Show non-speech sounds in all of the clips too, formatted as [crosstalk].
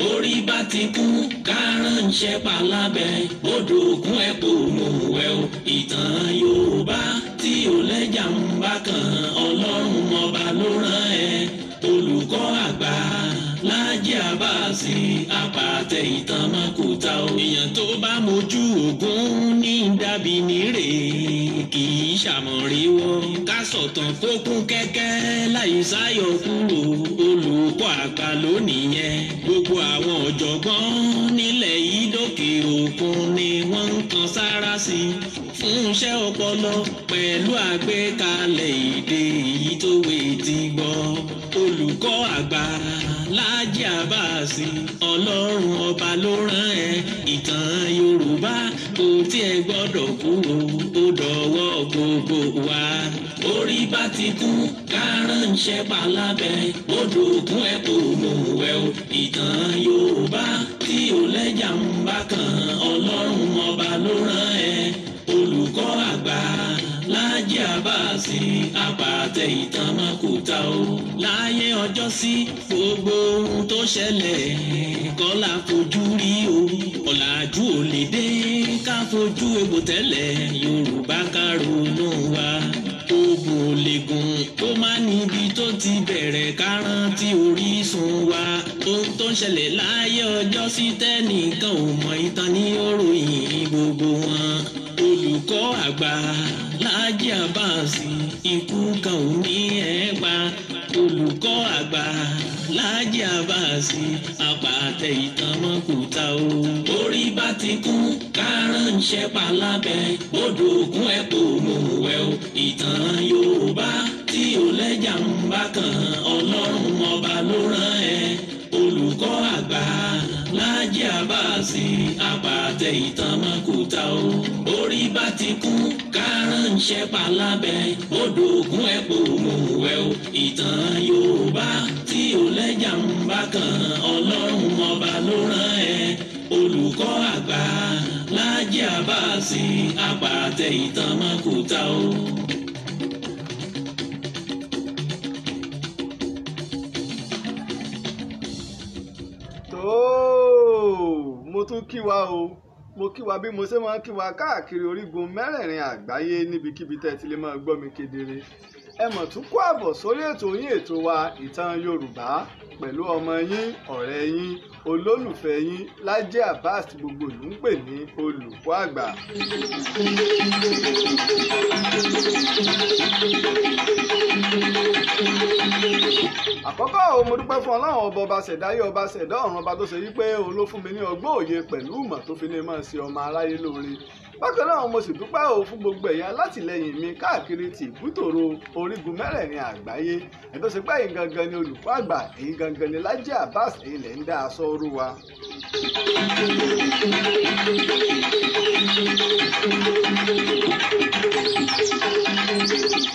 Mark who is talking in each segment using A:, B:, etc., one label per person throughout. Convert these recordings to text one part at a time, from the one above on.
A: orí bá ti kú kárànṣẹ́ palábẹ́ odò òkun ẹ̀ kò mú wẹ̀ o ìtàn Yorùbá tí ò lẹ́jà ń bá kan Ọlọ́run ọba ló rán ẹ olùkọ́ àgbà Láàjì Àbáàsì apàtẹ ìtàn mọ́kúta òyìn tó bá mojú ògún ní dàbí nírè kì í ṣàmọ̀ríwọ́ sọ̀tàn kó kún kẹ́kẹ́ láì sáyọ kúrò olùkọ́ àgbà lónìyẹn gbogbo àwọn ọ̀jọ̀gbọ́n nílẹ̀ yìí dókè òkun ni wọ́n ń kan sára sí i fún iṣẹ́ ọpọlọ pẹ̀lú àgbékalẹ̀ èdè èyí tó wé ti gbọ́ olùkọ́ àgbà Láàjì Àbáàsì ọlọ́run ọba ló rán ẹ ìtàn Yorùbá kò tiẹ̀ gbọ́dọ̀ kúrò ó dọ̀wọ́ gbogbo wa orí bá ti kú kárànṣẹ́ palábẹ́ odò òkun ẹ̀ kò mú ẹ o ìtàn Yorùbá tí ò lẹ́jà ń bá kan Ọlọ́run ọba ló rán ẹ olùkọ́ àgbà Láàjì Àbáàsì àpàtẹ ìtàn mọ́kúta o. láyé ọjọ́ sí gbogbo ohun tó ṣẹlẹ̀ kọ́lá fojú rí o. ọ̀làjú ò lè dé ká fojú egbò tẹ́lẹ̀ Yorùbá ká ronú wa tó bò lẹ́gùn kó má níbi tó ti bẹ̀rẹ̀ káràntì orísun wa ohun tó ń ṣẹlẹ̀ láyé ọjọ́ sí tẹ́nìkan ò mọ ìtàn ní òròyìn gbogbo wọn olùkọ́ àgbà Láàjì Abbas ikú kan ò ní ẹ̀ pa olùkọ́ àgbà. Láàjì Àbáàsì apàtẹ ìtàn mọ́kùtà o. Orí bá ti kú kárán ń ṣẹ́pà lábẹ́ odò òkun ẹ̀ kò mú wẹ̀ o. Ìtàn Yorùbá tí ò lẹ́jà ń bá kan ọlọ́run ọba ló rán ẹ olùkọ́ àgbà. Láàjì Àbáàsì àpàtẹ ìtàn mọ́kúta o. Orí bá ti kú kárànṣẹ́ palábẹ́ odò ògùn ẹ̀pọ̀ òmùwẹ̀ o. Ìtàn Yorùbá tí ò lẹ́jà ń bá kan ọlọ́run ọba ló rán ẹ olùkọ́ àgbà Láàjì Àbáàsì àpàtẹ ìtàn o.
B: tún kí wa o mo kí wa bí mo ṣe máa ń kí wa káàkiri orígun mẹ́rẹ̀ẹ̀rin àgbáyé níbikíbi tẹ́ ti lè máa gbọ́ mi kedere ẹ mọ̀ tún kó àbọ̀ sórí ètò yín ètò wa ìtàn Yorùbá pẹ̀lú ọmọ yín ọ̀rẹ́ yín olólùfẹ́ yín Lájí Abbas gbogbo ìlú ń pè ní olùkọ́ àgbà. àkọ́kọ́ ò mo dúpẹ́ fún ọlọ́run ọba ọba ṣẹ̀dáyé ọba ṣẹ̀dá ọ̀run ọba tó ṣe wípé òun ló ní ọgbọ́n òye pẹ̀lú ìmọ̀ tó fi lè máa ṣe ọmọ aráyé lóore bákan náà mo sì dúpẹ́ o fún gbogbo ẹ̀yin alátìlẹyìn mi káàkiri ti ìbútòrò orígun mẹ́rẹ̀ẹ̀rin àgbáyé ẹ̀tọ́ sí pé ẹ̀yin gangan ni olùkọ́ àgbà ẹ̀yin gangan ni Laji Abbas ẹ̀yin ń dá aṣọ orú wa.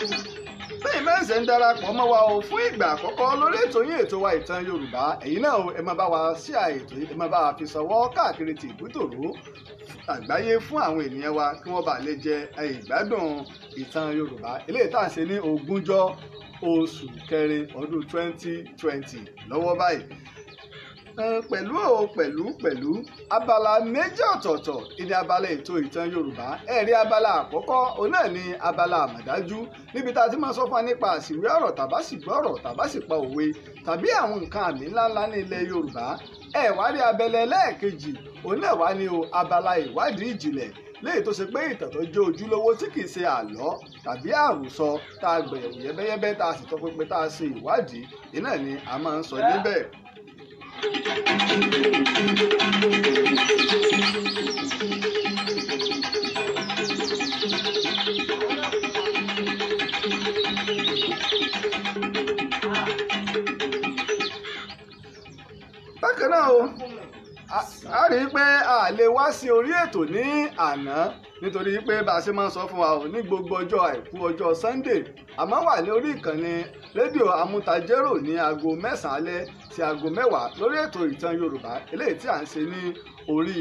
B: Thank you fún ìmọ̀ ẹ̀sẹ̀ ń darapọ̀ mọ́ wa o fún ìgbà àkọ́kọ́ lórí ètò yín ètò wa ìtàn Yorùbá ẹ̀yin náà ẹ máa bá wa sí àètò ẹ máa bá wa fi sọwọ́ káàkiri ti ìbútòrò àgbáyé fún àwọn ènìyàn wa kí wọ́n bá lè jẹ ìgbádùn ìtàn Yorùbá eléyìí tá à ń ṣe ní ogúnjọ́ oṣù kẹrin ọdún twenty lọ́wọ́ báyìí Eh, pẹ̀lú o pẹ̀lú pẹ̀lú abala méjì ọ̀tọ̀ọ̀tọ̀ ìní abala ètò ìtàn yorùbá ẹ̀rí abala àkọ́kọ́ òun náà ni abala àmọ̀dájú níbi tá a ti máa sọ fún wa nípa àṣìwé ọ̀rọ̀ tàbá sì gbọ́ ọ̀rọ̀ tàbá sì pa òwe tàbí àwọn nǹkan àmì ńláńlá ní ilẹ̀ yorùbá ẹ̀ wá rí abẹ́lẹ̀ lẹ́ẹ̀kejì òun náà wá ní o abala ìwádìí ìjìnlẹ̀ léyìí tó ṣe pé ìtàn tó jẹ́ ojúlówó tí kìí ṣe àlọ́ tàbí àròsọ tá a gbẹ̀yẹ̀wò yẹ́bẹ́yẹ́bẹ́ tá a sì tọpinpin tá a ṣe ìwádìí iná ni a máa ń sọ níbẹ̀. Bacana, ô. a rí i pé a lè wá sí orí ètò ní àná nítorí pé bá a ṣe máa ń sọ fún wa ò ní gbogbo ọjọ́ àìkú ọjọ́ Sunday a máa wà ní orí ìkànnì rédíò amútajérò ní aago mẹ́sàn-án alẹ́ sí aago mẹ́wàá lórí ètò ìtàn Yorùbá eléyìí tí à ń ṣe ní orí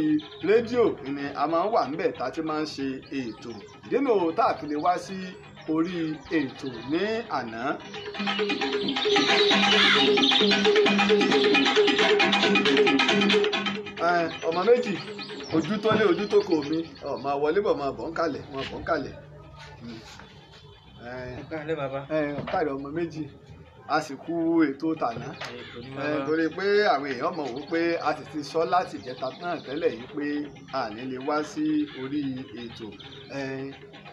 B: rédíò ni a máa ń wà ńbẹ̀ tá a ti máa ń ṣe ètò ìdènà tá a fi lè wá sí orí ètò ní àná. ọmọ méjì ojú tó lé ojú tó kò mí ọmọ wọlé bọ̀ máa bọ̀ ń kalẹ̀ máa bọ̀ ń kalẹ̀. ẹ ẹ ọ̀kadà ọmọ méjì a sì kú ètò tàná torí pé àwọn èèyàn mọ̀ wọ́n pé a sì ti sọ láti ìjẹta náà tẹ́lẹ̀ yìí pé a ní lè wá sí orí ètò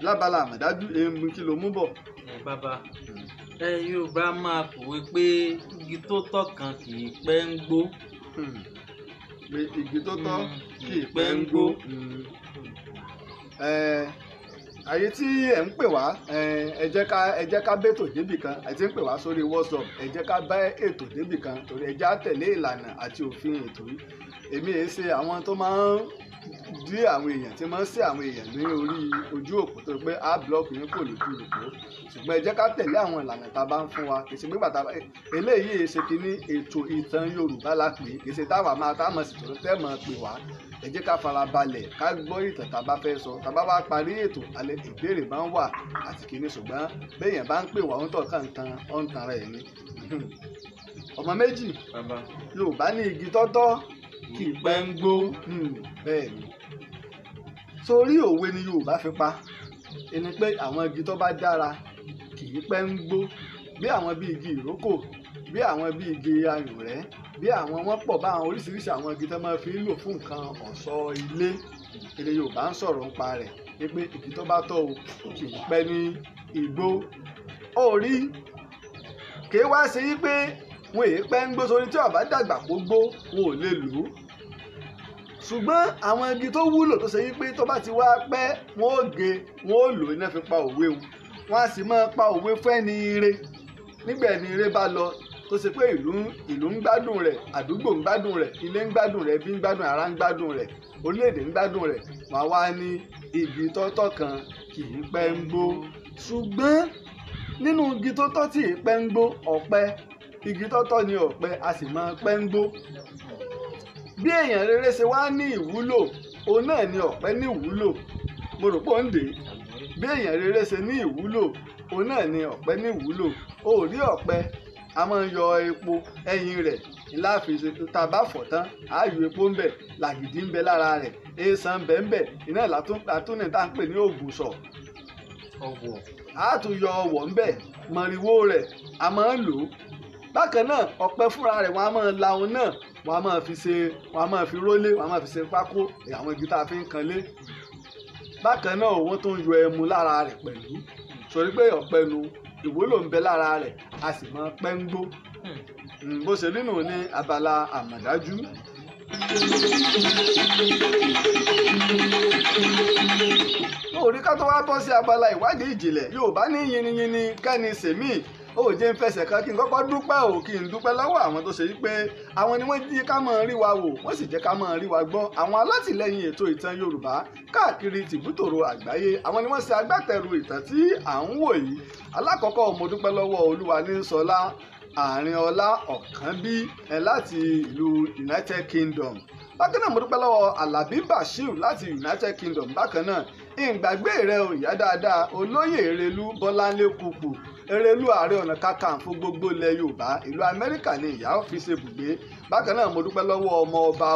B: lábala àmọ̀dájú èmi kí ló mú bọ̀.
A: bàbá ẹ yorùbá máa kòwé pé
B: igi tó tọ́ kan kì í pẹ́ ń gbó. Hmm. igi tó tọ́ hmm. kì í pẹ́ ń gbó. Hmm. àyè tí ẹ ń pè wá ẹ jẹ́ ká ẹ jẹ́ ká bẹ́tò débì kan ẹ ti ń pè wá sórí whatsapp ẹ jẹ́ ká bá ètò débì kan torí ẹ já tẹ̀lé ìlànà àti òfin ètò yìí èmi èé ṣe àwọn tó máa ń dí àwọn èèyàn tí máa ń sí àwọn èèyàn ní orí ojú òpó tó pé á búlọ́ọ̀kì yẹn kò lè ju òpó ṣùgbọ́n ẹ jẹ́ ká tẹ̀lé àwọn ìlànà tá a bá ń fún wa kì í ṣe pé bàtà eléyìí ṣe kí ní ètò ìtàn Yorùbá la pè é kì í ṣe táwa máa tá a mọ̀ sí tòun tẹ́ mọ̀ pè wá ẹ jẹ́ ká fara balẹ̀ ká gbọ́ ìtàn tá a bá fẹ́ sọ tá a bá wá parí ètò alẹ́ ìbéèrè máa ń wà àti kìíní ṣùgbọ́n béèyàn bá ń pè wá òǹtọ̀ kan tan ọ̀ǹtan rẹ̀ ni. ọmọ méjì Yorùbá ní igi tọ́tọ́ kì í pẹ́ ń gbó hmm, bẹ́ẹ̀ ni torí òwe ni Yorùbá fi pa ẹni pé àwọn igi tó bá dára kì í pẹ́ ń gbó bí àwọn bíi igi ìrókò bí àwọn bíi igi ayùnrẹ́ bí àwọn wọn pọ̀ bá àwọn oríṣiríṣi àwọn igi tó máa fi ń lò fún nǹkan ọ̀ṣọ́ ilé ilé Yorùbá ń sọ̀rọ̀ nípa rẹ̀ wípé igi tó bá tọ́ o kì í pẹ́ ní igbó orí kì í wá ṣe wípé wọn èé pẹ́ ń gbó sórí tí ó bá dàgbà gbogbo wọn ò lè lò ó ṣùgbọ́n àwọn igi tó wúlò tó ṣe wípé tó bá ti wá pẹ́ wọn ò gé wọn ò lò iná fi pa òwe o wọn á sì máa pa òwe fẹ́ni ire nígbà ẹni ire bá lọ tó ṣe pé ìlú ìlú ń gbádùn rẹ̀ àdúgbò ń gbádùn rẹ̀ ilé ń gbádùn rẹ̀ ẹbí ń gbádùn ara ń gbádùn rẹ̀ orílẹ̀ ń gbádùn rẹ̀ wàá wá ní igi tọ́tọ̀ kan kì í pẹ́ ń gbó ṣùgbọ́n nínú igi tó tọ́ tí ì pẹ́ ń gbó ọ̀pẹ igi tọ́tọ́ ni ọ̀pẹ a sì máa pẹ́ ń gbó bí èèyàn rere ṣe wá ní ìwúlò òun náà ni ọ̀pẹ ní ìwúlò mo rò pọ̀ ń dè bí èèyàn rere ṣe ní ìwúlò òun náà ni ọ̀pẹ ní ìwúlò o ò rí ọ̀pẹ a máa ń yọ epo ẹyin rẹ̀ láàfin tàbá fọ̀ tán ààyò epo ń bẹ làgìdì ń bẹ lára rẹ̀ èèsàn ń bẹ ń bẹ iná látúntì tá à ń pè ní ògùsọ̀ àtúnyọ ọ̀wọ̀ ń bẹ mọ̀rìwó rẹ̀ a máa ń lò ó bákan náà ọ̀pẹ fúnra rẹ̀ wọn a máa la òun náà wàá máa fi ṣe wàá máa fi rólé wàá máa fi ṣe pákó àwọn igi tá a fi ń kanlé bákan náà wọ́n tó ń yọ ẹmu lára rẹ̀ pẹ̀lú sọrí pé ọ̀pẹnu ìwúlò ń bẹ lára rẹ̀ a sì mọ pẹ́ńgbó hmm, bó ṣe nínú ní abala àmọ̀dájú. lóòrí ká tó wá bọ́ sí abala ìwádìí ìjìnlẹ̀ Yorùbá ní yinyinyin kẹ́ni sèmíì ó jẹ́ ń fẹsẹ̀ kan kí n kọ́kọ́ dúpẹ́ o kí n dúpẹ́ lọ́wọ́ àwọn tó ṣe wípé àwọn ni wọ́n jẹ́ ká máa rí wa wò wọ́n sì jẹ́ ká máa rí wa gbọ́ àwọn alátìlẹyìn ètò ìtàn Yorùbá káàkiri tìbútòrò àgbáyé àwọn ni wọ́n ṣe agbátẹrù ìtàn tí à ń wò yìí alákọ̀ọ́kọ́ mo dúpẹ́ lọ́wọ́ olúwa ní sọlá àárín ọlá ọ̀kánbí ẹ̀ láti ìlú United Kingdom bákan náà mo dúpẹ́ lọ́wọ́ alabi bashir láti united kingdom bákan náà ìgbàgbé rẹ ò yá dáadáa olóyè èrèlú bọ́láńlé kùkù erelu ààrẹ ọ̀nà kakanfò gbogbo ilẹ̀ yorùbá ìlú amẹ́ríkà ni ìyá fi ṣe ibùgbé bákan náà mo dúpẹ́ lọ́wọ́ ọmọ ọba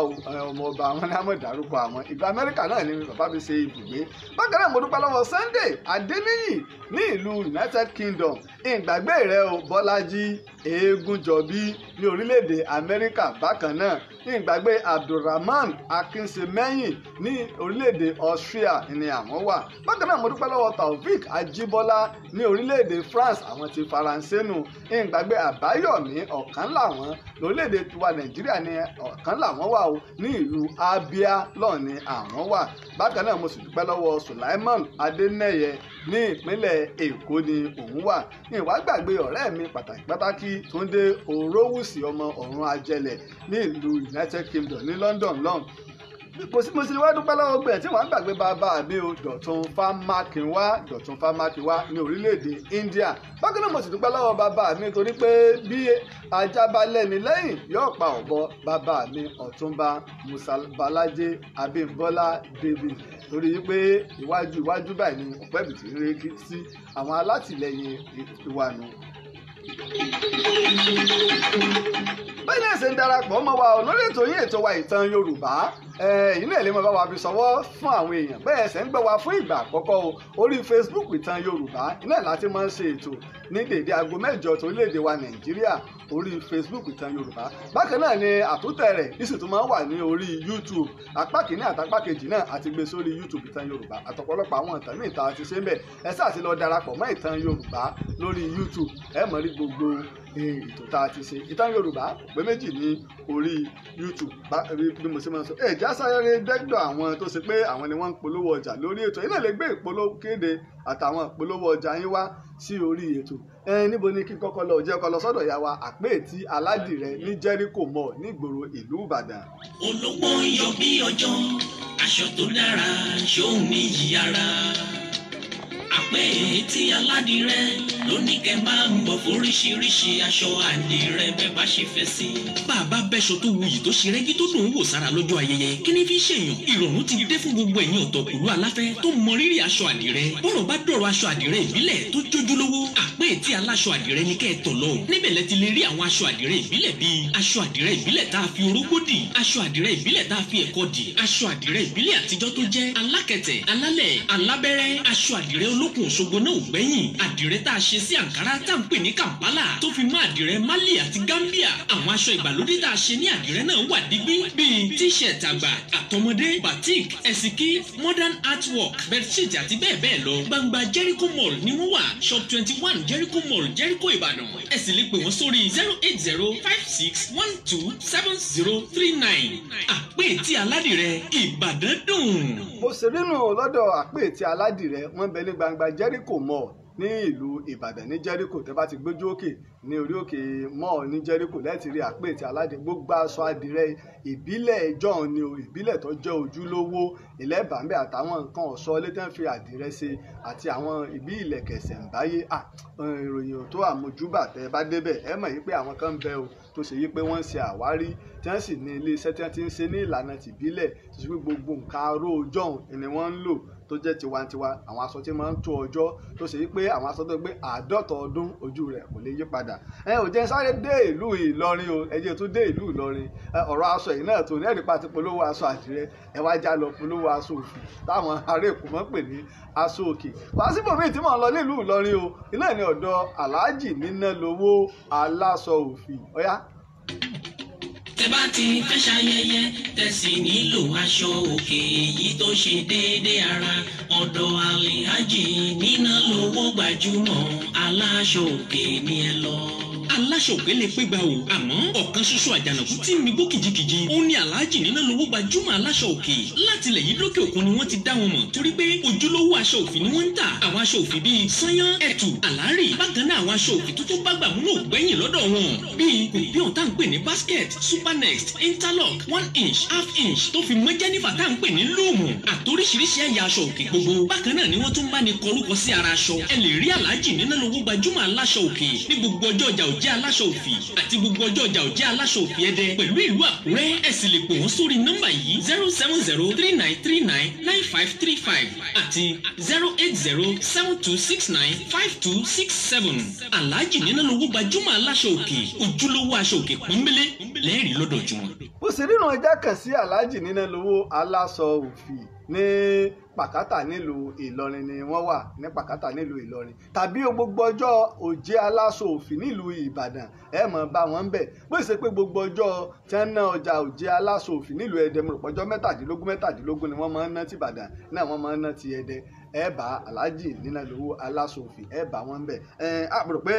B: ọmọ ọba àwọn ní àmọ́ ìdárúkọ àwọn ìlú amẹ́ríkà náà ni bàbá mi ṣe ibùgbé bákan náà mo dúpẹ́ lọ́wọ́ sunday adeniyi ní ìlú united kingdom ìgbàgbé rẹ o bọ́lájí eégúnjọbí ní orílẹ̀-èdè amẹ́ríkà bákan náà ní ìgbàgbé abdulrahman akínsemẹ́yìn ní orílẹ̀-èdè austria ni àwọn wà bákan náà mo dúpẹ́ lọ́wọ́ taofik ajibola ní orílẹ̀-èdè france àwọn ti faransé nù ní ìgbàgbé àbáyọ̀mí ọ̀kan làwọn lórílẹ̀-èdè tiwa nàìjíríà ni ọ̀kan làwọn wà o ní ìlú abia lọ́ọ̀ ni àwọn wà bákan náà mo sì dúpẹ́ lọ́wọ́ sulaiman adẹ́nẹ́yẹ ní ìpínlẹ̀ Èkó ni òun wà ní ìwà gbàgbé ọ̀rẹ́ mi pàtàkì pàtàkì Túndé Òrówùsì ọmọ ọ̀run ajẹlẹ̀ ní ìlú United Kingdom ní London lọ́hùn kò sí mo sì wá dúpẹ́ lọ́wọ́ gbẹ̀ tí wọ́n á gbàgbé bàbá mi o Dọ̀tun Fámákinwá Dọ̀tun Fámákinwá ní orílẹ̀-èdè India bákan náà mo sì dúpẹ́ lọ́wọ́ bàbá mi torí pé bí ajá bá lẹ́ni lẹ́yìn yóò pa ọ̀bọ bàbá mi Ọ̀túnba Musa Balaje Abimbola David torí pé iwájú iwájú báyìí ni ọ̀pẹ́bìtì ń rékí sí àwọn alátìlẹyìn ìwànú bẹ́ẹ̀ náà ṣe ń darapọ̀ mọ́ wa ọ̀ lórí ètò yín ètò wa ìtàn Yorùbá ìyín náà lè mọ bá wa fi sọwọ́ fún àwọn èèyàn bẹ́ẹ̀ ṣe ń gbọ́ wa fún ìgbà àkọ́kọ́ o orí Facebook ìtàn Yorùbá iná láti máa ń ṣe ètò ní dèdè aago mẹ́jọ tó léde wa Nàìjíríà orí facebook ìtàn yorùbá bákan náà ni àtúntẹ̀ rẹ̀ ìsìn tó máa ń wà ní orí youtube apá kìíní àtàpá kejì náà àti gbé sórí youtube ìtàn yorùbá àtọ̀pọ̀lọpọ̀ àwọn ìtàn míì tá a ti ṣe ń bẹ̀ ẹ sáà ti lọ darapọ̀ mọ́ ìtàn yorùbá lórí youtube ẹ mọ̀ rí gbogbo e, ètò tá a ti ṣe ìtàn yorùbá pé méjì ní orí youtube bí mo ṣe máa sọ ẹ já sáré dẹ́gbọ̀ àwọn tó ṣe pé àwọn ni wọ́n ń polówó ọjà lórí ètò ilé lè gbé ìpolówó kéde àtàwọn ìpolówó ọjà yín wá sí orí ètò ẹ níbo ni kí n kọ́kọ́ lọ jẹ́ kọ́ lọ sọ́dọ̀ ìyá wa àpèétí aládìrẹ ní Jericho mall nígboro ìlú Ìbàdàn. olówó yọ bí ọjọ́ aṣọ tó dára ṣóun ní
A: ara àpèétí aládìrẹ lónìí kẹ máa ń bọ̀ foríṣiríṣi aṣọ àdìrẹ bẹ́ẹ̀ bá ṣe fẹ́ sí.
C: bàbá bẹ́ṣọ tó wuyì tó ṣe rẹ́gí tó dùn ún wò sára lọ́jọ́ ayẹyẹ kí ni fi ṣèyàn ìrọ̀rùn ti dé fún gbogbo ẹ̀yin ọ̀tọ̀kùlú aláfẹ́ tó mọ rírì aṣọ àdìrẹ bọ́lọ̀ bá dọ̀rọ̀ aṣọ àdìrẹ ìbílẹ̀ tó jójúlówó àpé ètí aláṣọ àdìrẹ ni kẹ́ ẹ tọ̀ lọ níbẹ̀ lẹ ti lè rí àwọn aṣọ àdìrẹ ìbílẹ̀ bíi aṣọ àdìrẹ ìbílẹ̀ tá fi orógbó dì aṣọ àdìrẹ ìbílẹ̀ fi ẹ̀kọ dì aṣọ àdìrẹ ìbílẹ̀ àtijọ́ tó jẹ́ alákẹ̀tẹ̀ alálẹ̀ alábẹ́rẹ́ aṣọ àdìrẹ olókùn òṣogbo náà ò gbẹ́yìn àdìrẹ ṣe sí Ankara tá à pè ní Kampala tó fi mọ́ àdìrẹ Mali àti Gambia àwọn aṣọ ìgbàlódé tá a ṣe ní àdìrẹ náà wà digbí bíi t-shirt àgbà àtọmọdé batik ẹ̀sìnkí modern artwork bedsheet àti bẹ́ẹ̀ bẹ́ẹ̀ lọ gbangba Jericho Mall ni wọ́n wà shop twenty one Jericho Mall Jericho Ìbàdàn ẹ sì lè pè wọ́n sórí zero eight zero five six one two seven zero three nine àpèétí aládìrẹ
B: Ìbàdàn dùn. mo ṣeré nù lọ́dọ̀ àpèétí aládìrẹ wọ́n bẹ ní gbangba Jericho Mall ní ìlú ìbàdàn ní jẹ́ríkò tẹ́ bá ti gbójú òkè ní orí òkè mọ́ọ̀ ní jẹ́ríkò lẹ́ẹ̀tì rí àpètì aládé gbogbo aṣọ àdìrẹ ìbílẹ̀ ẹjọ́ ni o ìbílẹ̀ tó jẹ́ ojúlówó ìlẹ́bàámbẹ̀ àtàwọn nǹkan ọ̀ṣọ́ létẹ́n fi àdìrẹ ṣe àti àwọn ìbí ìlẹ̀kẹ̀sẹ̀ ń báyé à ìròyìn tó àmójúbà tẹ́ bá débẹ̀ ẹ mọ̀ yí pé àwọn kan ń bẹ o tó ṣe yí pé wọ́n ń ṣe àwárí tí wọ́n sì ní ilé iṣẹ́ tí wọ́n ti ń ṣe ní ìlànà tìbílẹ̀ tó ṣe pé gbogbo nǹkan aró ọjọ́ ni wọ́n ń lò tó jẹ́ tiwantiwa àwọn aṣọ tí máa ń tó ọjọ́ tó ṣe wípé àwọn aṣọ tó gbé àádọ́ta ọdún ojú rẹ̀ kò lè yí padà ẹ ò jẹ́ sáré dé ìlú Ìlọrin o ẹ jẹ́ tún dé ìlú Ìlọrin ọ̀rọ̀ aṣọ yìí náà tó ní ẹ̀rí pàtí polówó aṣọ àdìrẹ ẹ wá já lọ polówó aṣọ òfì táwọn ará Èkó mọ́ pè ní aṣọ òkè pàṣípò míì tí mò ń lọ nílùú Ìlọrin o ilé ní ọ̀dọ̀ aláàjì níná lowó aláṣọ òfì ọ̀yá tẹ bá ti fẹ́ ṣayẹyẹ tẹ sì nílò aṣọ
A: òkè èyí tó ṣe déédéé ara ọ̀dọ̀ àlìhájì nínà lówó gbajúmọ̀ aláṣọ òkè ni ẹ lọ aláṣọ òkèlè pégbà
C: o àmọ́ ọ̀kan ṣoṣo àjànàkú tí ń migbó kìjikìji ó ní aláàjì nínú lówó gbajúmọ̀ aláṣọ òkè látìlẹ̀ yìí lókè òkun ni wọ́n ti dá wọn mọ̀ torí pé ojúlówó aṣọ òfì ni wọ́n ń tà àwọn aṣọ òfì bíi sanyán ẹ̀tù àlárì bákan náà àwọn aṣọ òfì tó tó bágbà múlò gbẹ̀yìn lọ́dọ̀ wọn bíi kùpíọ̀n tá à ń pè ní basket super next interlock one inch half inch tó fi mọ́ jẹ́nifà tá à ń pè ní lóòmù àtoríṣiríṣi ẹ̀yà aṣọ òkè gbogbo bákan náà ni wọ́n tún bá ní kọrúkọ sí ara aṣọ ẹ lè rí aláàjì nínú lówó gbajúmọ̀ aláṣọ òkè ní gbogbo ọjọ́ ọjà òj jẹ́ aláṣọ òfì àti gbogbo ọjọ́ ọjà ò jẹ́ aláṣọ òfì ẹ̀dẹ pẹ̀lú ìlú àkúrẹ́ ẹ lè pè wọ́n sórí nọ́mbà yìí zero seven zero three nine three nine nine five three five àti zero eight zero seven two six nine five two six seven aláàjì nínú lówó gbajúmọ̀ aláṣọ òkè ojúlówó aṣọ òkè pọ́nbélé lẹ́rìí lọ́dọ̀ jù wọn.
B: mo sì ríran ẹja kàn sí aláàjì nínú aláṣọ òfì ní pàkátà nílùú ìlọrin ni wọ́n wà ní pàkátà nílùú ìlọrin tàbí gbogbo ọjọ́ òjé aláṣọ òfin nílùú ìbàdàn ẹ mọ̀ bá wọn bẹ̀ bó ṣe pé gbogbo ọjọ́ tí wọ́n ná ọjà òjé aláṣọ òfin nílùú ẹdẹ mo rò pé ọjọ́ mẹ́tàdínlógún mẹ́tàdínlógún ni wọ́n máa ń ná ti ìbàdàn náà wọ́n máa ń ná ti ẹdẹ ẹ bá aláàjì nínú ìlú aláṣòfin ẹ bá wọn bẹ̀ ẹ àpòrò pé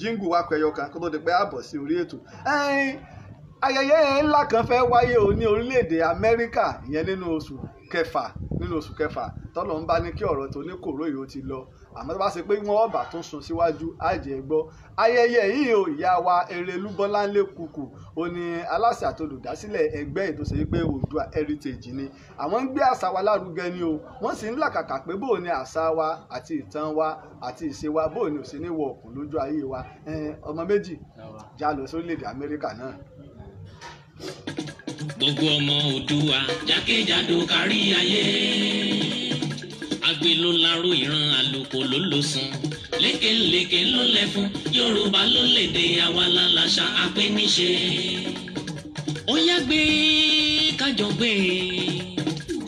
B: jíǹgù wa pẹ̀yọ kan kó tó di pé àbọ̀ sí orí ètò ayẹyẹ ńlá kan fẹ́ wáyé o ní orílẹ̀-èdè amẹ́ríkà ìyẹn nínú oṣù kẹfà nínú oṣù kẹfà tọ́lọ̀ ń bá ní kí ọ̀rọ̀ tó ní kòró yìí ó ti lọ àmọ́ tó bá ṣe pé wọ́n ọ̀bà tún sún síwájú àjẹ́ gbọ́ ayẹyẹ yìí o ìyá wa Erelúbọ́láńlé Kúkú ó ní aláṣẹ àtolùdásílẹ̀ ẹgbẹ́ ìtòsí wípé Oòduà heritage ni àwọn ń gbé àṣà wa lárugẹ ni o wọ́n sì ń làkàkà pé bóò ni àṣà wa àti ìtàn wa àti ìṣe wa bóò ni ò sí ní wọ ọ̀kùn lójú ayé wa ọmọ méjì já lọ sórílẹ̀-èdè Amẹ́ríkà náà
A: gbogbo ọmọ Oòduà jákèjádò kárí ayé agbe ló laró ìran àlùkò ló ló san lékeléke ló lẹ fún Yorùbá ló lédè àwa lálàṣà apẹ́níṣe ó yá gbé kájọ gbé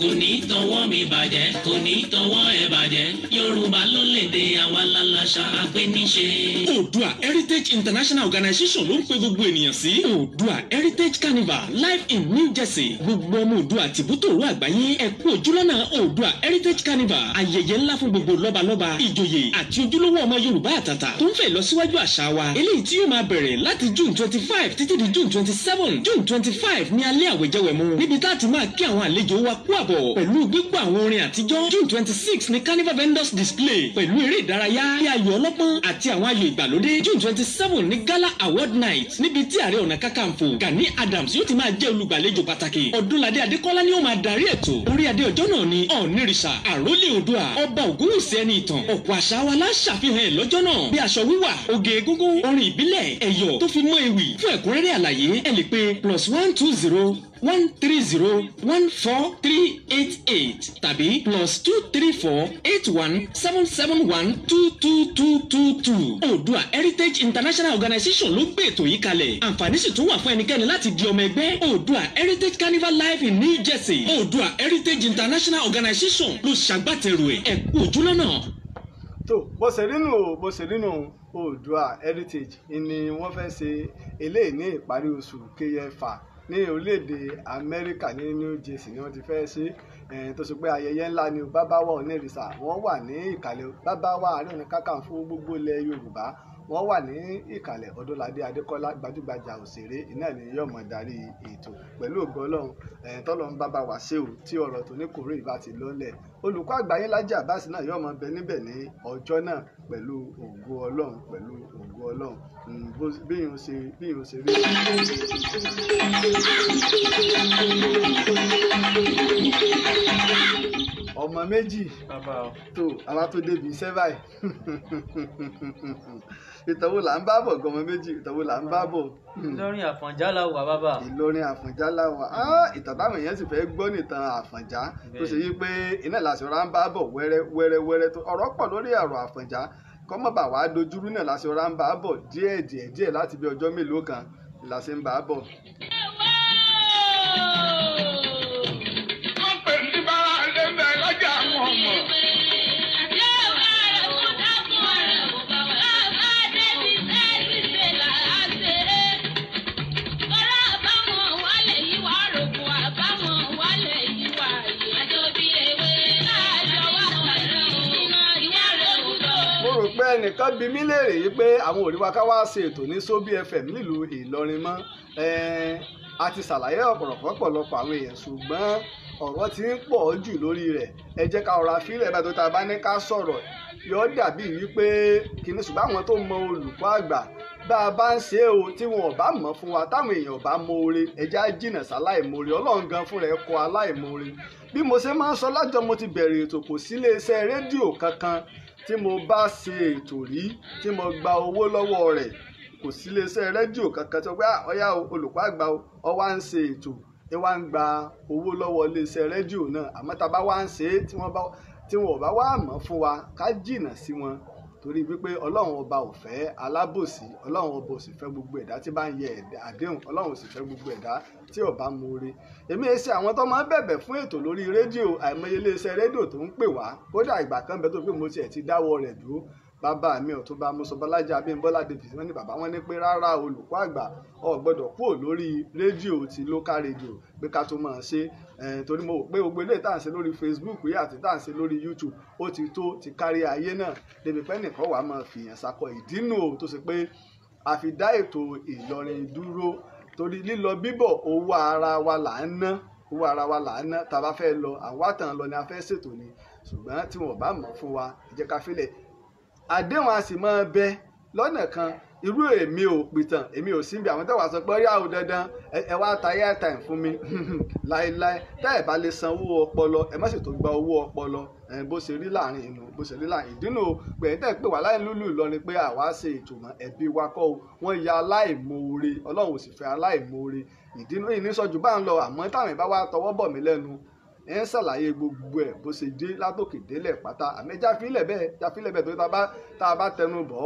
A: kò ní tọwọ́ mi bàjẹ́ kò ní tọwọ́ ẹ bàjẹ́ yorùbá ló lè dé àwa lálàṣà apẹ́níṣe.
C: oòdùà heritage international organization ló ń pe gbogbo ènìyàn sí oòdùà heritage carnival live in new jersey gbogbo ọmọ oòdùà tìbútòrò àgbáyé ẹ ojúlọ́nà oòdùà heritage carnival ayẹyẹ ńlá fún gbogbo lọ́balọ́ba ìjòyè àti ojúlówó ọmọ yorùbá àtàtà tó ń fẹ́ ìlọsíwájú àṣà wa eléyìí tí yóò máa bẹ̀rẹ̀ láti june twenty five títí di june twenty seven june twenty five ní alẹ́ àwẹ̀jẹwẹ̀mu níbi tá wa kú bọ̀ pẹ̀lú gbígbọ́ àwọn orin àtijọ́ june twenty six ni carnival vendors display pẹ̀lú eré ìdárayá bí ayò ọlọ́pọ́n àti àwọn ayò ìgbàlódé june twenty seven ni gala award night níbi tí ààrẹ ọ̀nà kakanfò gani adams yóò ti máa jẹ́ olùgbàlejò pàtàkì ọdúnladé adékọ́lá ni ó máa darí ètò orí adé ọjọ́ náà ni ọ̀nìrìṣà àrólé odua ọba ògúnwùsì ẹni ìtàn ọ̀pọ̀ àṣà wa la ṣàfihàn ẹ̀ lọ́jọ́ náà bí aṣọ wíwà oge egúngún orin ìbílẹ̀ plus one two zero one three zero one four three eight eight tàbí plus two three four eight one seven seven one two two two two two. Oòduà Heritage International Organization ló gbé ètò yìí kalẹ̀. Àǹfààní sì tún wà fún ẹnikẹ́ni láti di ọmọ ẹgbẹ́. Oòduà Heritage Carnival Live in New Jersey. Oòduà Heritage International Organization ló ṣàgbátẹrù ẹ̀. Ẹ kú ojúlọ́nà
B: tó bó ṣe rí nù o bó ṣe rí nù Oòduà Heritage ni wọ́n fẹ́ ṣe eléyìí ní ìparí oṣù kẹfà ní orílẹ̀-èdè Amẹ́ríkà ní New Jersey ni wọ́n ti fẹ́ ṣe tó ṣe pé ayẹyẹ ńlá ni bàbá wa wọ́n wà ní ìkàlẹ̀ bàbá wa Ààrẹ Ọ̀nà Kakanfò gbogbo ilẹ̀ Yorùbá wọ́n wà ní ìkàlẹ̀ Ọdúnládé Adékọ́lá gbajúgbajà òṣèré iná ni yóò mọ̀ darí ètò pẹ̀lú ògo Ọlọ́run tọ́lọ́run bàbá wa ṣe ò tí ọ̀rọ̀ tó ní kórè ìbá ti lọ́lẹ̀ olùkọ́ àgbáyé Lájí Abbas náà yóò mọ̀ bẹ níbẹ̀ ní ọjọ́ náà pẹ̀lú ògo Ọlọ́run pẹ̀lú ògo Ọlọ́run Mm, béèyàn ṣe béèyàn ṣe rí. ọmọ méjì tó àwa tó débi iṣẹ́ báyìí ìtọ́wò là ń bá bọ̀ gọmọ méjì ìtọ́wò là ń bá bọ̀.
C: ìlọrin àfọ̀njá
B: la wà bàbá. ìlọrin àfọ̀njá la wà ah, ìtàn táwọn èèyàn sì fẹ́ gbọ́ nìtàn àfọ̀njá tó ṣe yí pé iná ìlàsọ̀rọ̀ à ń bá bọ̀ wẹ́rẹ́wẹ́rẹ́ tó ọ̀rọ̀ pọ̀ lórí ọ̀rọ̀ àfọ̀njá kọ́mọ̀ bà wá dojúrú náà la ṣe ń bá a bọ̀ díẹ̀ díẹ̀ díẹ̀ láti bí ọjọ́ mélòó kan la ń bá a bọ̀. ẹnìkan bi mí léèrè yìí pé àwọn òríwá ká wá ṣe ètò ní Sobi FM nílùú Ìlọrin mọ́ a ti ṣàlàyé ọ̀pọ̀lọpọ̀ àwọn èèyàn ṣùgbọ́n ọ̀rọ̀ ti ń pọ̀ jù lórí rẹ̀ ẹ jẹ́ ká ọ̀rọ̀ àfihàn ẹ̀bá tó ta bá ní ká sọ̀rọ̀ yọ dàbí wípé kìíní ṣùgbọ́n àwọn tó mọ olùkọ́ àgbà bá a bá ń ṣe é o tí wọn ò bá mọ̀ fún wa táwọn èèyàn ò bá mọ̀ọ́re ẹja jìnà sáláìmọ̀ọ́re ọlọ́run gan fúnra ẹ̀ kọ́ aláìmọ̀ọ́re bí mo ṣe máa ń sọ lájọ mo ti bẹ̀rẹ̀ ètò kò sí iléeṣẹ́ rédíò kankan tí mo bá ṣe ètò rí tí mo gba owó lọ́wọ́ rẹ̀ kò sí iléeṣẹ́ rédíò kankan tó pé ah, ọ̀yá olùkọ́ àgbà ọ wá ń ṣe ètò ẹ wá ń gba owó lọ́wọ́ iléeṣẹ́ rédíò náà àmọ́ tá a bá wá ń ṣe é tí wọ́n bá wá mọ̀ fún wa ká jìnnà sí wọn torí wípé ọlọ́run ọba ò fẹ́ alábòsí ọlọ́run ọba ò sì fẹ́ gbogbo ẹ̀dá tí bá ń yẹ àdéhùn ọlọ́run ò sì fẹ́ gbogbo ẹ̀dá tí ò bá mú rí èmi ẹ ṣe àwọn tó máa ń bẹ̀bẹ̀ fún ètò lórí rédíò àìmọye iléeṣẹ́ rédíò tó ń pè wá kódà ìgbà kan bẹ tó pé mo tiẹ̀ ti dáwọ́ rẹ̀ dúró bàbá mi ọ̀túnba mọ́sọ̀bọ́lájà abímbọ́lá davis wọ́n ní bàbá wọn ní pé rárá olùkọ́ àgbà ò gbọ́dọ̀ kúrò lórí rédíò ti local radio pé ká tó máa ṣe torí mo wò pé gbogbo eléyìí tá à ń ṣe lórí facebook yìí àti tá à ń ṣe lórí youtube ó ti tó ti kárí ayé náà débi pé nìkan wàá máa fìyàn sakọ ìdínú tó ṣe pé a fi dá ètò ìlọrin dúró torí lílọ bíbọ̀ owó ara wa là ń ná owó ara wa là ń ná tá a bá fẹ́ lọ àwa tàn lọ ni a fẹ́ ṣètò ni ṣùgbọ́n tí wọ́n bá mọ̀ fún wa ìjẹ́káfílẹ̀ àdéhùn a sì máa bẹ lọ́nà kan irú èmi ò pìtàn èmi ò sí níbi àwọn tẹ́wàá sọ pé rí àwọn dandan ẹ wá ta airtime fún mi [laughs] láéláé tẹ́ ẹ̀ bá lè san owó ọpọlọ ẹ má sì tó gba owó ọpọlọ bó ṣe rí láàrin ìlú bó ṣe rí láàrin ìdínú pé ẹ̀ tẹ́ pé wà láì lúlù Ìlọrin pé àwa ṣe ìtumọ̀ ẹ̀bí wa kọ́ o wọ́n ya aláìmoore Ọlọ́run ò sì fẹ́ aláìmoore ìdínú ìníṣọ́jú bá ń lọ àmọ́ táwọn ìbá wa tọwọ́ bọ̀ mí lẹ́nu ẹ ń ṣàlàyé gbogbo ẹ̀ bó ṣe dé látòkè délẹ̀ pátá àmì jáfílẹ̀ bẹ́ẹ̀ jáfílẹ̀ bẹ́ẹ̀ torí tá a bá tẹnu bọ̀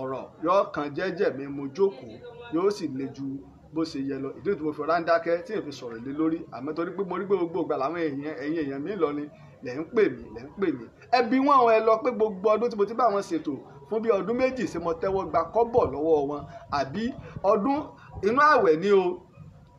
B: ọ̀rọ̀ yóò kàn jẹ́jẹ́ mi mo jókòó yóò sì le ju bó ṣe yẹ lọ ìdí tí mo fi ọ̀rá ń dákẹ́ tí èmi sọ̀rọ̀ lé lórí àmọ́ torí pé mo rí pé gbogbo ìgbà làwọn èèyàn ẹ̀yìn èèyàn mi lọ ni lẹ̀ ń pè mí lẹ̀ ń pè mí ẹbí wọn àwọn ẹ lọ pé gbogbo ọdún tí mo ti bá wọn ṣètò fún bí ọdún méjì ṣe mo tẹ́wọ́ gba kọ́bọ̀ lọ́wọ́ wọn àbí ọdún inú àwẹ̀ ni o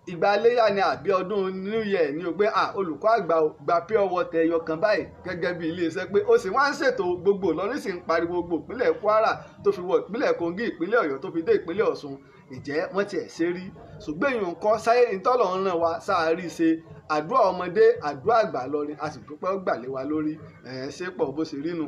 B: ìgbà iléyà ni àbí ọdún new year ni o pé à olùkọ́ àgbà gba pure water ẹyọ kan báyìí gẹ́gẹ́ bí iléeṣẹ́ pé ó sì wá ń ṣètò gbogbo Ìlọrin sì ń pariwo gbogbo ìpínlẹ̀ Kwara tó fi wọ ìpínlẹ̀ Kogi ìpínlẹ̀ Ọ̀yọ́ tó fi dé ìpínlẹ̀ Ọ̀ṣun ìjẹ́ wọ́n tiẹ̀ ṣe rí ṣùgbọ́n èèyàn kọ́ sáyé ìtọ́lọ̀ ń ràn wá sáárì ṣe àdúrà ọmọdé àdúrà àgbà lọrin a sì dúpẹ́ ó lórí ẹ̀ ṣe pọ̀ bó ṣe rí nù.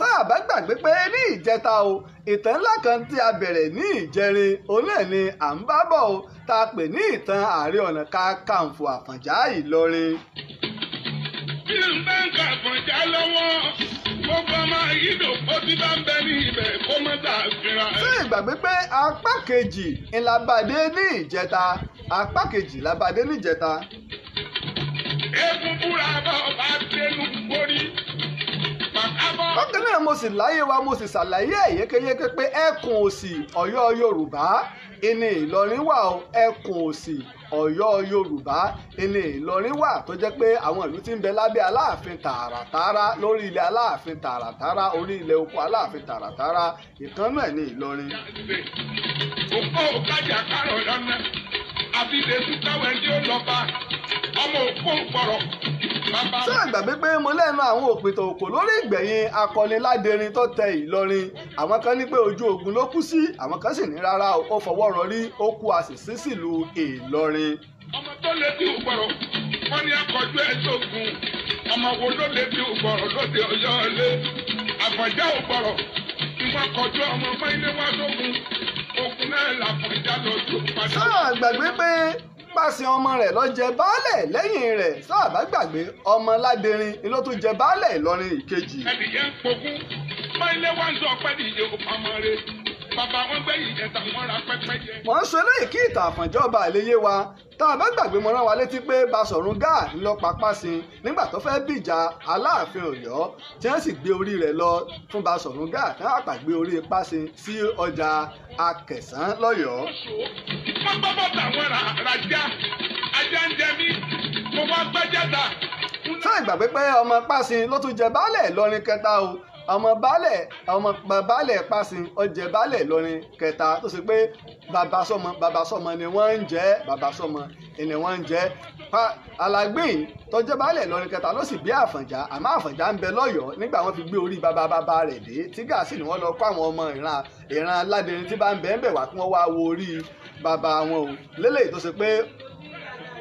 B: tá a bá gbàgbé pé ní ìjẹta o ìtàn ńlá kan tí a bẹ̀rẹ̀ ní ìjẹrin òun náà ni à ń bá bọ̀ o tá a pè ní ìtàn ààrẹ ọ̀nà kakanfò àfọ̀njá ìlọrin.
D: bí n bá ń ka àfọ̀njá lọ́wọ́ gbogbo ọmọ ìdò ó ti bá ń bẹ ní ibẹ̀ kó mọ́ tà síra. sí ìgbàgbé
B: pé apá kejì ńlábàdé ní ìjẹta apá kejì ńlábàdé ní ìjẹta.
D: egungun ra bọ̀ bá dénú
B: bákan náà mo sì láyé wa mo sì ṣàlàyé ẹ̀ yékéyéké pé ẹkùn òsì ọ̀yọ́ yorùbá ìní ìlọrin wà o ẹkùn òsì ọ̀yọ́ yorùbá ìní ìlọrin wà tó jẹ́ pé àwọn ìlú tí ń bẹ lábẹ́ aláàfin tààràtààrà lórí ilẹ̀ aláàfin tààràtààrà orí ilẹ̀ oko aláàfin tààràtààrà ìkànnú ẹ̀ ní ìlọrin.
D: òpó kájà kárọ̀ lọ́nà àbí lè tún káwé ní ó lọ bá ọmọ òpó ń pọ̀rọ̀ ṣé
B: àgbàgbé pé mo lẹ́nu àwọn òpìtàn òkò lórí ìgbẹ̀yìn akọniláderin tó tẹ ìlọrin àwọn kan ní pé ojú ogun ló kú sí àwọn kan sì ní rárá ó fọwọ́ rọrí ó kú àṣìṣe sílùú ìlọrin. ọmọ
D: tó lè bí ògbọ̀rọ̀ wọn ni akọjú ẹ sógun ọmọ wo ló lè bí ògbọ̀rọ̀ lóde ọ̀yọ́ ilé àfọ̀njá ògbọ̀rọ̀ ìwọ kọjú ọmọ fún ilé wa lógun òkun náà làfọ̀njá lọ́jọ́ padà. ṣé
B: àgbàgbé pé pàṣẹ ọmọ rẹ̀ lọ jẹ baálẹ̀ lẹ́yìn rẹ̀ sábà gbàgbé ọmọ ládẹrin ni ló tún jẹ baálẹ̀ Ìlọrin ìkejì.
D: ẹnìyẹn ń pokún máìlẹ́wà ń sọ pẹ́ẹ́lí ìyẹ̀wò pamọ́ rẹ̀ bàbá wọn gbé ìjẹta mọ́ra
B: pẹ́pẹ́yẹ. mo ń sọ eléyìí kí ìtàn àfọ̀njọ́ bá wa tá a bá gbàgbé mo rán wa létí pé Basọ̀run Gáà lọ papásin nígbà tó fẹ́ bìjà Aláàfin Ọ̀yọ́ tí wọ́n sì gbé orí rẹ̀ lọ fún Basọ̀run Gáà tí wọ́n àpàgbé orí pásin sí ọjà Akẹ̀sán lọ́yọ̀ọ́. wọ́n ìgbàgbé pé ọmọ pásin ló tún jẹ baálẹ̀ Ìlọrin kẹta o ọmọ baálẹ̀ ọmọ baálẹ̀ pasin ọjẹ baálẹ̀ lọrin kẹta tó ṣe pé bàbá sọmọ bàbá sọmọ ni wọ́n ń jẹ́ bàbá sọmọ ni wọ́n ń jẹ́ pa alágbìn tọjẹ baálẹ̀ lọrin kẹta ló sì bí àfọ̀njá àmọ́ àfọ̀njá ń bẹ lọ́yọ̀ọ́ nígbà wọ́n fi gbé orí bàbá bàbá rẹ̀ dé tígà sì ni wọ́n lọ kó àwọn ọmọ ìran ìran aládìrin tí bá ń bẹ ń bẹ wá kí wọ́n wá wo orí bàbá wọn o lélẹyìí tó ṣe pé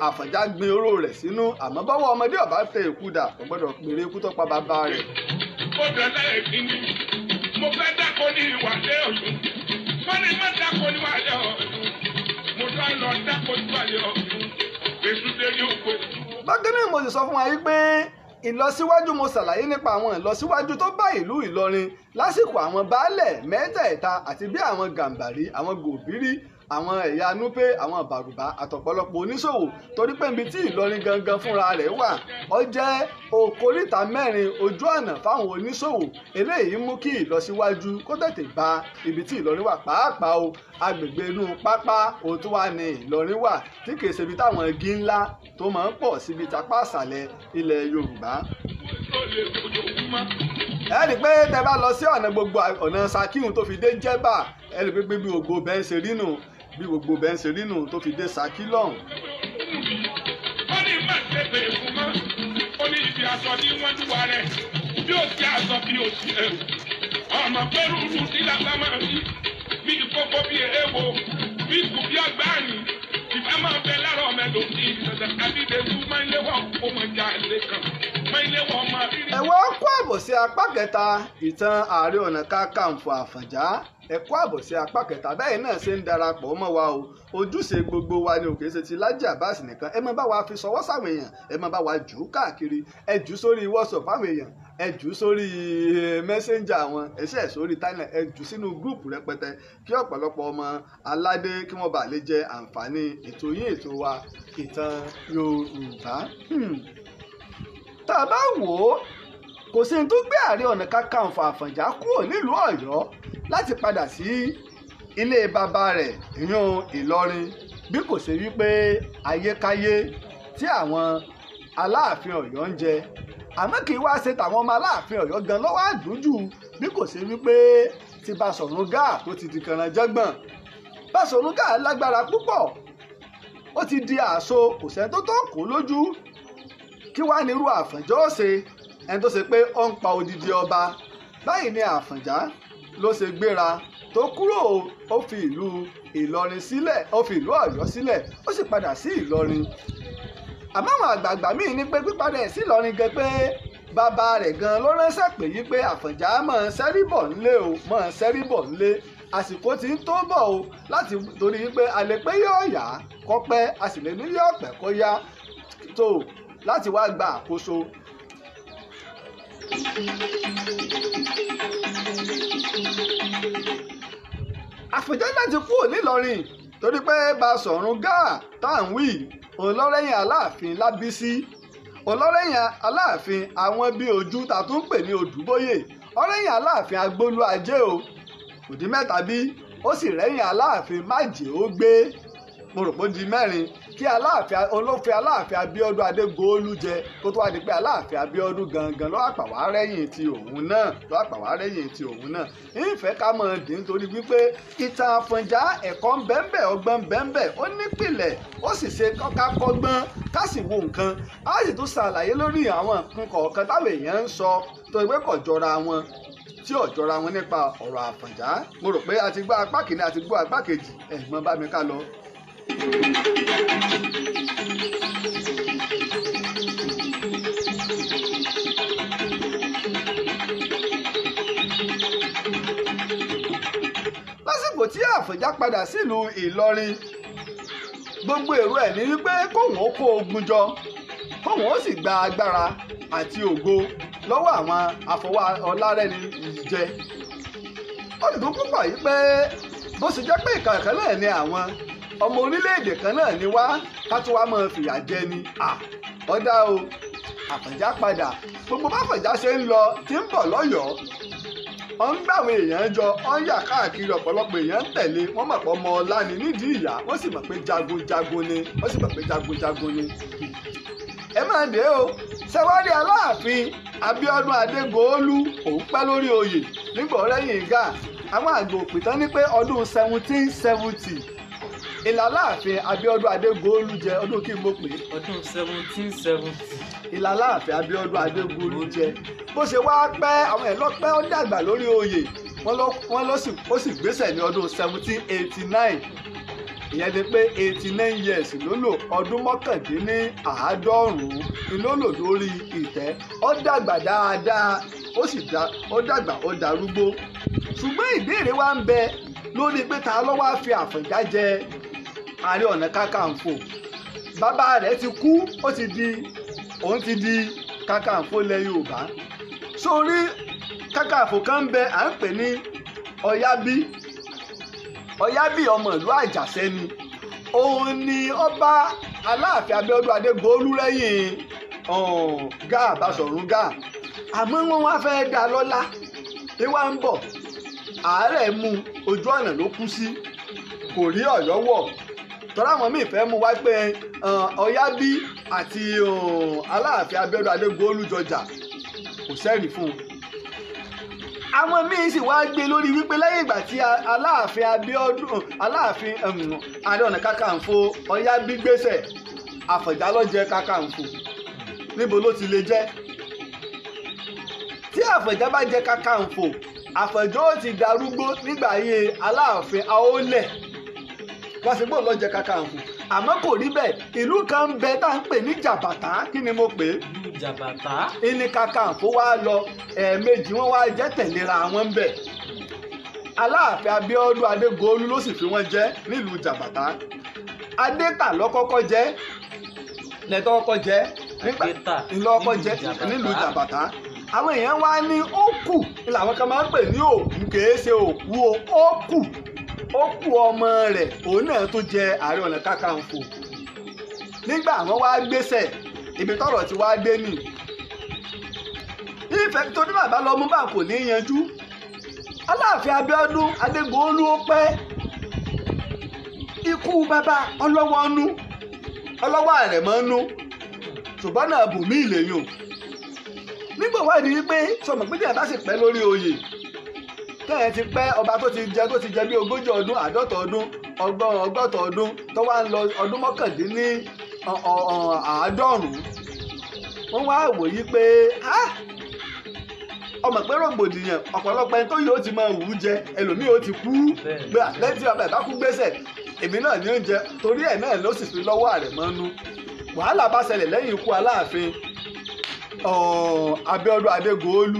B: àfọ̀njá gbin oró rẹ̀ sínú àmọ́ bọ́wọ́ ọmọdé ọ̀bá tẹ èkú dà kò gbọ́dọ̀ pèrè ikú tó pa bàbá rẹ̀
D: gbọ́dọ̀ lẹ́ẹ̀kínní. Mo fẹ́ dáko ní ìwàlẹ̀ ọ̀yún. Wọ́n má dáko ní ìwàlẹ̀ ọ̀yún. Mo lọ lọ dáko ní ìwàlẹ̀ ọ̀yún. Èṣù dé ní òkú.
B: Bákan náà mo sì sọ fún wa wípé ìlọsíwájú mo ṣàlàyé nípa àwọn ìlọsíwájú tó bá ìlú Ìlọrin lásìkò àwọn baálẹ̀ mẹ́tẹ̀ẹ̀ta àti bí àwọn gàǹbàrí àwọn gòbírí àwọn ẹ̀yà núpé àwọn bàrùbá àtọ̀pọ̀lọpọ̀ oníṣòwò torí pé ibi tí Ìlọrin gangan fúnra rẹ̀ wà ó jẹ́ okòríta mẹ́rin ojú ọ̀nà fáwọn oníṣòwò eléyìí mú kí ìlọsíwájú kó tètè bá ibi tí Ìlọrin wà pàápàá o agbègbè inú pápá òtún wà ní Ìlọrin wà tí kìí ṣe ibi táwọn igi ńlá tó máa ń pọ̀ síbi tapá àṣàlẹ̀ ilẹ̀ Yorùbá ẹ rí i pé tẹ bá lọ sí ọ̀nà gbogbo ọ̀nà Ṣakíhun tó fi dé Jẹ̀bà ẹ rí i pé gbígbí ògbó bẹ́ẹ̀ ṣe rí nù bí gbogbo bẹ́ẹ̀ ń ṣe rí nù tó fi dé Ṣakí lọ́hùn.
D: ó ní má ṣe bèrè fún mọ́ ó ní ibi aṣọ ní wọ́n ju wa rẹ̀ bí ó ti aṣọ bí ó ti ẹ̀rù ọmọ pẹ́rù rú sí làbá máa rí bí ìkókó bí èèwọ̀ bí ìkú bí agbáàní ìfẹ́ máa bẹ lára ọmọ ẹ̀dọ̀ sí ìṣẹ̀ṣẹ̀ àdídẹ́sù máa ń léwọ̀ kó mọ̀ já ilé kan ẹ
B: wá kó àbọ̀ sí apá kẹta ìtàn ààrẹ ọ̀nà kakanfò àfọ̀njá ẹ kó àbọ̀ sí apá kẹta bẹ́ẹ̀ náà ṣe ń darapọ̀ mọ́ wa o ojúṣe gbogbo wa ni òkè ṣe ti Laji Abbas nìkan ẹ má bá wa fi sọwọ́ sáwọn èèyàn ẹ má bá wa jù ú káàkiri ẹ jù ú sórí WhatsApp fáwọn èèyàn ẹ jù ú sórí eh, messenger wọn ẹ ṣe sórí tánà ẹ jù sínú gúrùpù rẹpẹtẹ kí ọ̀pọ̀lọpọ̀ ọmọ aládé kí wọ́n bá lè jẹ àǹfààní ètò yín ètò wa ìtàn Yorùbá. Hmm tá a bá wò ó kò sí ní tó gbé Ààrẹ Ọ̀nà Kakanfò Àfọ̀njá kúrò nílùú Ọ̀yọ́ láti padà sí ilé bàbá rẹ̀ ìyún Ìlọrin bí kò ṣe wípé ayékáyé tí àwọn aláàfin Ọ̀yọ́ ń jẹ àmọ́ kì í wá ṣe tàwọn ọmọ aláàfin Ọ̀yọ́ gan lọ́wọ́ àdújù bí kò ṣe wípé ti Basọ̀run Gáà tó ti di kànáńjọ́gbọ̀n Basọ̀run Gáà lágbára púpọ̀ ó ti di àṣọ kò sẹ́ni tó tó kó lójú kí wàá nírú àfọ̀njá ó ṣe ẹni tó ṣe pé ó ń pa odidi ọba báyìí ni àfọ̀njá ló ṣe gbéra tó kúrò ó fi ìlú ìlọrin sílẹ̀ ó fi ìlú ọ̀yọ́ sílẹ̀ ó sì padà sí ìlọrin àmọ́ àwọn àgbààgbà míì ní pé pípadà ẹ̀ sí ìlọrin gan pé bàbá rẹ̀ gan ló ránṣẹ́ pé yí pé àfọ̀njá máa ń sẹ́rí bọ̀ nílé o máa ń sẹ́rí bọ̀ nílé àsìkò tí ń tó bọ̀ o láti torí pé àlè pé yóò yá kọ́pẹ́ a sì lè ní yóò pẹ́ kó yá tó láti wá gba àkóso. Àfìjẹ́lẹ̀ ti kúrò nílọrin torí pé Basọ̀run Gáà tá à ń wí olórẹ́yìn aláàfin Lábísí olórẹ́yìn aláàfin àwọn bíi ojú ta tún pè ní Odùbóyè ọ̀rẹ́yìn aláàfin Agbólú o òdì mẹ́ta bí ó sì rẹ́yìn aláàfin Májèógbé mo rò pé ó di mẹ́rin kí aláàfin olófin aláàfin Abíọ́dún Adégoolú jẹ kó tó wá di pé aláàfin Abíọ́dún gangan lọ́wọ́ àpàwá rẹ́yìn ti òun náà lọ́wọ́ àpàwá rẹ́yìn ti òun náà ìfẹ́ ká mọ̀ dín nítorí wípé ìtàn Àfọ̀njá ẹ̀kọ́ ń bẹ́ńbẹ́ ọgbọ́n ń bẹ́ńbẹ́ ó nípìnlẹ̀ ó sì ṣe ká kọ́gbọ́n ká sì wo nǹkan á sì tún ṣàlàyé lórí àwọn nǹkan kọ̀ọ̀kan táwọn èèyàn ń sọ tó ìwé kọ̀ jọra wọn tí ọ̀jọ́ra wọn nípa ọ̀rọ̀ Àfọ̀njá mo rò pé a ti gbọ́ apá kìíní a ti gbọ́ apá kejì ẹ̀ mọ́ bá mi ká lọ lásìkò tí àfọ̀njá padà sílùú ìlọrin gbogbo èrò ẹ̀ ní wípé kóun ó kó ogun jọ kóun ó sì gba agbára àti ògo lọ́wọ́ àwọn àfọwọ́ ọlárẹ́ni ìjẹ ó sì púpọ̀ yìí pé bó ṣe jẹ́ pé ìkàkẹ́lẹ̀ ni àwọn ọmọ orílẹ̀-èdè kan náà ni wá ká tó wá máa fìyà jẹ ni ọ̀dà o àfọ̀njá padà gbogbo báfọ̀njá ṣe ń lọ tí ń bọ̀ lọ́yọ̀ọ́ wọ́n ń gbà àwọn èèyàn jọ ọ́ ń yà káàkiri ọ̀pọ̀lọpọ̀ èèyàn ń tẹ̀lé wọ́n mọ̀ pé ọmọ ọlá ni nídìí ìyá wọ́n sì mọ̀ pé jagunjagun ni wọ́n sì mọ̀ pé jagunjagun ni. ẹ máa dé o ṣẹwádìí aláàfin Abíọ́dún Adégoolú òun pẹ́ lórí oyè nígbà ọ̀rẹ́yìn ìgá àwọn àgbò òpìtán ní pé ọdún seventeen seventy ìlàláàfin abíọ́dún adégòólú jẹ ọdún kí n mọ̀ pé. ọdún seventeen seventy. ìlàláàfin abíọ́dún adégòólú jẹ bó ṣe wá pẹ́ àwọn ẹ̀ lọ́pẹ́ ó dàgbà lórí oyè wọ́n ló sì ó sì gbésẹ̀ ní ọdún seventeen eighty nine ìyẹn ni pé eighty nine years ló lò ọdún mọ́kàndínláàádọ́rùn-ún ni ló lò lórí ìtẹ́ ó dàgbà dáadáa ó sì dàgbà ó darúgbó ṣùgbọ́n ìbéèrè wa ń bẹ lórí pé ta ló wá fi Àfọ̀njá jẹ ààrẹ ọ̀nà kákàǹfò bàbá rẹ̀ ti kú ó ti di òun ti di kákàǹfò lẹ̀ yorùbá sórí kákàǹfò kan bẹ à ń pè ní ọ̀yábí ọ̀yábí ọmọ ìlú àjàṣẹ́ ni òun ni ọba aláàfin abẹ́ọ́dún adégbòólú lẹ́yìn gáà Basọ̀rún gáà àmọ́ wọn wá fẹ́ dá lọ́lá ìwà ń bọ̀ àárẹ̀ mú ojú ọ̀nà ló kú sí kò rí Ọ̀yọ́ wọ̀ tọ́lá àwọn míì fẹ́ mú wá pé uh, ọ̀yábí àti uh, aláàfin abẹ́rù adégoolu jọjà kò sẹ́rì fún un àwọn míì sì wá gbé lórí wípé lẹ́yìn ìgbà tí aláàfin abíọ́dún aláàfin ààrẹ um, ọ̀nà kàkàǹfò ọ̀yábí gbèsè àfọ̀njá ló jẹ kàkàǹfò níbo ló ti lè jẹ́ tí àfọ̀njá bá jẹ kàkàǹfò àfọ̀njá ó ti darúgbó nígbà yẹn aláàfin aólẹ̀ wá sí gbòòlò jẹ kàkàǹfò àmọ́ kò rí bẹ́ẹ̀ ìlú kan ń bẹ tá à ń pè ní jàbàtà kí ni mo pè é. jàbàtà. ìní kàkàǹfò wá lọ ẹ̀ẹ̀mejì wọn wá jẹ́ tẹ̀léra àwọn ń bẹ̀. aláàfin Abíọ́dún Adégolú ló sì fi wọ́n jẹ nílùú jàbàtà adétà lọ́kọ́kọ́ jẹ lẹ́tọ́kọ́ jẹ nígbà ńlọ́kọ́ jẹ nílùú jàbàtà àwọn èèyàn wá ní ó kù làwọn kan máa ń pè ní òkú kèé ṣe òkú o ó kù ó kú ọmọ rẹ̀ òun náà tó jẹ ààrẹ ọ̀nà kákàǹfò nígbà àwọn wá gbéṣẹ̀ ibi tọrọ ti wá gbé nì ìfẹ́ tó ní bàbá lọ bá kò ní yanjú aláàfin ó ikú bàbá ọlọ́wọ́ náà bùnmí nígbà wà ní pé sì tẹ́yìn ti pẹ́ ọba tó ti jẹ tó ti jẹ bí ogójì ọdún àádọ́ta ọdún ọgbọ̀n ọgọ́ta ọdún tó wá ń lọ ọdún mọ́kàndínní àádọ́rùn-ún wọ́n wá wòye pé ọmọ pé rògbòdìyàn ọ̀pọ̀lọpọ̀ ẹni tó yóò ti máa wù ú jẹ ẹlòmíì ó ti kú gbé àlẹ́tì ọba ìbá kú gbèsè èmi náà ní oúnjẹ torí ẹ̀ náà ló sì fi lọ́wọ́ ààrẹ mọ́nú wàhálà bá ṣẹlẹ̀ lẹ́yìn ikú aláàfin Abíọ́dún Adégòólú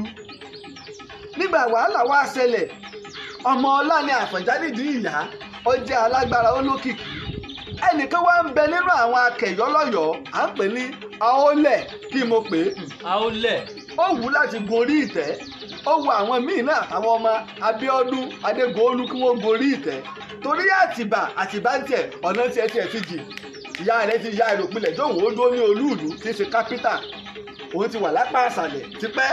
B: nígbà wàhálà wa ṣẹlẹ̀ ọmọ ọlá ni Àfọ̀njá nídìí ìyá ó jẹ́ alágbára olókìkí ẹnìkan wá ń bẹ nínú àwọn akẹ̀yọ́ lọ́yọ̀ọ́ à ń pè ní aólẹ̀ kí mo pè é. aólẹ̀. ó wù láti gun orí ìtẹ́ ó wù àwọn míì náà àwọn ọmọ Abíọ́dún Adégòólú kí wọ́n gun orí ìtẹ́ torí Àtìbà Àtìbà ń tiẹ̀ ọ̀nà tiẹ̀ tiẹ̀ ti jì ìyá rẹ̀ ti ya ìròpinlẹ̀ dóhùn ó dó ní olúùlú tí í ṣe kápítà òun ti wà lápá àṣàlẹ̀ tipẹ́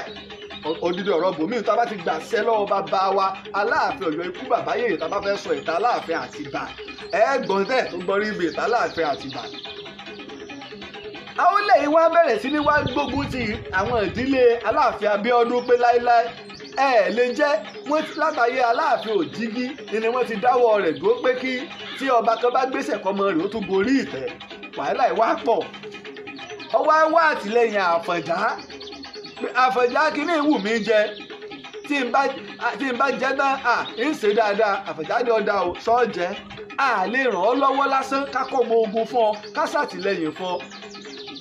B: odidi ọ̀rọ̀ bòmíì tá a bá ti gbà sẹ́ lọ́wọ́ bàbá wa aláàfin ọ̀yọ́ ikú bàbá yèyè tá a bá fẹ́ sọ ìta aláàfin àtìbà ẹ gbọ́n tẹ̀ tó gbọ́n rí ibi ìta aláàfin àtìbà. àwọn ilé yìí wá bẹ̀rẹ̀ sí ní wá gbógun ti àwọn ìdílé aláàfin Abíọ́dún pé láéláé ẹ lè jẹ́ wọ́n látàyè aláàfin Òjìgí ni wọ́n ti dáwọ́ rẹ̀ dúró pé kí tí ọba kan bá gbéṣẹ̀ ọwọ́ á wá àtìlẹ́yìn àfọ̀njá kí ní mi jẹ tí n bá jẹ tán à ń ṣe dáadáa àfọ̀njá ni ọ̀dà ò sọ́ọ́ jẹ́ à lè ràn lọ́wọ́ lásán kákọ́ ọmọ ogun fún ọ ká ṣàtìlẹ́yìn fún ọ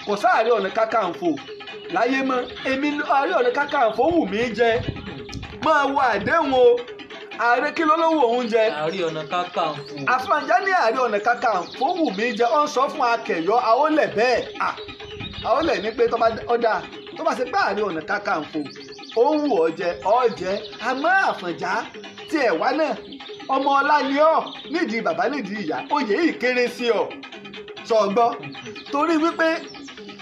B: kò sáàárẹ̀ ọ̀nà kákàǹfò láyé mọ́ èmi ààrẹ ọ̀nà kákàǹfò wù mí jẹ máa wọ àdéhùn o ààrẹ kí ló lówó òun jẹ. ọ̀nà kákàǹfò. àfàǹjá ọ̀nà wù mí jẹ sọ fún bẹ́ẹ̀ ní tó bá ṣe pé àárín ọ̀nà kakanfò ó ń wù ọ́ jẹ ọ́ jẹ àmọ́ àfọ̀njá tí ẹ̀ wá náà ọmọ ọlá ni ọ́ nídìí bàbá nídìí ìyá oyè yìí kéré sí ọ sọ̀gbọ́ torí wípé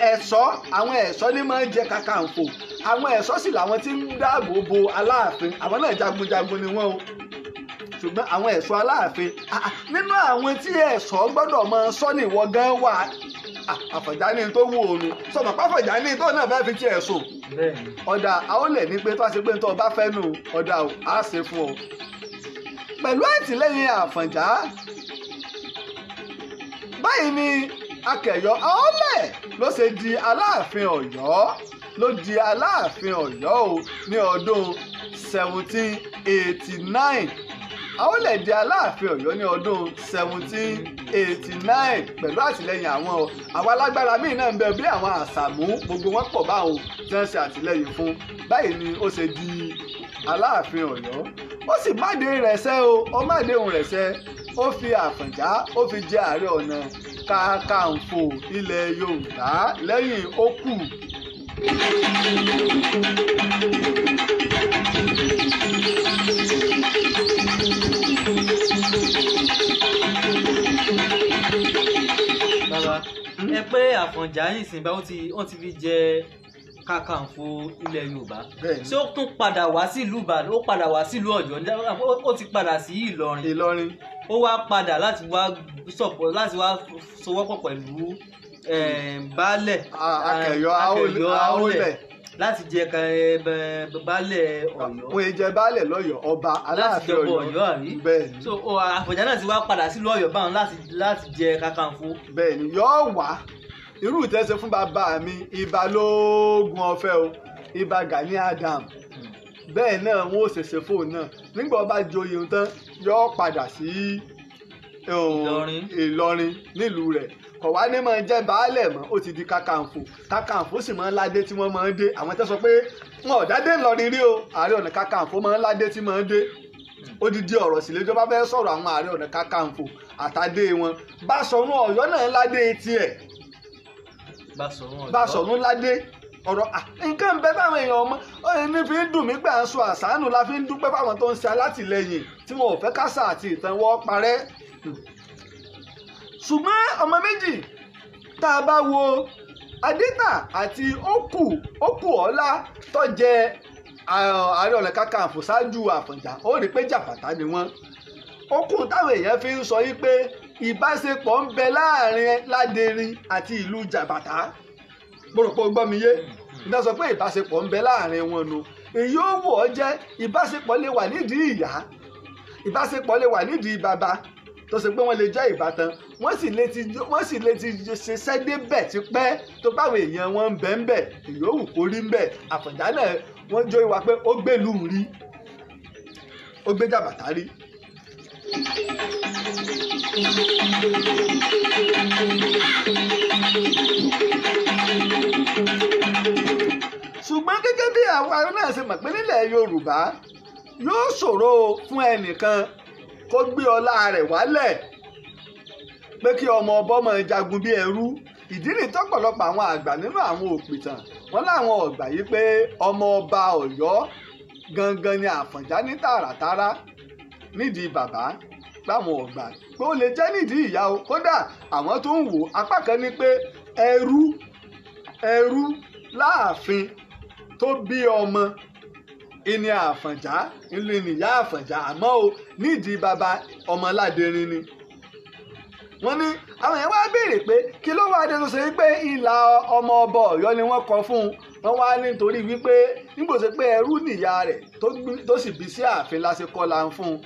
B: ẹ̀ṣọ́ àwọn ẹ̀ṣọ́ ni máa ń jẹ kakanfò àwọn ẹ̀ṣọ́ sì làwọn tí ń dáàbò bo aláàfin àwọn náà jagunjagun ni wọ́n o ṣùgbọ́n àwọn ẹ̀ṣọ́ aláàfin nínú àwọn tí ẹ̀ṣọ́ gbọ́dọ̀ máa sọ níwọ gan wà àfọ̀jáni tó wù ònu sọmọ pàfọ̀jáni tó náà fẹ́ fi ti ẹ̀sùn ọ̀dà àwọn lè ní pé tó a ṣe pé tó o bá fẹ́ nù ọ̀dà á ṣe fún ọ pẹ̀lú àtìlẹ́yìn àfọ̀njá báyìí ni akẹ̀yọ Aólẹ̀ ló ṣe di aláàfin ọ̀yọ́ ló di aláàfin ọ̀yọ́ o ní ọdún seventeen eighty nine a ó lè di aláàfin ọ̀yọ́ ní ọdún seventeen eighty nine pẹ̀lú àtìlẹyìn àwọn àwọn alágbára míì náà ń bẹ bí àwọn àṣàmú gbogbo wọn pọ̀ báwọn tí wọ́n ṣe àtìlẹyìn fún báyìí ni ó ṣe di aláàfin ọ̀yọ́ ó sì máde rẹ̀ṣẹ́ o ó máde òun rẹ̀ṣẹ́ ó fi àfọ̀njá ó fi jẹ ààrẹ ọ̀nà kàkàǹfò ilẹ̀ yorùbá
E: lẹ́yìn ó kù.
A: ẹ pé àfọ̀njá
C: yìí sìn bá wọ́n ti fi jẹ kàkànfò ilẹ̀ yorùbá ṣé ó tún padà wá sílùú ìbàdàn ó padà wá sílùú ọ̀yọ́ ó ti padà sí ìlọrin ìlọrin ó wá padà láti wá sọ̀pọ̀ láti wá sowọ́pọ̀ pẹ̀lú eh, baálẹ̀
B: akẹ̀yọ́ aolẹ̀ láti jẹ eh, baálẹ̀ Ọ̀yọ́. òye jẹ baálẹ̀ lọ́yọ̀ ọba aláàfin Ọ̀yọ́ láti jọba Ọ̀yọ́ àrí. bẹ́ẹ̀ni so Àfọ̀njá náà ti wá padà sílùú Ọ̀yọ́ báwọn láti láti jẹ Kakanfò. bẹ́ẹ̀ni yóò wá irú ìtẹ́sẹ̀ fún bàbá mi ibà lóògùn ọ̀fẹ́ o ibà Gani Adam bẹ́ẹ̀ náà wọn ò ṣẹ̀ṣẹ̀ fóun náà nígbà ọba joyè tán yóò padà sí eh, Ìlọrin nílùú rẹ̀ kọ̀ wá ní máa jẹ́ baálẹ̀ mọ́ ó ti di kàkàǹfò kàkàǹfò sì máa ń ládé tí wọ́n máa ń dé àwọn tẹ́ sọ pé wọn ò dádé ńlọrin rí o ààrẹ ọ̀nà kàkàǹfò máa ń ládé tí máa ń dé odidi ọ̀rọ̀ sì lẹ́jọ́ bá fẹ́ sọ̀rọ̀ àwọn ààrẹ ọ̀nà kàkàǹfò àtàdé wọn Báṣọ̀run Ọ̀yọ́ náà ládé tiẹ̀ Báṣọ̀run ládé ọ̀rọ̀ nǹkan bẹ fáwọn èèyàn ọmọ ọ̀hìn ní fi ń dùn mí gbà ń sọ àṣàánù la fi ń dúpẹ́ fáwọn tó ń ṣe alátìlẹyìn tí wọn ò fẹ́ kásà àti ìtàn wọ́ parẹ́ ṣùgbọ́n ọmọ méjì tá a bá wo adéta àti okù okù ọlá tó jẹ ààrẹ ọ̀nà kakanfò ṣáájú àfọ̀njá ó rí i pé jàfàtà ni wọ́n okù táwọn èèyàn fi ń sọ yí pé ìbáṣepọ̀ ń bẹ láàrin ládẹrin àti ìlú jàbàtà gbọ́dọ̀pọ̀ gbọ́ mi yé ìdá sọ pé ìbáṣepọ̀ ń bẹ láàrin wọn nu èyí ó wù ọ́ jẹ́ ìbáṣepọ̀ lè wà nídìí ìyá ìbáṣepọ̀ lè wà nídìí bàbá tó ṣe pé wọ́n lè jẹ́ ìbátan wọ́n sì lè ti wọ́n sì lè ti ṣiṣẹ́ débẹ̀ ti pẹ́ tó báwọn èèyàn wọn ń bẹ̀ ń bẹ̀ ìyówù kó rí ń bẹ̀ àfọ̀njá náà wọ́n jó ìwà pé ó gbèlú rí ó gbé jàbàtà rí. ṣùgbọ́n gẹ́gẹ́ bí àwa náà ṣe mọ̀ pé nílẹ̀ Yorùbá yóò ṣòro fún ẹnìkan kó gbé ọlá rẹ̀ wálẹ̀ pé kí ọmọ ọbọmọ jagun bí ẹrú ìdí nìyí tọ́pọ̀lọpọ̀ àwọn àgbà nínú àwọn òpìtàn wọn láwọn ọgbà yìí pé ọmọ ọba Ọ̀yọ́ gangan ni Àfọ̀njá ní tààràtàrà nídìí bàbá láwọn ọgbà pé ó lè jẹ́ nídìí ìyá o kódà àwọn tó ń wò apá kan ní pé ẹrú ẹrú láàfin tó bí ọmọ ẹni àfọ̀njá ńlẹ̀ nìyá àfọ̀njá àmọ́ o nídìí baba ọmọládẹrin ni wọ́n ní àwọn yẹn wá béèrè pé kí ló wáá dé tó ṣe wípé ìlà ọmọ ọba Ọ̀yọ́ ni wọ́n kọ fún un wọ́n wá nítorí wípé nígbòsí pé ẹrú nìyá rẹ̀ tó sì bí sí ààfin lásìkò là ń fún un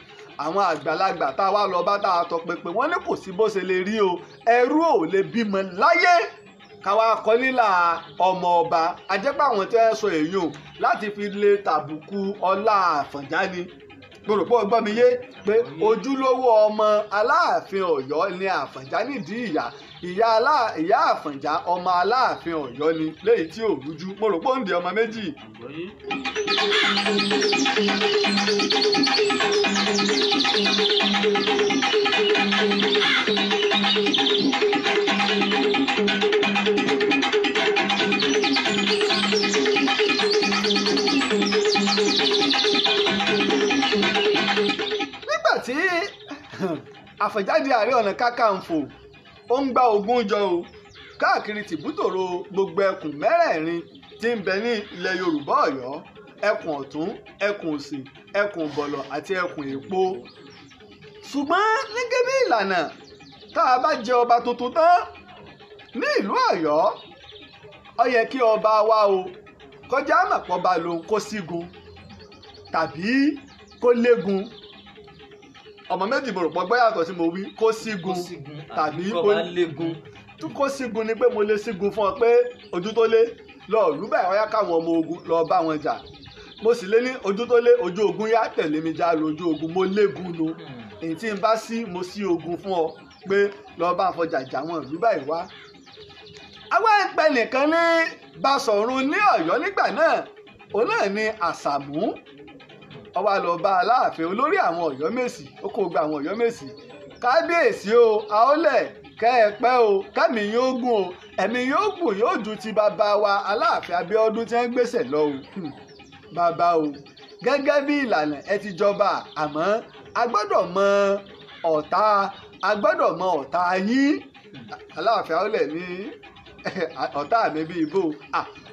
B: àwọn àgbàlagbà tá a wá lọ bá tá a tọpinpin wọ́n ní kò sí bó ṣe lè rí o ẹrú ò lè bímọ láyé káwa kọ nílà ọmọ ọba ajẹ́pẹ́ àwọn tí wọ́n sọ èyí o láti fi lè tàbùkù ọlá àfọ̀njá ni gbòròpọ̀ gbọ́ mi yé pé ojúlówó ọmọ aláàfin ọ̀yọ́ ni àfọ̀njá nídìí ìyá ìyá àfọ̀njá ọmọ aláàfin ọ̀yọ́ ni léyìí tí ò rújú mo rò pé ó ń di ọmọ méjì. thank you tí àfẹ̀jáde ààrẹ ọ̀nà kákàǹfò ó ń gba ogún jọ o káàkiri tìbútòrò gbogbo ẹkùn mẹ́rẹ̀ẹ̀rin tí ń bẹ ní ilẹ̀ yorùbá ọ̀yọ́ ẹkùn ọ̀tún ẹkùn òsì ẹkùn ìbọ̀lọ̀ àti ẹkùn èpo ṣùgbọ́n ní gẹ́gẹ́ bí ìlànà tá a bá jẹ ọba tuntun tán ní ìlú ọ̀yọ́ ó yẹ kí ọba wa o kọjá àmọ̀pọ̀ ba lòun kó sígun tàbí kó légun ọmọ méjì mo rò pọ̀ gbẹ́yàtọ̀ tí mo wí kó sígun tàbí kó sígun ni pé mo lè sígun fún ọ pé ojú tó lé lọ rú bẹ́ẹ̀ ọyá káwọn ọmọ ogun lọ bá wọn jà mo sì lé ní ojú tó lé ojú ogun yá tẹ̀lé mi já lójú ogun mo légun lo hmm. èyí tí n bá sí mo sí ogun fún ọ pé lọ bá fọjà jà wọn rú báyìí wá. àwọn ìpẹ nìkan ní Basọ̀run ní Ọ̀yọ́ nígbà náà òun náà ni Àṣàmú ó wá lọ bá aláàfin olórí àwọn ọ̀yọ́mèsì ó kó gba àwọn ọ̀yọ́mèsì kábíyèsí o àólẹ̀ kẹ́ẹ̀pẹ́ o kẹ́mi yóò gùn o ẹ̀mí yóò gùn yóò ju ti bàbá wa aláàfin abíọ́dún tí wọ́n gbèsè lọ o hmm. bàbá o gẹ́gẹ́ bí ìlànà ẹ ti jọba àmọ́ a gbọ́dọ̀ mọ ọ̀tá a gbọ́dọ̀ mọ ọ̀tá yín aláàfin àólẹ̀ ní ọ̀tá mi bíi ibo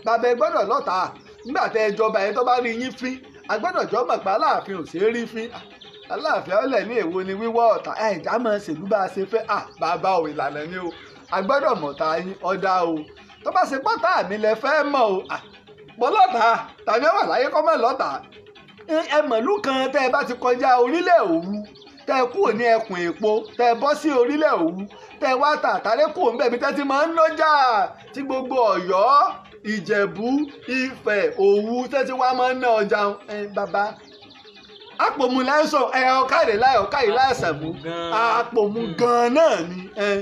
B: bàbá ẹ gbọ́dọ̀ lọ́tà nígbà tẹ ẹ jọba ẹ tó bá rí yín fín agbọ́dọ̀ jọ mọ̀ pé aláàfin ò ṣeé rí fín ah, aláàfin ọ̀lẹ̀ ní èwo ni wíwọ́ ọ̀tá ẹ̀já máa ṣèlú bá a ṣe fẹ́ à ah, bàbá ò ìlànà ni o agbọ́dọ̀ mọ̀ ta yín ọ̀dà o tó bá ṣe pọ́tà mi lẹ fẹ́ mọ̀ o ah, mọ̀ lọ́tà tàbí ọ̀wà láyé kọ́ mọ̀ lọ́tà ẹ mọ̀lú kan tẹ́ ẹ bá ti kọjá orílẹ̀ òru tẹ́ ẹ kúrò ní ẹkùn èpo tẹ́ ẹ bọ́ sí orílẹ̀ òru tẹ́ ẹ wá tà àtàrẹ́kùn òun bẹ̀mí tẹ́ ti máa ń lọ́jà tí gbogbo Ọ̀yọ́ ìjẹ̀bú ifẹ̀ òwu tẹ́tí wá máa ń ná ọjà ẹ̀ bàbá àpòmù láìsàn ẹ̀ ọ̀kàrẹ̀ láì ọ̀kàrẹ̀ láìsàn mú àpòmù gan náà ni ẹ̀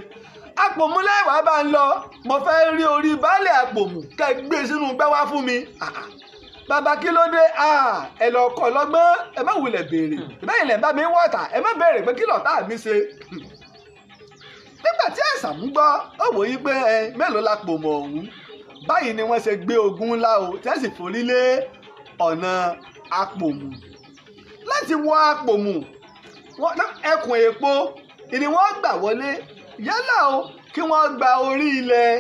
B: àpòmù láìwá bá ń lọ mo fẹ́ rí orí baálẹ̀ àpòmù kẹ́ ẹ gbé e sínú gbẹ́ wá fún mi ah, ah. bàbá kí ló dé ah, ẹ lọ kọ lọ́gbọ́n ẹ má wulẹ̀ béèrè bẹ́ẹ̀ lẹ́ bá mi wọ̀tà ẹ má béèrè pé kí lọ́tà mi ṣe nígbà tí àìsàn ń gbọ́ ó wòye pé ẹ mélòó la pòmù ọ̀hún báyìí ni wọ́n ṣe gbé ogun ńlá o tẹ́sí forí lé ọ̀nà apòmù láti wọ apòmù ẹkùn èèpo ni wọ́n gbà wọlé yálà o kí wọ́n gba orí ilẹ̀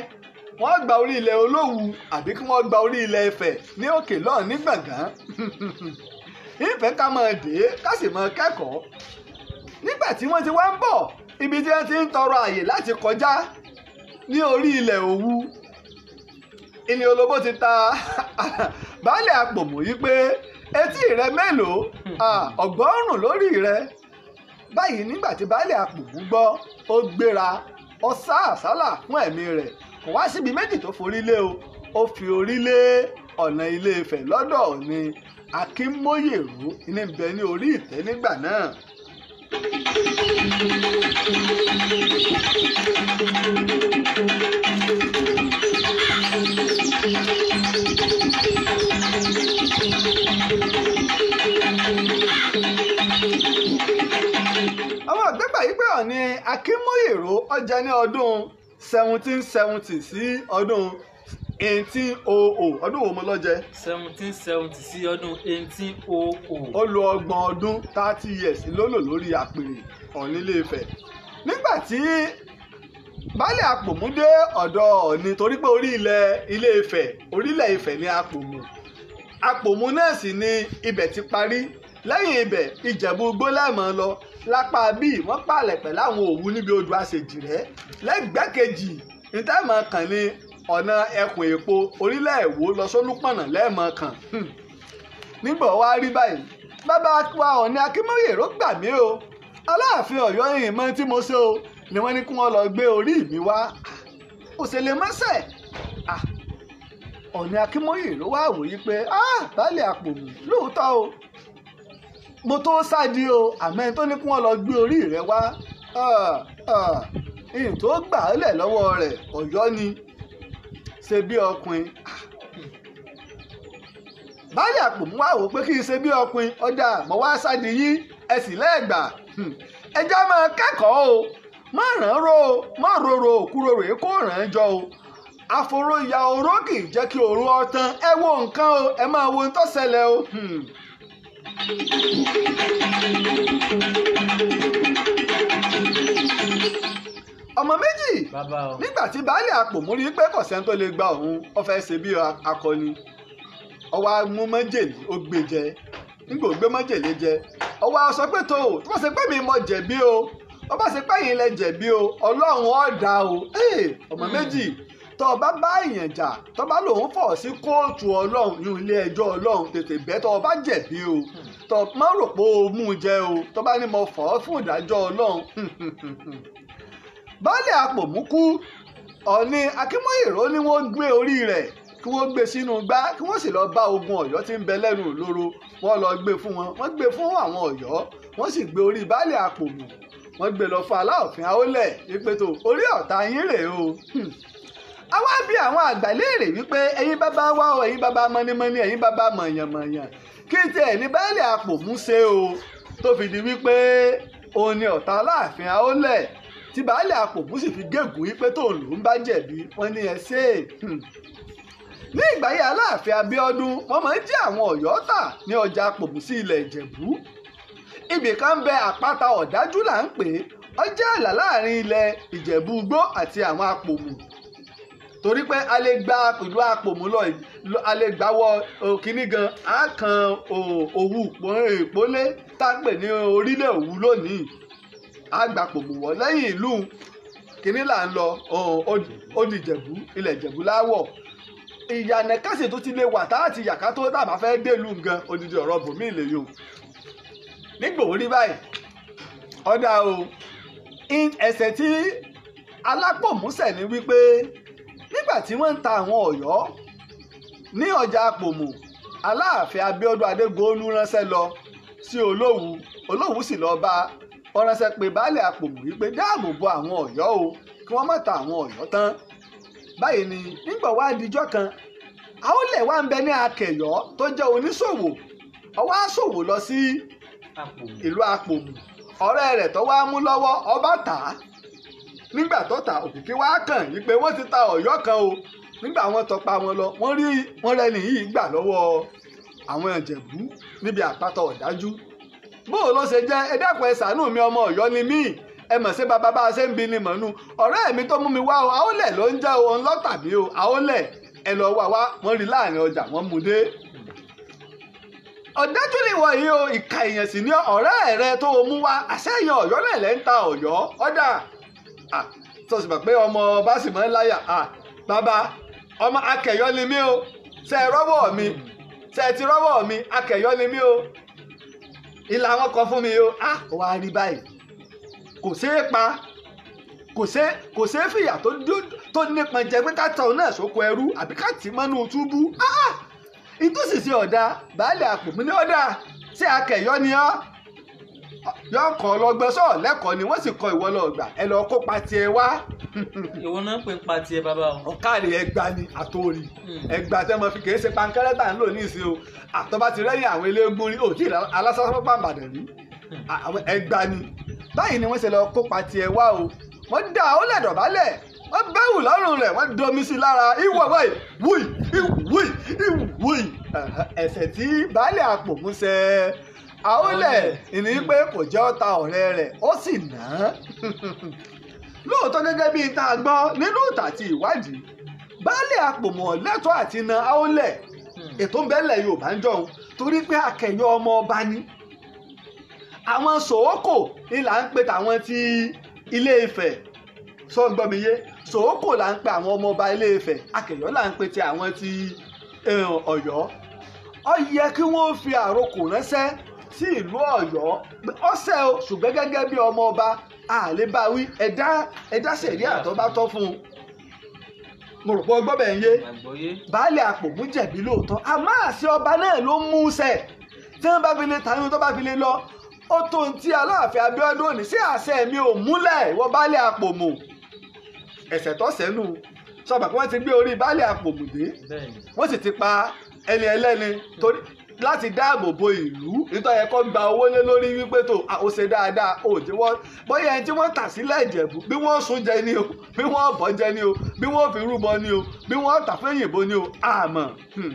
B: wọ́n gba orí ilẹ̀ olówu àbí kí wọ́n gba orí ilẹ̀ Ifẹ̀ ní òkè lọ́ọ̀ ní gbàngán [laughs] Ifẹ̀ ká máa dé ká sì máa kẹ́kọ̀ọ́ nígbà tí wọ́n ti wá ń bọ̀ ibi tí wọ́n ti ń tọrọ àyè láti kọjá ní orí ilẹ̀ Òwu ìní olóbó ti ta [laughs] baálé àpòmù yìí pé etí rẹ mélòó ọgọ́rùn-ún lórí rẹ báyìí nígbà tí baálé àpòmù gbọ́ ó gbéra ó sá àsálà fún ẹ̀mí rẹ̀ kò wá síbi méjì tó forí lé o ó fi orí lé ọ̀nà ilé Ifẹ̀ lọ́dọ̀ ni Akínmóyèrú ní bẹ ní orí ìtẹ́ nígbà náà. Thank you àwọn àgbẹ̀gbà yìí pé ọ̀ni akínmóyèrò ọjà ní ọdún seventeen seventy sí ọdún eighteen oh oh ọdún wo mo lọ seventeen seventy sí ọdún eighteen oh oh. ó lo ọgbọ̀n ọdún thirty years ló lò lórí àpèrè Ọọ̀ni Ilé Ifẹ̀ nígbà tí baálé àpòmù dé ọ̀dọ̀ ọ̀ni torí pé orí ilẹ̀ ilé ifẹ̀ orílẹ̀ ifẹ̀ ni àpòmù àpòmù náà sì ni ibẹ̀ ti parí lẹ́yìn ibẹ̀ ìjẹ̀bú gbólẹ́mọ̀ lọ lápá bíi wọ́n pààlẹ̀ pẹ̀lú àwọn òwú níbi odò àṣejìrẹ́ lẹ́gbẹ́ kejì nítẹ̀mọ̀ kan ni ọ̀nà ẹkùn èpo orílẹ̀ èwo lọ sólúpọ̀nà lẹ́ẹ̀mọ̀ kan hmm. níbọ̀ wá rí báyìí bàbá wa ọ̀ni akínmóye ró gbà mí o aláàfin ọ̀yọ́ yìí mọ́ tí mo ṣe o ni wọ́n ní kí wọ́n lọ gbé orí mi wá òṣèlè mọ́sẹ̀ ọ̀ní akínmọ́yè ló wá wòye pé baálé àpòmù lóòótọ́ o mo tó sáàdì o àmẹ́ tó ní kí wọ́n lọ gbé orí rẹ wá ìyìn tó gbà á lẹ̀ lọ́wọ́ rẹ̀ ọ̀yọ́ ni ṣe bí ọkùnrin baálé àpòmù wá wò pé kí n ṣe bí ọkùnrin ọjà mọ̀ wá sáàdì yín ẹ sì lẹ́ẹ̀gbà hm, ẹjọ́ máa kẹ́kọ̀ọ́ o. má ràn ró má rorò ràn jọ o àforò ìyá oró kì í jẹ́ kí òru ọtán ẹ wo o ẹ máa wo ohun o. Hmm. ọmọ méjì nígbà tí baálé àpò mú rí pé kọ̀sẹ́ni lè gba òun ó fẹ́ ṣe bí akọni ó gbé jẹ nígbà ó gbé jẹ pé tó o tí wọ́n mi mọ jẹ̀bi o. ó bá ṣe pé yín lẹ jẹ̀bi o ọlọ́run ọ̀dà o ọmọ hmm. méjì tó o bá bá èèyàn jà tó bá lòun fọ̀ sí kóòtù ọlọ́run ní ilé ẹjọ́ ọlọ́run tètè bẹ́ tó o bá jẹ̀bi o hmm. tó o má rò pé o mú un jẹ o tó bá ní mo fọ̀ ọ́ fún ìdájọ́ ọlọ́run [laughs] baálé apòmùkú ọ̀ni akínmọ́yèrò ni wọ́n gbé orí rẹ̀ kí wọ́n gbé sínú gbá kí wọ́n sì lọ bá ogun ọ̀yọ́ tí ń bẹ lẹ́nu lóró wọ́n lọ gbé fún wọn wọ́n gbé fún àwọn ọ̀yọ́ wọ́n sì gbé orí baálé apòmù wọ́n gbé lọ fún aláòfin àólẹ̀ wípé tó orí ọ̀tá yín rèé o àwa hmm. bí àwọn àgbà léèrè wípé ẹ̀yin bàbá wa o ẹ̀yin bàbá mọ́nímọ́ní ẹ̀yin bàbá mọ̀yànmọ̀yàn kí n tiẹ̀ ní báyìí àpò mú ṣe o tó fi di wípé òun ni ọ̀tá aláàfin àólẹ̀ tí baálé àpòmù sì fi gégùn wípé tóun lòún bá jẹ̀bi wọ́n ní ẹ ṣe é hmm. ní ìgbà yẹn aláàfin Abíọ́dún wọ́n máa ń jí àwọn Ọ̀yọ́ tà ní ọjà àpòmù sí ilẹ̀ ibìkan bẹ àpáta ọ̀dájú là ń pè é ó jẹ́ ààlà láàrin ilẹ̀ ìjẹ̀bú-igbó àti àwọn apòmù torí pé a lè gba ìlú apòmù lọ a lè gbàwọ kínní gan a kan òwú ìpólé tá ní orílẹ̀ òwú lónìí a gba pòmù wọ̀ lẹ́yìn ìlú kínní là ń lọ odi ìjẹ̀bú ilẹ̀ ìjẹ̀bú láwọ̀ ìyànà tó ti lè wà tá àti yàká tó dàbà fẹ́ délùú gan odidi ọ̀rọ̀ bòmí ìlẹ̀ yòó nígbò orí báyìí ọ̀dà o ẹsẹ̀ tí alápòmúsẹ̀ ni wípé nígbà tí wọ́n ń ta àwọn ọ̀yọ́ ní ọjà àpòmù aláàfin abíọ́dún ránṣẹ́ lọ sí sì bá ọ̀ránṣẹ́ pé àpòmù o kí wọ́n má ta àwọn ọ̀yọ́ tán ni nígbà wá díjọ́ kan wá ń bẹ ní akẹ̀yọ́ tó jẹ́ oníṣòwò ìlú àpòmù ọ̀rẹ́ rẹ̀ tó wá mú lọ́wọ́ ọba tà á nígbà tó ta òkìkí wá kàn yí pé wọ́n ti ta ọ̀yọ́ kan o nígbà wọ́n tọpa wọn lọ wọ́n rí wọ́n rẹ́ni yìí gbà lọ́wọ́ àwọn ìjẹ̀bú níbi àpáta ọ̀dájú bóò ló ṣe jẹ́ ẹ dẹ́kun ẹ ṣàánú mi ọmọ ọ̀yọ́ ni mí ẹ mọ̀ sí bàbá bá a ṣe ń bi ni mọ̀nú ọ̀rẹ́ mi tó mú mi wá o àólẹ̀ ló ń jẹ́ o òun lọ́tà mi o àólẹ̀ ẹ lọ wá wá wọ́n rí láàrin ọjà wọ́n mú dé ọ̀dájúlì wọ̀nyí o ìka èèyàn sì ní ọ̀rẹ́ rẹ tó o mú wá àṣẹyàn ọ̀yọ́ lẹ̀lẹ́ ń ta ọ̀yọ́ ọ̀dà tó sì mọ̀ pé ọmọ ọba sì mọ́ ń láyà bàbá ọmọ akẹ̀yọ́ ni mí o ṣe é rọ́wọ́ mi ṣe é ti rọ́wọ́ mi akẹ̀yọ́ ni mí o ìlà wọn kọ fún mi o a wà á rí báyìí kò ṣeé pa kò ṣeé fìyà tó nípọn jẹ pé ká tọ̀ náà sóko ẹrú àbí ká tì mọ́nú túbú ìtúsìsì ọ̀dà baálé àpò mi ní ọ̀dà ṣé akẹ̀yọ́ ni ọ́ yọ kọ́ ọlọ́gbọ́n sọ̀rọ̀ lẹ́kọ̀ọ́ ni wọ́n sì kọ ìwọ lọ́gbà ẹ lọ kó patí ẹ wá. ìwọ náà pè patí ẹ bàbá o. ọ̀káàrí ẹgbà ni àtòrí hmm. ẹgbà tẹ́ mo fi kèé ṣe pankẹ́rẹ́ tà ń lò ní ìsìn o àtọ́ba ti rẹ́yìn àwọn eléégún rí òtí alásán pàmbàdàn rí ẹgbà ni báyìí ni wọ́n ṣe lọ kó patí ẹ wá o wọ́n dá ó lẹ̀dọ̀ bálẹ̀ wọ́n bẹ́wù lọ́rùn rẹ̀ wọ́n domi sí lára ìwọ̀ báyìí wùì ìwùì ìwùì ẹ̀sẹ̀ tí baálé àpò mú ṣe ìní pé kò jẹ́ ọ̀tá ọ̀rẹ́ rẹ̀ ó sì nà án lóòótọ́ gẹ́gẹ́ bíi tá a gbọ́ nínú ìtàn àti ìwádìí baálé àpòmọ̀ lẹ́tọ̀ọ́ àti na àólẹ̀ ètò ń bẹ́lẹ̀ yorùbá ń jọun torí pé akẹ̀yọ́ ọmọ ọba ni àwọn sòókò ni là ń pe tàwọn ti ilé Ifẹ̀ sọ́ngbọ́miyé sòókò là ń pe àwọn ọmọ ọba ilé Ifẹ̀ akẹ̀yọ́ là ń pe ti àwọn ti eh, Ọ̀yọ́ ó yẹ kí wọ́n fi àrokò ránṣẹ́ sí ìlú Ọ̀yọ́ ọ̀sẹ̀ o ṣùgbọ́n gẹ́gẹ́ bí ọmọ ọba àlébáwí ẹ̀dá ẹ̀dá sẹ̀rí àtọ́bá tọ́ fún un mo rò pé ọgbọ́n bẹ̀ ń yé baálé àpògùn jẹ̀bi lóòótọ́ àmọ́ àṣẹ ọba náà ló mú sẹ̀ tí wọ́n bá fi lè tàyún tó bá fi lè lọ ó tó ń tí Aláàfin Abíọ́dún òní sí àṣẹ mi ò múlẹ̀ ìwọ baálé àpòmù ẹ̀ṣẹ̀ tó sẹ́nu sọ̀bà kí wọ́n ti gbé orí baálé àpòmùdé wọ́n sì ti pa ẹni ẹlẹ́ni torí láti dáàbò bo ìlú nítorí ẹ̀kọ́ gba owó lé lórí wípé tó ó ṣe dáadáa ó jẹ́ wọ́n bóyá ẹni tí wọ́n tà sílẹ̀ ìjẹ̀bú bí wọ́n sún jẹ ni o bí wọ́n bọ́ jẹ ni o bí wọ́n fi rúbọ ni o bí wọ́n tà fún
E: èyìnbó ni o àmọ́. Hmm.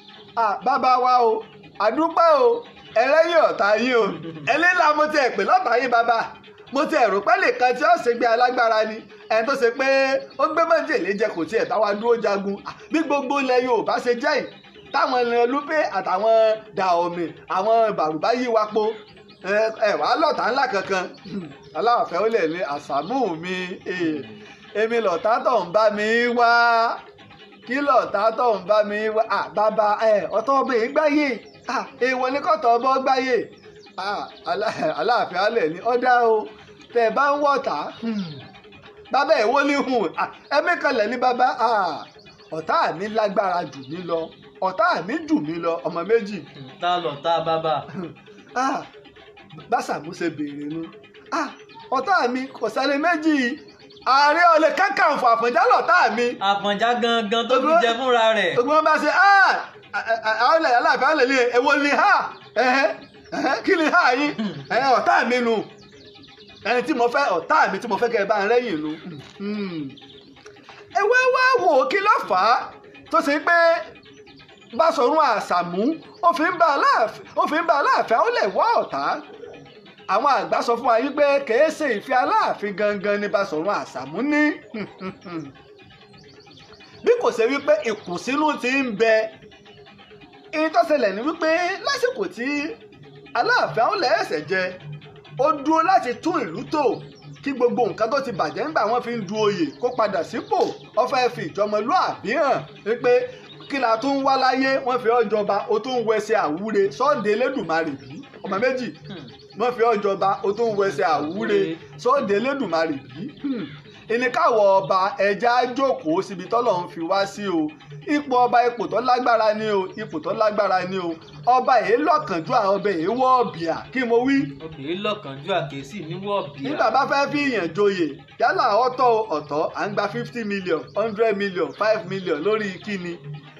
B: bàbá wa o àdúpẹ́ o ẹlẹ́yìn ọ̀tá yín o ẹlẹ́là mo tẹ̀ pé lọ́bàá yín bàbá mo tẹ̀ rò pé nìkan tí ó ṣe gbé alágbára ni ẹni tó ṣe pé ó gbé májèlé jẹ kò tiẹ̀ bá wa dúró jagun bí gbogbo ilẹ̀ Yorùbá ṣe jẹ́ yìí táwọn ẹran àtàwọn dàọ̀mì àwọn bàrùbá yí wa po ẹ lọ́tà ńlá kankan [clears throat] aláwọ̀fẹ́ ó lè ní àṣàmù mi èmi lọ́tà tó ń bá mi wá kí lọ́ọ̀tà tó ń bá mi wá bàbá ọ̀tọ̀ ọbẹ̀yìn gbáyé èèwọ̀ ní kọ́tọ̀ ọbọ̀ gbáyé aláàfin alẹ̀ ni ọ̀dà o tẹ̀ bá ń wọ̀tà bàbá ẹ̀ wọ́n ní hùn ẹ̀mí kanlẹ̀ ní bàbá ọ̀tá mi lágbára jù mí lọ ọ̀tá mi jù mí lọ ọmọ méjì. ta lọ ta bàbá. bàṣà mo ṣe béèrè nu ọ̀tá mi kò sẹ́ni méjì yìí ààrẹ Ọ̀nà Kakanfò Àfọ̀njá lọ̀tá mi. Àfọ̀njá gangan tó ti jẹ fúnra rẹ̀. ogun wọn bá ṣe àwọn ah, eh, eh, eh, aláàfin àwọn lè ewo ni ha kí ni ha yín hmm. ọ̀tá mi nu ẹni tí mo fẹ́ ọ̀tá mi tí mo fẹ́ kẹ́ ẹ bá ń rẹ́yìn nu. ewé hmm. wá wò kí ló fà á tó ṣe pé Báṣọ̀run Àṣàmú ó fi ń bá Aláàfin ó lè wá ọ̀tá àwọn àgbà sọ fún wa wípé kèé ṣe ìfẹ́ aláàfin gangan ní Baṣọ̀run Àṣàmú ní bí kò ṣe wípé ìkùnsínú ti ń bẹ ìtọ́sẹ̀lẹ̀ ni wípé lásìkò tí aláàfin àwọn lẹ́ẹ̀sẹ̀ jẹ ó dúró láti tún ìlú tò kí gbogbo nǹkan tó ti bàjẹ́ ńgbà wọ́n fi ń du oyè kó padà sípò ó fẹ́ fi ìjọmọlúàbí hàn wípé kí la tún wá láyé wọ́n fi ọ́ jọba ó tún wẹsẹ̀ àwúre sọ́ọ̀dẹ̀ lẹ́dùnmarè bí ọmọ méjì wọ́n fi ọjọba o tó ń wẹsẹ̀ àwúre sọ́ọ̀dẹ̀ lẹ́dùnmarè yìí hmm, ìníkàwọ̀ ọba ẹja jókòó síbi tọ́lọ̀ ń fi wá sí o ipò ọba ipò tó lágbára ni o ipò tó lágbára ni o ọba èé lọ́kànjú àwọn ọbẹ̀ èé wọ́ ọ̀bìà kí mo wí.
C: ọbẹ̀ èé lọ́kànjú àkẹ́sì ní wọ́ ọ̀bìà. nígbà bá fẹ́ fi ìyàn
B: joyè yálà ọ̀tọ̀ ọ̀tọ̀ à ń gba fifty million hundred million five million lórí kíni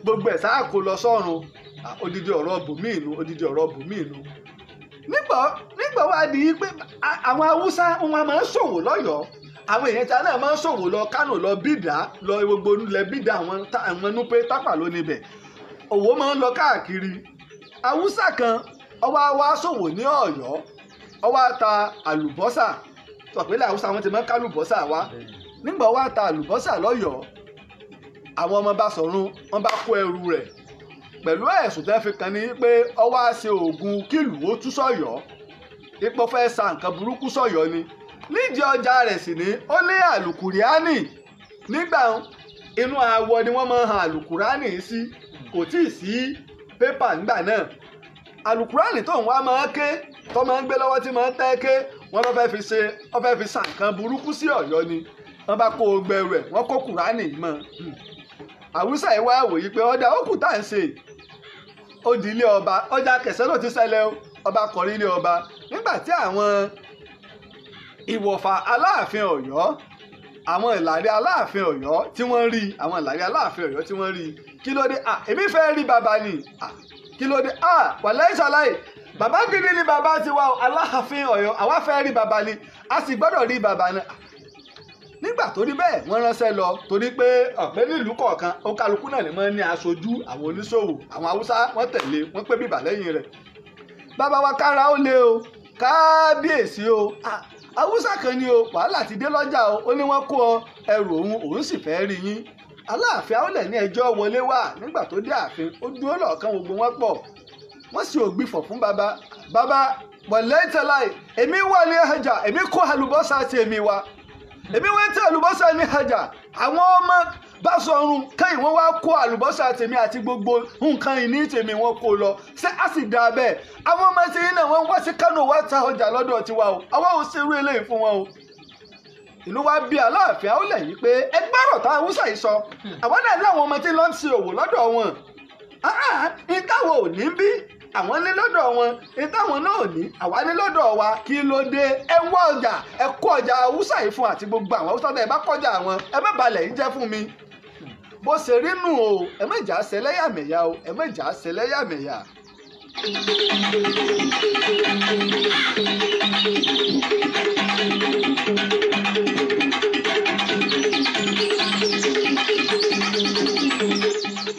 B: gbogbo ẹ̀ sáà kó lọ sọ́run odidi ọ̀rọ̀ bùnmí ìlú odidi ọ̀rọ̀ bùnmí ìlú nígbà nígbà wà ní pé àwọn haúsá wọn máa ń ṣòwò lọ́yọ̀ọ́ àwọn èèyàn tí a náà máa ń ṣòwò lọ kánò lọ bídà lọ gbogbo lẹ bídà àwọn núpé tápà ló níbẹ̀ òwò máa ń lọ káàkiri haúsá kan ọwọ́ wa ṣòwò ní ọ̀yọ́ ọwọ́ ta àlùbọ́sà tọ̀pẹ́lẹ̀ haúsá wọn ti máa ń kálùbọ́sà wa nígbà wà ta àlùbọ́sà lọ́yọ̀ọ́ àwọn ọmọ bá pẹ̀lú ẹ̀sùn tẹ́ fi kàn ní pé ọwọ́ àṣẹ oògùn kílù ó tú sọ̀yọ́ ipò fẹ́ sa nǹkan burúkú sọ̀yọ́ ni nídìí ọjà rẹ̀ sì ní ó ní àlùkùránì nígbà inú awọ ni wọ́n máa hàn àlùkùránì sí kò tíì sí pépà nígbà náà àlùkùránì tó ń wá máa ké tó máa ń tí máa ń tẹ́ ké wọ́n fẹ́ fi fẹ́ fi sa ó di ilé ọba ọjà kẹsànán ti ṣẹlẹ̀ ọba kọrí ilé ọba nígbà tí àwọn ìwọ̀fà aláàfin ọ̀yọ́ àwọn ìlàrí aláàfin ọ̀yọ́ tí wọ́n rí àwọn ìlàrí aláàfin ọ̀yọ́ tí wọ́n rí kí ló dé à èmi fẹ́ rí bàbá ni kí ló dé à wàláì ṣàláì bàbá gidi ni bàbá ti wá aláàfin ọ̀yọ́ àwa fẹ́ rí bàbá ni a sì gbọ́dọ̀ rí bàbá ni nígbà tó rí bẹ́ẹ̀ wọ́n ránṣẹ́ lọ torí pé ọ̀pẹ́ nílùú kọ̀ọ̀kan ó kálukú náà ni wọ́n ní aṣojú àwọn oníṣòwò àwọn haúsá wọ́n tẹ̀lé wọ́n pé bíbà lẹ́yìn rẹ̀ bàbá wa kára ó lé o kábíyèsí o haúsá kan ni o wàhálà ti dé lọ́jà o ó ní wọ́n kó ẹrù òun òun sì fẹ́ rí yín aláàfin àwọlẹ̀ ní ẹjọ́ wọlé wá nígbà tó dé ààfin ó dúró lọ́ọ̀kan gbogbo wọn pọ̀ wọ́n sì ògbìfọ̀ fún bàbá bàbá wọ̀lẹ́tẹ̀láì èmi wà ní ẹja èmi kó àlùbọ́sà ti èmi wa èmi wọ́n tẹ àlùbọ́sà ní àjà àwọn ọmọ bá sọrun kẹ́yìn wọ́n wá kó àlùbọ́sà tèmi àti gbogbo nǹkan ìní tèmi wọ́n kó lọ ṣé a sì dáa bẹ́ẹ̀ àwọn ọmọ ṣe yín náà wọ́n wá sí Kánò wá ta ọjà lọ́dọ̀ tiwa o àwa ò ṣerú eléyìí fún wọn o ìlú wa bí aláàfin àwọn lẹ̀ yìí pé ẹgbẹ́rọ̀ tá haúsá yìí sọ àwọn náà láwọn ọmọ tí lọ́n ti òwò lọ́dọ̀ wọn àwọn ní lọ́dọ̀ wọn ní táwọn náà ò ní àwa ní lọ́dọ̀ wa kí ló dé ẹ wá ọjà ẹ kó ọjà haúsá yìí fún àti gbogbo àwọn haúsá náà ẹ bá kọjá àwọn ẹ má balẹ̀ ń jẹ́ fún mi bó ṣe rí nù o ẹ má jà ṣe lẹ́yàmẹ̀yà o ẹ má jà ṣe lẹ́yàmẹ̀yà.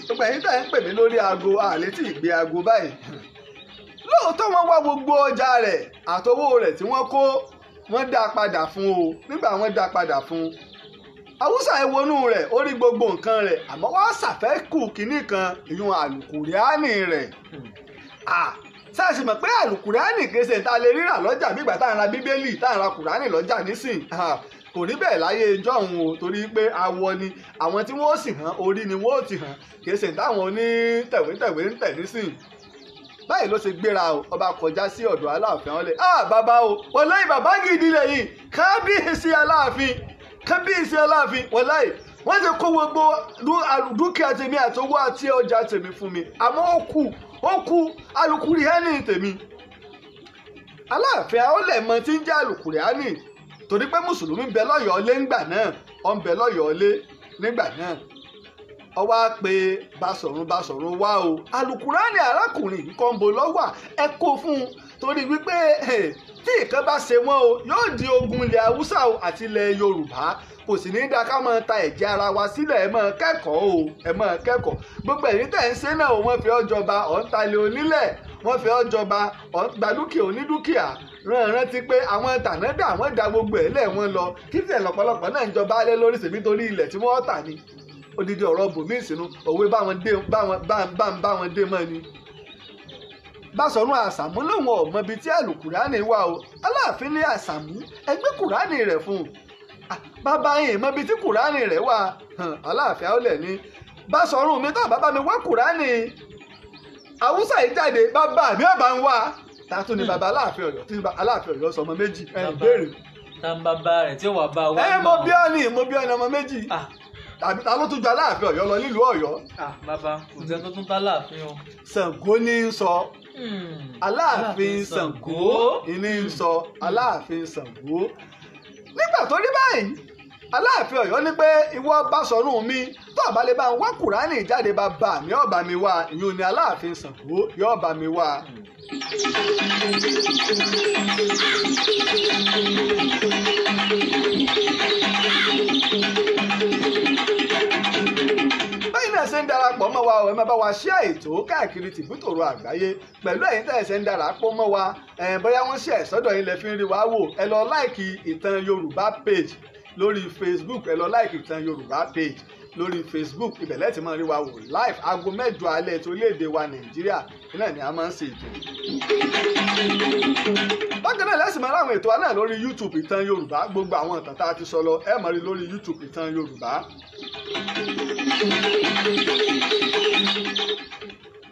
B: gbogbo ẹ̀yin tá ẹ ń pè mí lórí aago àlétí ìgbé aago báyìí lóòótọ́ wọ́n wá gbogbo ọjà rẹ̀ àtowó rẹ̀ tí wọ́n kó wọ́n dá padà fún o nígbà wọ́n dá padà fún haúsá ẹ rẹ̀ ó rí gbogbo nǹkan rẹ̀ àmọ́ wá ṣàfẹ́kù kínní kan ìyún àlùkùránì rẹ̀ sáàsì mọ̀ pé àlùkùránì kìí ṣe ta lè rírà lọ́jà nígbà tá à ń ra bíbélì tá à ń ra kùránì lọ́jà nísìn kò rí bẹ́ẹ̀ láyé ìjọ́hun o torí pé awọ ni àwọn tí wọ́n sì hàn orí ni wọ́n ti hàn kìí ṣe táwọn onítẹ̀wétẹ̀wé ń tẹ̀ nísìn báyìí ló ṣe gbéra o ọba kọjá sí ọ̀dọ̀ aláàfin ọ̀lẹ̀ ah bàbá o wọláyìí bàbá gidi lẹ́yìn kábíyèsí aláàfin kábíyèsí aláàfin wọláyìí wọ́n ti kó gbogbo dúkìá tèmi àti owó àti ọjà tèmi fún mi àmọ́ ó kù ó kù alukuri hẹ́nì tèmi aláàfin ọ̀lẹ̀ mọ tí ń jẹ́ alukuri hẹ́nì torí pé mùsùlùmí bẹ lọ́yọ̀ọ́lé ńgbà náà ọ̀ ń bẹ lọ́yọ̀ọ́lé nígbà náà ó wá pé Basọ̀run Basọ̀run wá o ni arákùnrin kọ́ńbó lọ́wà ẹ kó fún un torí wípé tí nǹkan bá ṣe wọ́n o yóò di ogun ilẹ̀ haúsá o àti ilẹ̀ yorùbá kò sì ní í da ká máa ta ẹ̀jẹ̀ ara wa sílẹ̀ ẹ máa kẹ́kọ̀ọ́ o ẹ máa kẹ́kọ̀ọ́ gbogbo ẹ̀yin tẹ̀ ń ṣe náà o wọ́n fi ọjọba ọ̀ǹtalẹ̀ onílẹ̀ wọ́n fi ọjọba ọ̀ǹgbàdúkìá onídúkìá ránran ti pé àwọn tànádà wọ́n da gbogbo ẹ̀ lẹ̀ wọ́n lọ kí tẹ̀ lọ́pọ̀lọpọ̀ náà ń jọba alẹ́ lórí ṣèbí ilẹ̀ tí wọ́n tà ni odidi ọ̀rọ̀ bòmí ìsìnú òwe báwọn dé báwọn báwọn dé mọ́ ni. Báṣọ̀run Àṣàmú lòun ọ̀mọ ibi tí àlùkùránì wà o Aláàfin ní Àṣàmú ẹgbẹ́ kùránì rẹ̀ fún un bàbá yìí mọ ibi tí kùránì rẹ̀ wà Aláàfin àólẹ̀ ní Báṣọ̀run mi tó bàbá mi wá kùránì Haúsá yìí jáde bàbá mi ò bá ń wá tààtú ni hmm. bàbá Aláàfin Ọ̀yọ́ tí Aláàfin Ọ̀yọ́ sọ ọmọ méjì ẹ béèrè.
A: ta ń rẹ̀ tí ó wà bá wa. ẹ mọ bí
B: ọ ni mo bí ọ ni ọmọ méjì tàbí ta ló tún ju aláàfin Ọ̀yọ́ lọ nílùú Ọ̀yọ́. bàbá kò tẹ́ tó tún tá láàfin o. Ṣàngó ní í sọ hmm. aláàfin Ṣàngó ní í sọ aláàfin Ṣàngó. nígbà tó rí báyìí aláàfin Ọ̀yọ́ ní pé ìwọ Báṣọ̀rún mi tó àbálẹ bá ń wá Kùránì jáde bàbá mi ọba mi wá ìyún ni aláàfin Ṣàngó yóò bá mi wá. Thank you. ṣe ń darapọ̀ mọ́ wa ẹ máa bá wa share ètò káàkiri tìbútòrò àgbáyé pẹ̀lú ẹ̀yin tẹ́ ẹ ṣe ń darapọ̀ mọ́ wa bóyá wọ́n share sọ́dọ̀ yín lẹ fi ń rí wa wò ẹ lọ like Ìtàn Yorùbá page lórí Facebook ẹ lọ like Ìtàn Yorùbá page lórí Facebook ibẹ̀ lẹ́tì máa rí wa wò live aago mẹ́jọ alẹ́ tó léde wa Nàìjíríà náà ni a máa ń ṣe ètò. bákan náà lẹ́sìn máa ráwọn ètò wa náà lórí YouTube Ìtàn Yorùbá gbogbo àwọn ìtàn tá a ti sọ lọ ẹ máa rí lórí YouTube Ìtàn Yorùbá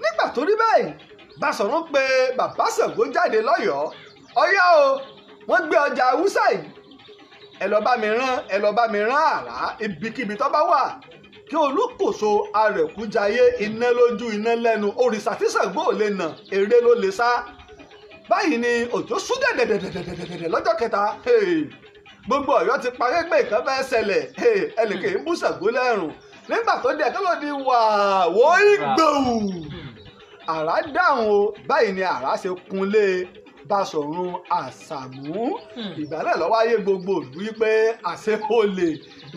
B: nígbà tó rí bẹ́ẹ̀ Basọ̀run pé bàbá Ṣàngó jáde lọ́yọ̀ọ́ ọ̀yá o wọ́n gbé ọjà haúsá yìí ẹ lọ bá mi rán ẹ lọ bá mi rán àrá ibikíbi tó bá wà kí olùkóso arẹ̀kújayé iná lójú iná lẹ́nu òrìṣà tí Ṣàngó lè nà eré ló lè sá báyìí ni òjò sún dẹ̀dẹ̀dẹ̀dẹ̀dẹ̀dẹ̀ lọ́jọ́ kẹta gbogbo Ọ̀yọ́ ti parí pé nǹkan fẹ́ ṣẹlẹ̀ ẹnìkan ń bú Ṣàngó lẹ́rùn nígbà tó dẹ̀ tó lọ di wàá wọ́n ń gbòòrò àrá dáhùn o báyìí ni àrá ṣe kunlé Basọ̀run Àsàmú hmm. ìgbà náà ló wáyé gbogbo ìlú wípé àṣepọ̀lè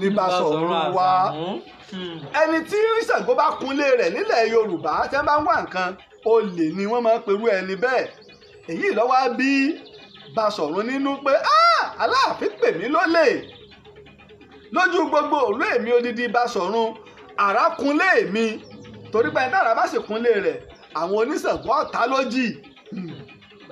B: ní Basọ̀run wa hmm. ẹni tí Ṣàngó bá kunlé rẹ̀ nílẹ̀ Yorùbá tẹ́ bá ń wá nǹkan olè ni wọ́n máa ń perú ẹni bẹ́ẹ̀ èyí ló wá bí Basọ̀run nínú pé ah! Aláàfin pè mí lólè lójú gbogbo òlú èmi odidi Basọ̀run àràkúnlé mi torí pé ẹni tára bá sì kúnlé rẹ̀ àwọn oníṣègùn ọ̀tá ló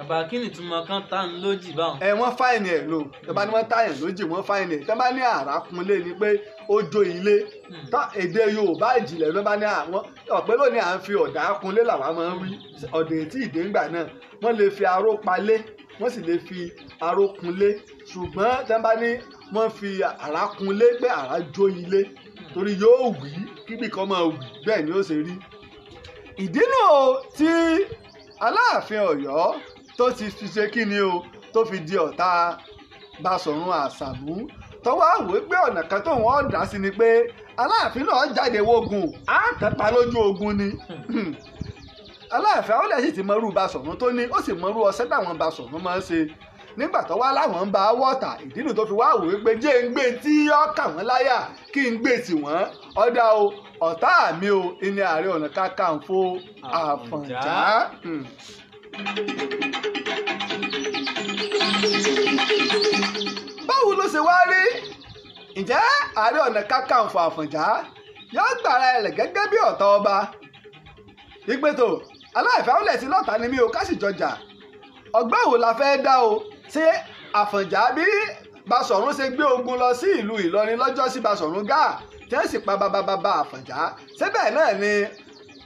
A: bàbá kí ni túmọ̀ kan tá ń lójì báwọn.
B: ẹ wọ́n fáìní ẹ̀ lò tẹ́bá ni wọ́n táyàn lójì wọ́n fáìní ẹ̀ tẹ́bá ní àràkúnlé ni pé ó jó ilé hmm. tá èdè Yorùbá ìjìnlẹ̀ ló bá ní àwọn ọ̀pẹ́ lónìí à ń fi ọ̀dà kunlé làwa máa ń wí ọ̀dà ètí ìdéǹgbà náà wọ́n lè fi aró palé wọ́n sì lè fi aró kunlé ṣùgbọ́n tẹ́bá ní wọ́n fi àrá kunlé pé àrá jó ilé torí yóò wí kíbi kan máa wí bẹ́ẹ̀ ni ó ṣe rí ìdínà tí Aláàfin Ọ̀yọ́ tó ti fi ṣe kí ni o tó fi di ọ̀tá Basọ̀run Àṣàmú tọwọ́ àwòé pé ọ̀nà kan tóun ọ̀dà sí ni pé Aláàfin náà jáde wogun á tẹ́pa lójú ogun ni [clears throat] Aláàfin àwọn ẹ̀sìn ti mọrú Basọ̀run tó ní ó sì mọrú ọṣẹ́ táwọn Basọ̀run máa ń ṣe nígbà tó wá láwọn ń bá wọ́ọ̀tà ìdínú tó fi wá wò wípé jẹ́ ń gbé tí yọ́ kà wọ́n láyà kí n gbé tì wọ́n ọ̀dà o ọ̀tá mi o ìní Ààrẹ Ọ̀nà Kakanfò Àfọ̀njá. Hmm báwo ló ṣe wá rí ǹjẹ́ ààrẹ ọ̀nà kakanfò àfọ̀njá yóò gbàrà rẹ̀ gẹ́gẹ́ bí ọ̀tọ̀ ọba ìgbẹ́tò aláìfẹ́hùnlẹ̀ sí lọ́ta ni mí o ká sì jọjà ọgbẹ́ wo la fẹ́ dá o ṣé àfọ̀njá bí Basọ̀rún ṣe gbé ogun lọ sí ìlú Ìlọrin lọ́jọ́ sí Basọ̀rún gáà tí wọ́n sì pa bababa àfọ̀njá síbẹ̀ náà ni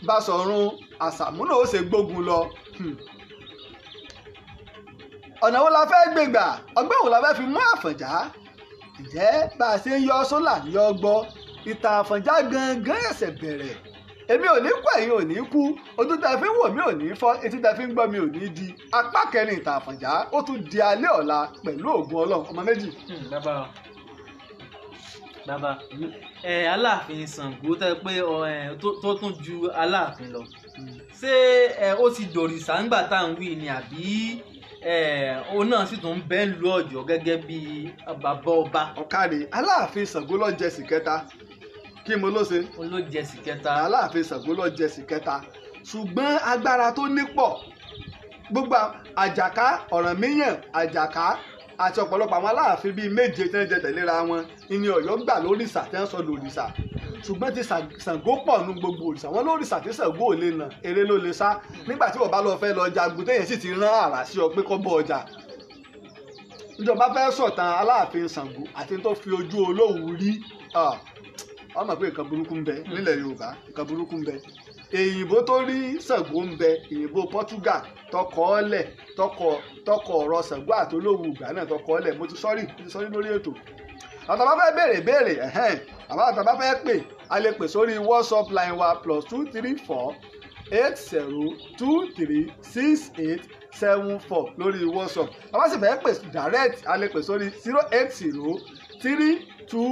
B: Basọ̀rún àṣàmúnà ó ṣe gbógun lọ. Hmm ọ̀nà wo la fẹ́ gbègbà ọgbẹ́ wo la fẹ́ fi mú àfọ̀njá ǹjẹ́ bá a ṣe ń yọ sólà ní ọgbọ ìtàn àfọ̀njá gangan ẹ̀sẹ̀ bẹ̀rẹ̀ èmi ò ní kú ẹ̀yin ò ní kú ojú tẹ fi ń wò mí ò ní fọ́ etí tẹ fi ń gbọ́ mi ò ní di apá kẹrin ìtàn àfọ̀njá ó tún di alẹ́ ọ̀la pẹ̀lú òògùn ọlọ́run ọmọ méjì.
E: Hmm, bàbá
C: bàbá ẹ aláàfin Ṣàngó tẹ pé tó tún ju aláàfin lọ hmm. ṣé ó ti dòrìṣà ńgbà tá à ń wí ni àbí
B: òun náà sì tún bẹ́ẹ̀ lu ọ̀yọ́ gẹ́gẹ́ bí bàbá ọba. ọ̀kadì aláàfin ṣàngó ló jẹ̀sì kẹta kí mo ló ṣe. ó ló jẹ̀sì kẹta. aláàfin ṣàngó ló jẹ̀sì kẹta ṣùgbọ́n agbára tó nípọ̀ gbogbo àjàká ọ̀rànmíyàn àjàká àti ọ̀pọ̀lọpọ̀ àwọn aláàfin bíi méje tí wọ́n jẹ tẹ̀léra wọn ní ọ̀yọ́ gbà lórìṣà tí wọ́n sọ lórìṣà ṣùgbọ́n ti Ṣàngó pọ̀ nu gbogbo òrìṣà wọn lórìṣà tí Ṣàngó ò lè nà eré ló lè sá nígbà tí bàbá lọ fẹ́ lọ jagun téèyàn sì ti rán àrà sí ọ pé kọ́ bọ ọjà ìjọba fẹ́ sọ̀tàn aláàfin Ṣàngó àti tó fi ojú olówu rí ọmọ pé nǹkan burúkú ń bẹ nílẹ̀ Yorùbá nǹkan burúkú ń bẹ èyìnbó tó rí Ṣàngó ń bẹ èyìnbó Portugal tọkọ ọlẹ tọkọ tọkọ ọ̀rọ̀ Ṣàngó àtolóhùn ìgbà náà tọkọ ọlẹ mo ti sọrí mo ti sọrí lórí ètò àtàbá fẹ́ béèrè béèrè ẹ̀hẹ́n àbá àtàbá fẹ́ pè a lè pè sórí WhatsApp line wa plus two three four eight zero two three six eight seven four lórí WhatsApp àbá sì fẹ́ pè direct a lè pè sórí zero eight zero three two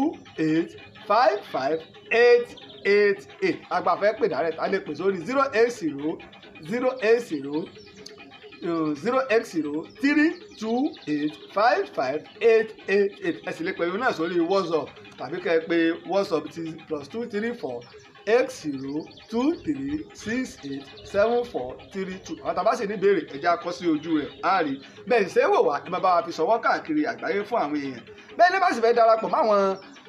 B: eight five five eight eight eight agbàfẹ́ pè direct a lè pè sórí zero eight zero zero eight zero uh, zero eight zero three two eight five five eight eight eight ẹ sì lè pè mí náà sórí whatsapp tàbí kẹ́ ẹ whatsapp ti plus two three four eight zero two three six eight seven four three two àwọn tàbá sì ní ìbéèrè ẹ̀jẹ̀ akọ sí ojú rẹ̀ á rí bẹ́ẹ̀ ṣé wò wá kí n bá wa fi ṣọwọ́ káàkiri àgbáyé fún àwọn èèyàn bẹ́ẹ̀ ní bá sì fẹ́ darapọ̀ máwọn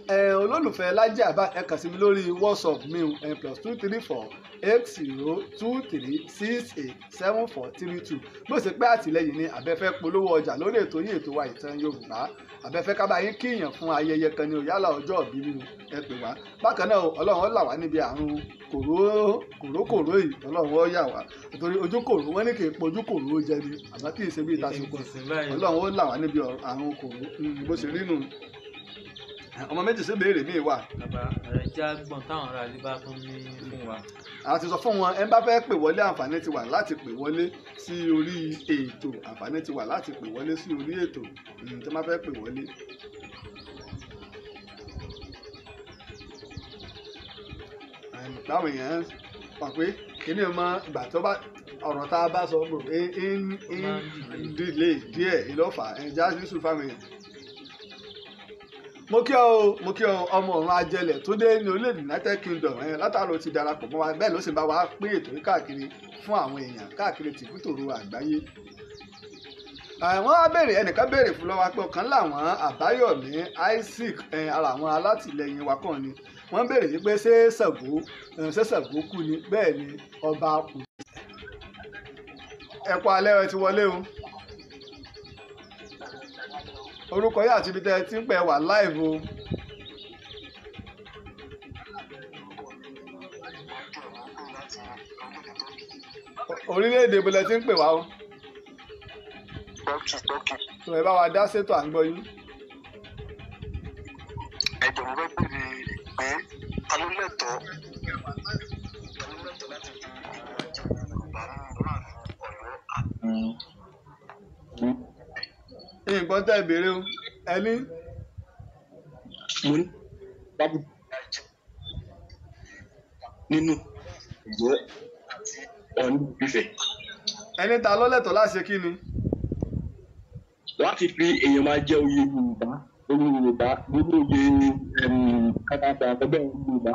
B: olólùfẹ́ Laji Abbas ẹ kàn sí mi lórí whatsapp mi n plus two three four eight zero two three six eight seven four three two bó ṣe pé àtìlẹ́yìn ni àbẹ́fẹ́ polówó ọjà lórí ètò yìí ètò wa ìtàn Yorùbá àbẹ́fẹ́ kábàá yín kíyàn fún ayẹyẹ kan ní òyàlá ọjọ́ òbí nínú ẹ pè wá bákan náà ọlọ́run ó là wá níbi àrùn kòrókòró yìí ọlọ́run ó yà wá nítorí ojú kòró wọ́n ní kì í pojú kòró jẹ ni àmọ́ kì í ṣe bí ìtasùn kan ọlọ́run ó là wá níbi àrùn kòró mm, bó ṣe rí nù ọmọ méjì sí béèrè mi wà.
A: bàbá rẹ̀ já gbọ̀n táwọn ará ilé bá tún ní fún wa. àti sọ fún
B: wọn ẹ bá fẹ́ pè wọlé àǹfààní ti wà láti pè wọlé sí orí ètò àǹfààní ti wà láti pè wọlé sí orí ètò tí wọ́n fẹ́ pè wọlé. báwọn èèyàn pa pé kíní ọmọ ìgbà tó bá ọ̀rọ̀ tá a bá sọ ọ́ ń dílé díẹ̀ ìlọ́fà ẹ̀ já sí sùn fáwọn èèyàn mo kí ọ o mo kí ọ ọmọ ọ̀run ajẹlẹ̀ tó dé ní orílẹ̀-èdè united kingdom ẹ̀yìn látàrọ ti darapọ̀ mọ́ wa bẹ́ẹ̀ ló sì bá wa pín ètò yìí káàkiri fún àwọn èèyàn káàkiri tìkútòrò àgbáyé àwọn abèrè ẹnìkan béèrè fún lọ́wọ́ pé ọ̀kan làwọn àbáyọ̀mí isaac ara àwọn alátìlẹyìn wa kàn ni wọ́n béèrè yìí pé ṣé ṣàgbó ṣé ṣàgbó kú ni bẹ́ẹ̀ ni ọba kù. ẹ̀kọ́ alẹ́ ẹ ti wọlé o orúkọ yìí àti ibi tẹ́ ẹ ti ń pẹ́ wà live o. orílẹ̀-èdè ibo ti ń pè wá o. turkey turkey. wa dá sétò à ń gbọ́ yín.
E: ẹ̀jọ̀ mi bá bèrè pé ta ló lẹ́tọ̀ọ́
B: hmm nǹkan tẹ̀ béèrè o ẹni. mo ní bábù nínú ìjọ ọ̀nì ìfẹ́. ẹni ta ló lẹ́tọ̀ọ́ láṣẹ kí ni.
E: láti fi èèyàn máa jẹ́ oyè Yorùbá oyè Yorùbá nínú oyè kátàkà àtọ́gbẹ́ Yorùbá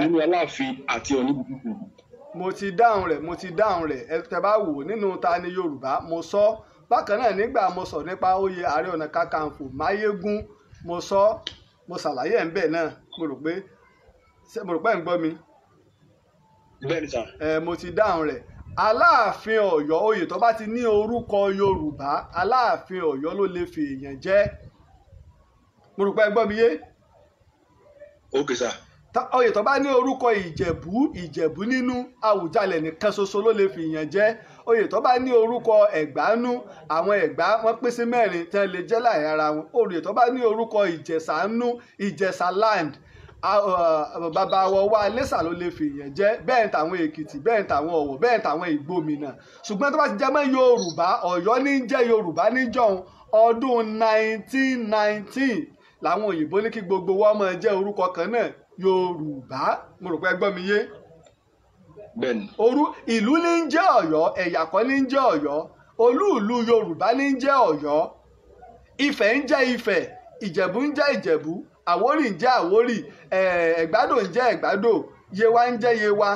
E: nínú Aláàfin àti Ọ̀nì ìfẹ́.
B: mo ti dáhùn rẹ̀ mo ti dáhùn rẹ̀ ẹ tẹ́ bá wò nínú ta ni Yorùbá mo sọ. So, bákan náà nígbà mo sọ nípa oyè ààrẹ ọ̀nà kakanfò máyégún mo sọ mo ṣàlàyé ẹ̀ ń bẹ̀ náà mo rò pé mo rò pé ẹ̀ ń gbọ́ mi. bẹ́ẹ̀ ni sà. ẹ mo ti dáhùn rẹ̀ aláàfin ọ̀yọ́ oyè tó bá ti ní orúkọ yorùbá aláàfin ọ̀yọ́ ló lè fi èèyàn jẹ mo rò pé ẹ gbọ́ mi yé. ókè sà. oyè tó bá ní orúkọ ìjẹ̀bú ìjẹ̀bú nínú àwùjalẹ̀ nìkan ṣoṣo ló lè fi èèyàn jẹ oyè tó bá ní orúkọ ẹ̀gbánú àwọn ẹ̀gbá wọ́n pín sí mẹ́rin tán lè jẹ́ láì ara wọn oyè tó bá ní orúkọ ìjẹ̀ṣàánú ìjẹ̀ṣà land bàbá wọ wá iléṣà ló lè fi ìyẹn jẹ bẹ́ẹ̀ tàwọn èkìtì bẹ́ẹ̀ tàwọn ọ̀wọ̀ bẹ́ẹ̀ tàwọn ìgbòmìnà ṣùgbọ́n tó bá ti jẹ́ mọ́ yorùbá ọ̀yọ́ ní jẹ́ yorùbá níjọ́un ọdún 1919 làwọn òyìnbó ní kí gbogbo wa máa jẹ́ orúkọ kan náà yorùbá mo rò pé ẹ mi yé orú ìlú ní ń jẹ́ ọ̀yọ́ ẹ̀yà kan ní ń jẹ́ ọ̀yọ́ olú ìlú yorùbá ní ń jẹ́ ọ̀yọ́ ifẹ̀ ń jẹ́ ifẹ̀ ìjẹ̀bú ń jẹ́ ìjẹ̀bú àwórì ń jẹ́ àwórì ẹ̀gbádò ń jẹ́ ẹ̀gbádò yewa ń jẹ́ yewa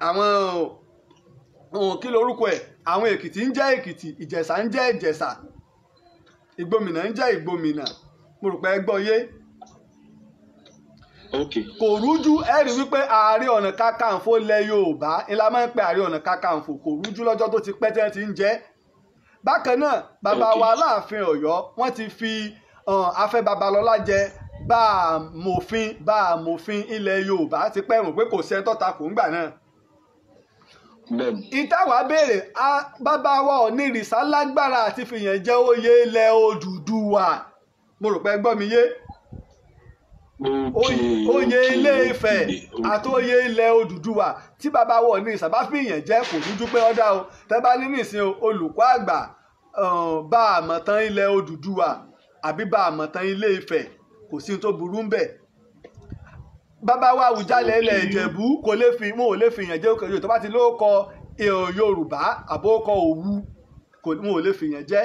B: àwọn kí lorúkọ ẹ̀ àwọn èkìtì ń jẹ́ èkìtì ìjẹ̀ṣà ń jẹ́ ìjẹ̀ṣà ìgbòmìnà ń jẹ́ ìgbòmìnà mo rò pé ẹ yé kò rújú ẹ rí wípé ààrẹ ọ̀nà kákàǹfò lẹ yorùbá ńlá máa ń pe ààrẹ ọ̀nà kákàǹfò kò rújú lọ́jọ́ tó ti pẹ́ tẹ́ ti ń jẹ́ bákan náà bàbá wa láàfin ọ̀yọ́ wọ́n ti fi afẹ́ babalọ́lá jẹ bá a mòfin bá a mòfin ilẹ̀ yorùbá ti pẹ́ mọ̀ pé kò sẹ́ tọ́ta kò ń gbà náà ìtawà béèrè bàbá wa ọ̀ní ìrìsà lágbára àti fìyànjẹ oyè ilẹ̀ Odùduwà mo rò pé gbọ́ mi yé oyè ilé Ifẹ̀ àti oyè ilẹ̀ Odùduwà tí bàbá wọ ní ìsàbá fìyàn jẹ kò dúdú pé ọdá o tẹbá ní nìsín olùkọ́ àgbà uh, bá àmọ̀tán ilẹ̀ Odùduwà àbí bá àmọ̀tán ilé Ifẹ̀ kò sí tó burú ń bẹ̀ bàbá wa Àwùjalẹ̀ ilẹ̀ Ìjẹ̀bú kò lè fi wọn ò lè fi ìyànjẹ òkè yòó tó bá ti lóko Yorùbá àbókọ Òwu wọn ò lè fi ìyànjẹ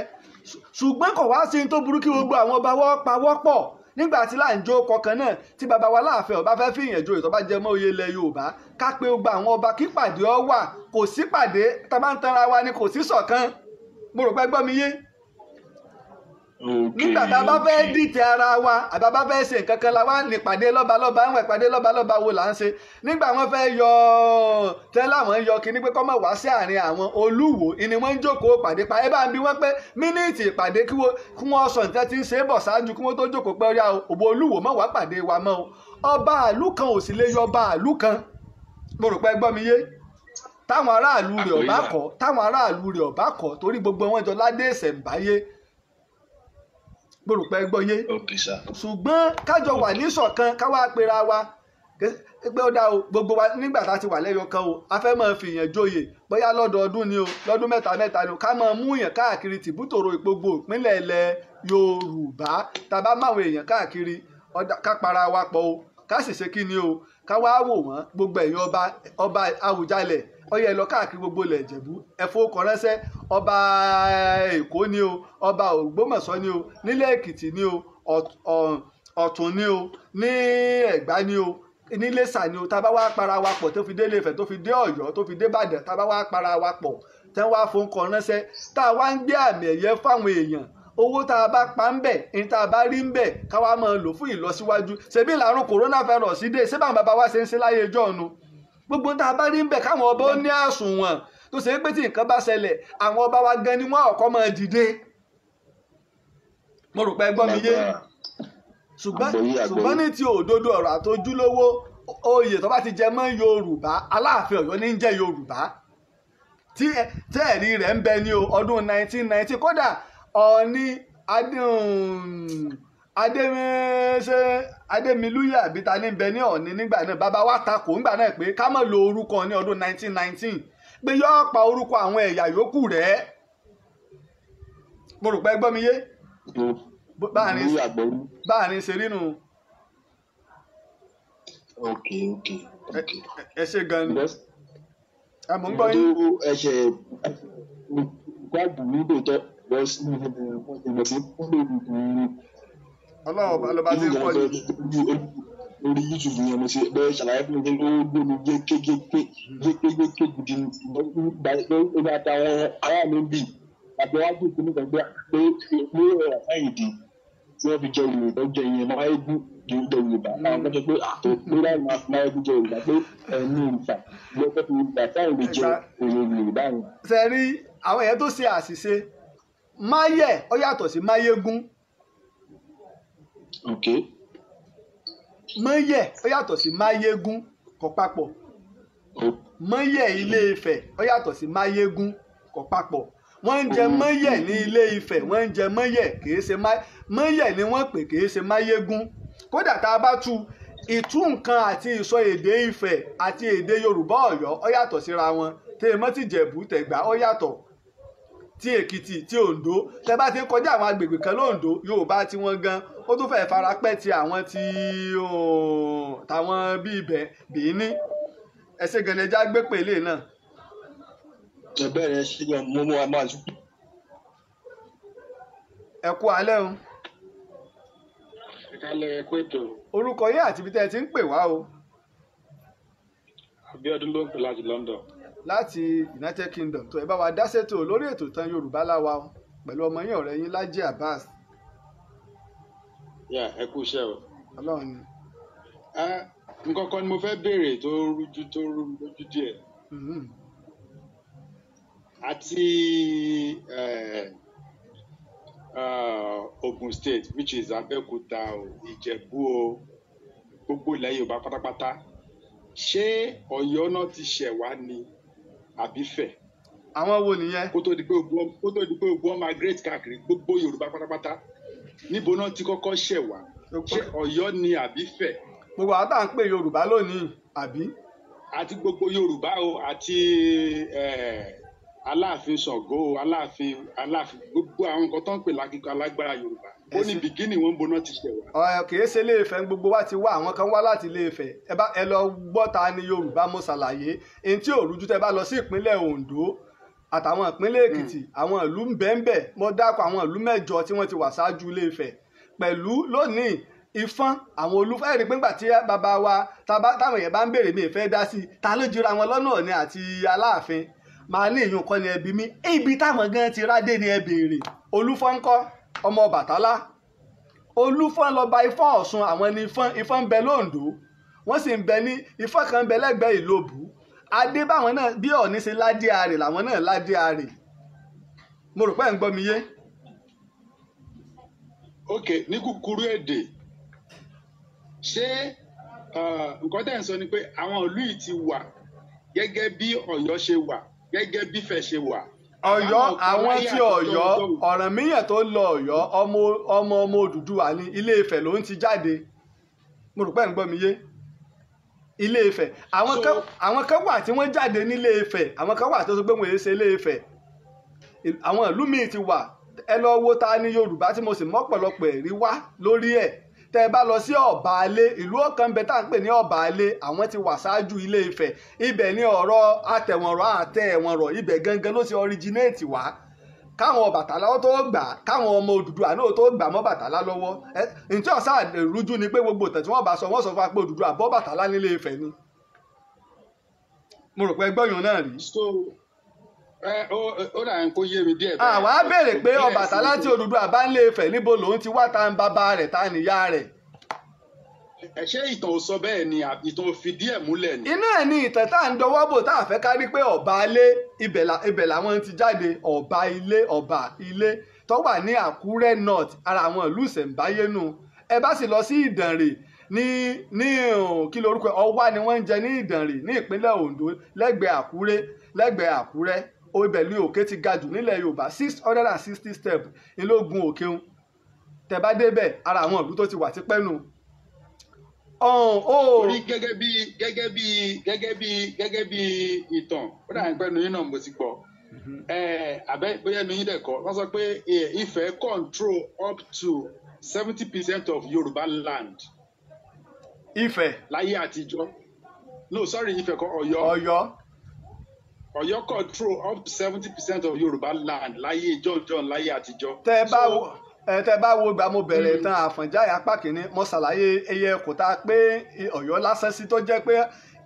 B: ṣùgbọ́n kò wá sí tó burú kí gbogbo àwọn ọba wọ́pawọ́pọ̀ nígbà tí láǹjó kọkàn náà tí baba wa láàfin ọba fẹ́ fi ìyànjú ìtọ́ bá jẹ mọ́ oyè ilẹ̀ yorùbá ká pé ó gba àwọn ọba kí pàdé ọ wà kò sí pàdé tá a bá ń tanra wa ni kò sí ṣọ̀kan mo rò pé gbọ́ mi yé nígbà tá a bá fẹ́ dìtẹ̀ ara wa àbá bá fẹ́ ṣe nǹkan kan la wá ní lọ́balọ́ba ń wọ̀ ìpàdé lọ́balọ́ba wo là ń ṣe nígbà wọn fẹ́ yọ tẹ́lá wọn yọ kí ni pé kọ́mọ̀ wá sí àárín àwọn olúwo ni wọ́n ń jókòó pàdé pa ẹ bá ń bí wọ́n pé mínítì ìpàdé kí wọ́n sọ nǹkan tí ń ṣe é bọ̀ ṣáájú kí wọ́n tó jókòó pé ọ̀yà òbò olúwo mọ̀ wá pàdé wa mọ́ ọba àlú kan ò sì táwọn aráàlú rẹ̀ ọ̀bá kọ̀ táwọn aráàlú rẹ̀ ọ̀bá kọ̀ torí gbogbo wọn jọ ládé ìṣẹ̀ǹbáyé mo rò pé ẹ gbọ́ yé ṣùgbọ́n kájọ wà ní káwá pera wa pé ó dá o gbogbo wa nígbà tá a ti wà lẹ́yọ kan o a fẹ́ máa fi yàn joyè bóyá lọ́dọọdún ni o lọ́dún mẹ́ta mẹ́ta ni o ká máa mú yàn káàkiri tìbútòrò ìpogbo ìpínlẹ̀ ilẹ̀ Yorùbá tàbá máwọn èèyàn káàkiri ká para wa pọ̀ o ká sì ṣe kí ni o ká wá wò wọ́n gbogbo ẹ̀yọ́ ọba Àwùjalẹ̀ ọyẹ ẹ lọ káàkiri gbogbo ilẹ̀ ìjẹ̀bú ẹ fowókọ ọba eh, èkó ni o ọba ògbómọ̀ṣọ́ ni o nílẹ̀ èkìtì ni o ọ̀tún ni o ní ẹ̀gbá ni o nílẹ̀ṣà ni o tábá wá para wa pọ̀ tó fi dé ilé-ifẹ̀ tó fi dé ọ̀yọ́ tó fi dé ìbàdàn tábá wá para wa pọ̀ tẹ́ wá fowókọ ránṣẹ́ tá a wá ń gbé àmì ẹ̀yẹ fáwọn èèyàn owó tá a bá pa ń bẹ̀ ní tá a bá rí ń bẹ̀ káwa máa lò fún ìlọsíwájú ṣebí ìlàrún coronavirus dé ṣé báwọn bàbá wa ṣe ń ṣe láyé ọjọ́ ọ̀nù gbogbo tá a bá rí ń bẹ̀ káwọn ọba ó ní àsùnwọ̀n tó ṣe é pé tí nǹkan bá ṣẹlẹ̀ àwọn ọba wa gan ni wọ́n ọ̀kọ́ máa dìde mo rò pé gbọ́ mi yé ṣùgbọ́n ní ti òdodo ọ̀rọ̀ àtojúlówó oyè tó bá ti jẹ mọ́ yorùbá aláàfin ọ̀yọ́ ní ń jẹ́ yorùbá tí ẹ̀rí rẹ̀ ń bẹ ní ọdún 1990 kódà ọ̀ọ́ni adùn. adémíṣe adémilúyà àbíta ní bẹ ní ọ̀ní nígbà náà bàbá wa takò nígbà náà pé lo orúkọ ní ọdún 1919 pe yóò pa orúkọ àwọn ẹ̀yà yòókù rẹ̀ mo pé gbọ́ mi yé báàrin ṣe ṣe ni ń
E: ọlọ́run ọba lọba tí ń kọ́ yìí. orí youtube yẹn mo ṣe bẹ́ẹ̀ ṣàlàyé fún mi pé ó gbóni yékéyéké yékéyéké gidi nígbà táwọn ará mi bì àti wá bí ìpínlẹ̀ kan gbé pé pé ọ̀rọ̀ àfáyìndì tí wọ́n fi jẹ Yorùbá jẹ yẹn máa ń gún jẹ Yorùbá àwọn kan sọ pé àtọ̀ pé láì máa ń jẹ Yorùbá pé ẹ̀mí Yorùbá lọ́kọ́ fi
B: Yorùbá táwọn lè jẹ Yorùbá yẹn. sẹ́rí àwọn èèyàn tó ṣe àṣìṣe máyẹ̀ ó yàtọ̀ sí máyégún Ok. mọ́yẹ̀ ó yàtọ̀ sí máyégún kọ papọ̀ mọ́yẹ̀ ilé ifẹ̀ ó yàtọ̀ sí máyégún kọ papọ̀ wọ́n ń jẹ mọ́yẹ̀ ní ilé ifẹ̀ wọ́n ń jẹ mọ́yẹ̀ kìí ṣe mọ́yẹ̀ ni wọ́n pè kìí ṣe máyégún kódà tá a bá tu ìtú nǹkan àti ìsọ èdè ifẹ̀ àti èdè yorùbá ọ̀yọ́ ó yàtọ̀ síra wọn tèmọ́tìjẹ̀bù tẹ̀gbá ó yàtọ̀ tí èkìtì tí oǹdó tẹ bá ti ń kọjá àwọn agbègbè kan lóǹdó yorùbá tí wọ́n gan ó tún fẹ́ẹ́ farapẹ́ ti àwọn ti tàwọn bíi ibẹ̀ bìí ní ẹsẹ̀ gẹ̀lẹ́jà gbé pèlè náà. ẹ bẹ̀rẹ̀ sí ni mo mú wa máa zùkú. ẹ kú alẹ́ o. ìkàlẹ̀ ẹ̀kú ètò. orúkọ yín àti ibi tẹ́ ẹ ti ń pè wá o.
E: Abíọ́dún ló ń pè láti London
B: láti United Kingdom tó ẹ bá wa dá ṣètò lórí ètò ìtàn Yorùbá láwa pẹ̀lú ọmọ yín ọ̀rẹ́ yín Lájí Abbas.
E: yà ẹ kú iṣẹ́ o. Ọlọ́run ni. nǹkan kan ni mo fẹ́ béèrè tó rújú tó rújú lójú díẹ̀. Mm-hmm. àti eh, eh, Ogun State which is Abẹ́òkúta o Ìjẹ̀bú o gbogbo ilẹ̀ Yorùbá pátápátá ṣé Ọ̀yọ́ náà ti ṣẹ̀ wá ni àbí fẹ̀. àwọn wo nìyẹn. kó tó di pé gbogbo kó tó di pé gbogbo ọmọ migrate káàkiri gbogbo yorùbá pátápátá níbo náà ti kọ́kọ́ ṣẹ̀ wá ṣé ọ̀yọ́ ni àbí fẹ̀. gbogbo àwọn tá à ń pè yorùbá lónìí àbí. àti gbogbo yorùbá o àti eh, aláàfin ṣàngó aláàfin aláàfin gbogbo àwọn nǹkan tó ń pè lákìkọ alágbára yorùbá ó ní bìgínì wọn bóná ti ṣẹ̀ wá.
B: ọ̀rọ̀ kìí ṣe iléèfẹ̀ ń gbogbo wa ti wá àwọn kan wá láti iléèfẹ̀ ẹ bá ẹ lọ gbọ́ ta ni yorùbá mo ṣàlàyé ẹni tí òrùjú tẹ bá lọ sí ìpínlẹ̀ ondo àtàwọn ìpínlẹ̀ hmm. èkìtì àwọn ìlú bẹ́ẹ̀nbẹ́ẹ̀ mo dákọ̀ àwọn ìlú mẹ́jọ tí wọ́n ti wà ṣáájú iléèfẹ̀ pẹ̀lú lónìí ìfọn àwọn olúfẹ́ ẹ̀rí pé ńgbà tí bàbá wa táwọn èèyàn bá ń béèrè mi ìfẹ́ dá sí i ta ló jura wọn lọ́nà ọ̀ni àti aláàfin màá lè yún kọ́ ni ẹbí mi ibi táwọn gan ti rádé ni ẹ béèrè olúfọ́n kọ́ ọmọ bàtálá olúfọ́n lọ́ba ifá ọ̀ṣun àwọn ni ifọ́n ifọ́n ń bẹ lóǹdó wọ́n sì ń bẹ ní ifọ́n kan ń bẹ lẹ́gbẹ̀ẹ́ ìlóbù adé báwọn náà bí ọ̀ní ṣe ládé àrè làwọn náà ládé àrè mo rò pé ń gbọ́ mi yé.
E: ok ní kúkúrú èdè ṣé nǹkan tẹ̀ ń sọ ni pé àwọn ìlú yìí ti wà gẹ́gẹ́ bí ọ̀yọ́ ṣe wà gẹ́gẹ́ bí fẹ́ ṣe wà. Ọ̀yọ́ àwọn tí Ọ̀yọ́
B: Ọ̀rànmíyàn tó lọ Ọ̀yọ́ ọmọ ọmọ ọmọ Odùduwà ní Ilé Ifẹ̀ ló ń ti jáde mo rò pé ẹ̀ ń gbọ́ mi yé Ilé Ifẹ̀ àwọn kan wà tí wọ́n jáde nílé Ifẹ̀ àwọn kan wà tó sọ pé wọ́n èé ṣe Ilé Ifẹ̀ àwọn ìlú míì ti wà ẹ lọ wo ta ni Yorùbá tí mo sì mọ́pọ̀lọpọ̀ ẹ̀rí wá lórí ẹ̀ tẹ ẹ bá lọ sí ọ̀bàálé ìlú ọ̀kan bẹ tá à ń pè ní ọ̀bàálé àwọn ti wà ṣáájú ilé Ifẹ̀ ibẹ̀ ni ọ̀rọ̀ àtẹ̀wọ̀nrọ̀ àtẹ̀wọ̀nrọ̀ ibẹ̀ gangan ló ti ọríjìnéètì wá káwọn Ọbàtálá tó gbà káwọn ọmọ Odùduwà náà tó gbà mọ́ Bàtálá lọ́wọ́ ẹ ǹjẹ́ ọ̀sá rújú ni pé gbogbo ìtàn tí wọ́n bá sọ wọ́n sọ fún wa pé Odùduwà bọ́ Bàtálá nílé Ifẹ̀ ni mo rò pé gbọ́yàn náà rí
E: ó dà ń kó yé mi díẹ̀. àwa béèrè pé Ọbàtálá tí
B: Odùduwà bá ń lé Ifẹ̀ níbo lòun ti wá ta ń bàbá rẹ̀ ta níyá rẹ̀
E: ṣé ìtàn ò sọ bẹ́ẹ̀ ni ìtàn ò fi díẹ̀ múlẹ̀ ni.
B: iná ẹ̀ ni ìtàn tá à ń dọwọ́ bò tá à fẹ́ kárí pé ọba ilé ibẹ̀ làwọn ti jáde ọba ilé ọba ilé tó wà ní Àkúrẹ́ north ara àwọn ìlú ìṣẹ̀ǹbáyénu ẹ bá sì lọ sí Ìdànrè ní ní kí lorúkọ ọwá ni wọ́n ń jẹ ní Ìdànrè ní ìpínlẹ̀ Oǹdó lẹ́gbẹ̀ẹ́ Àkúrẹ́ lẹ́gbẹ̀ẹ́ Àkúrẹ́ ibẹ̀ ní òkè ti ga jù nílẹ̀ yorùbá six hundred and sixty step ìlógun òkè ń tẹ̀bá débẹ̀ ara àwọn ìlú tó ti wà tipẹ́ nù. orí
E: gẹ́gẹ́ bí gẹ́gẹ́ bí gẹ́gẹ́ bí gẹ́gẹ́ bí ìtàn ó dà ń pẹ́ nu yín náà mo ti gbọ́ mm-hmm. àbẹ́ bóyá nu yín dẹ̀ kọ́ wọ́n sọ pé Ifẹ̀ control up to seventy percent of Yorùbá land. Ifẹ̀. láyé àtijọ́ no sorry Ifẹ̀ kọ́ Ọ̀yọ́. Ọ̀yọ́. Ọ̀yọ́ control up seventy percent of Yorùbá land láyé ìjọ́jọ́ láyé àtijọ́. tẹ bá wo
B: tẹ bá wo gbà mo bẹ̀rẹ̀ mm. tán Àfọ̀njá apá kìíní mo ṣàlàyé iye kòtà pé Ọ̀yọ́ lásán sí tó jẹ́ pé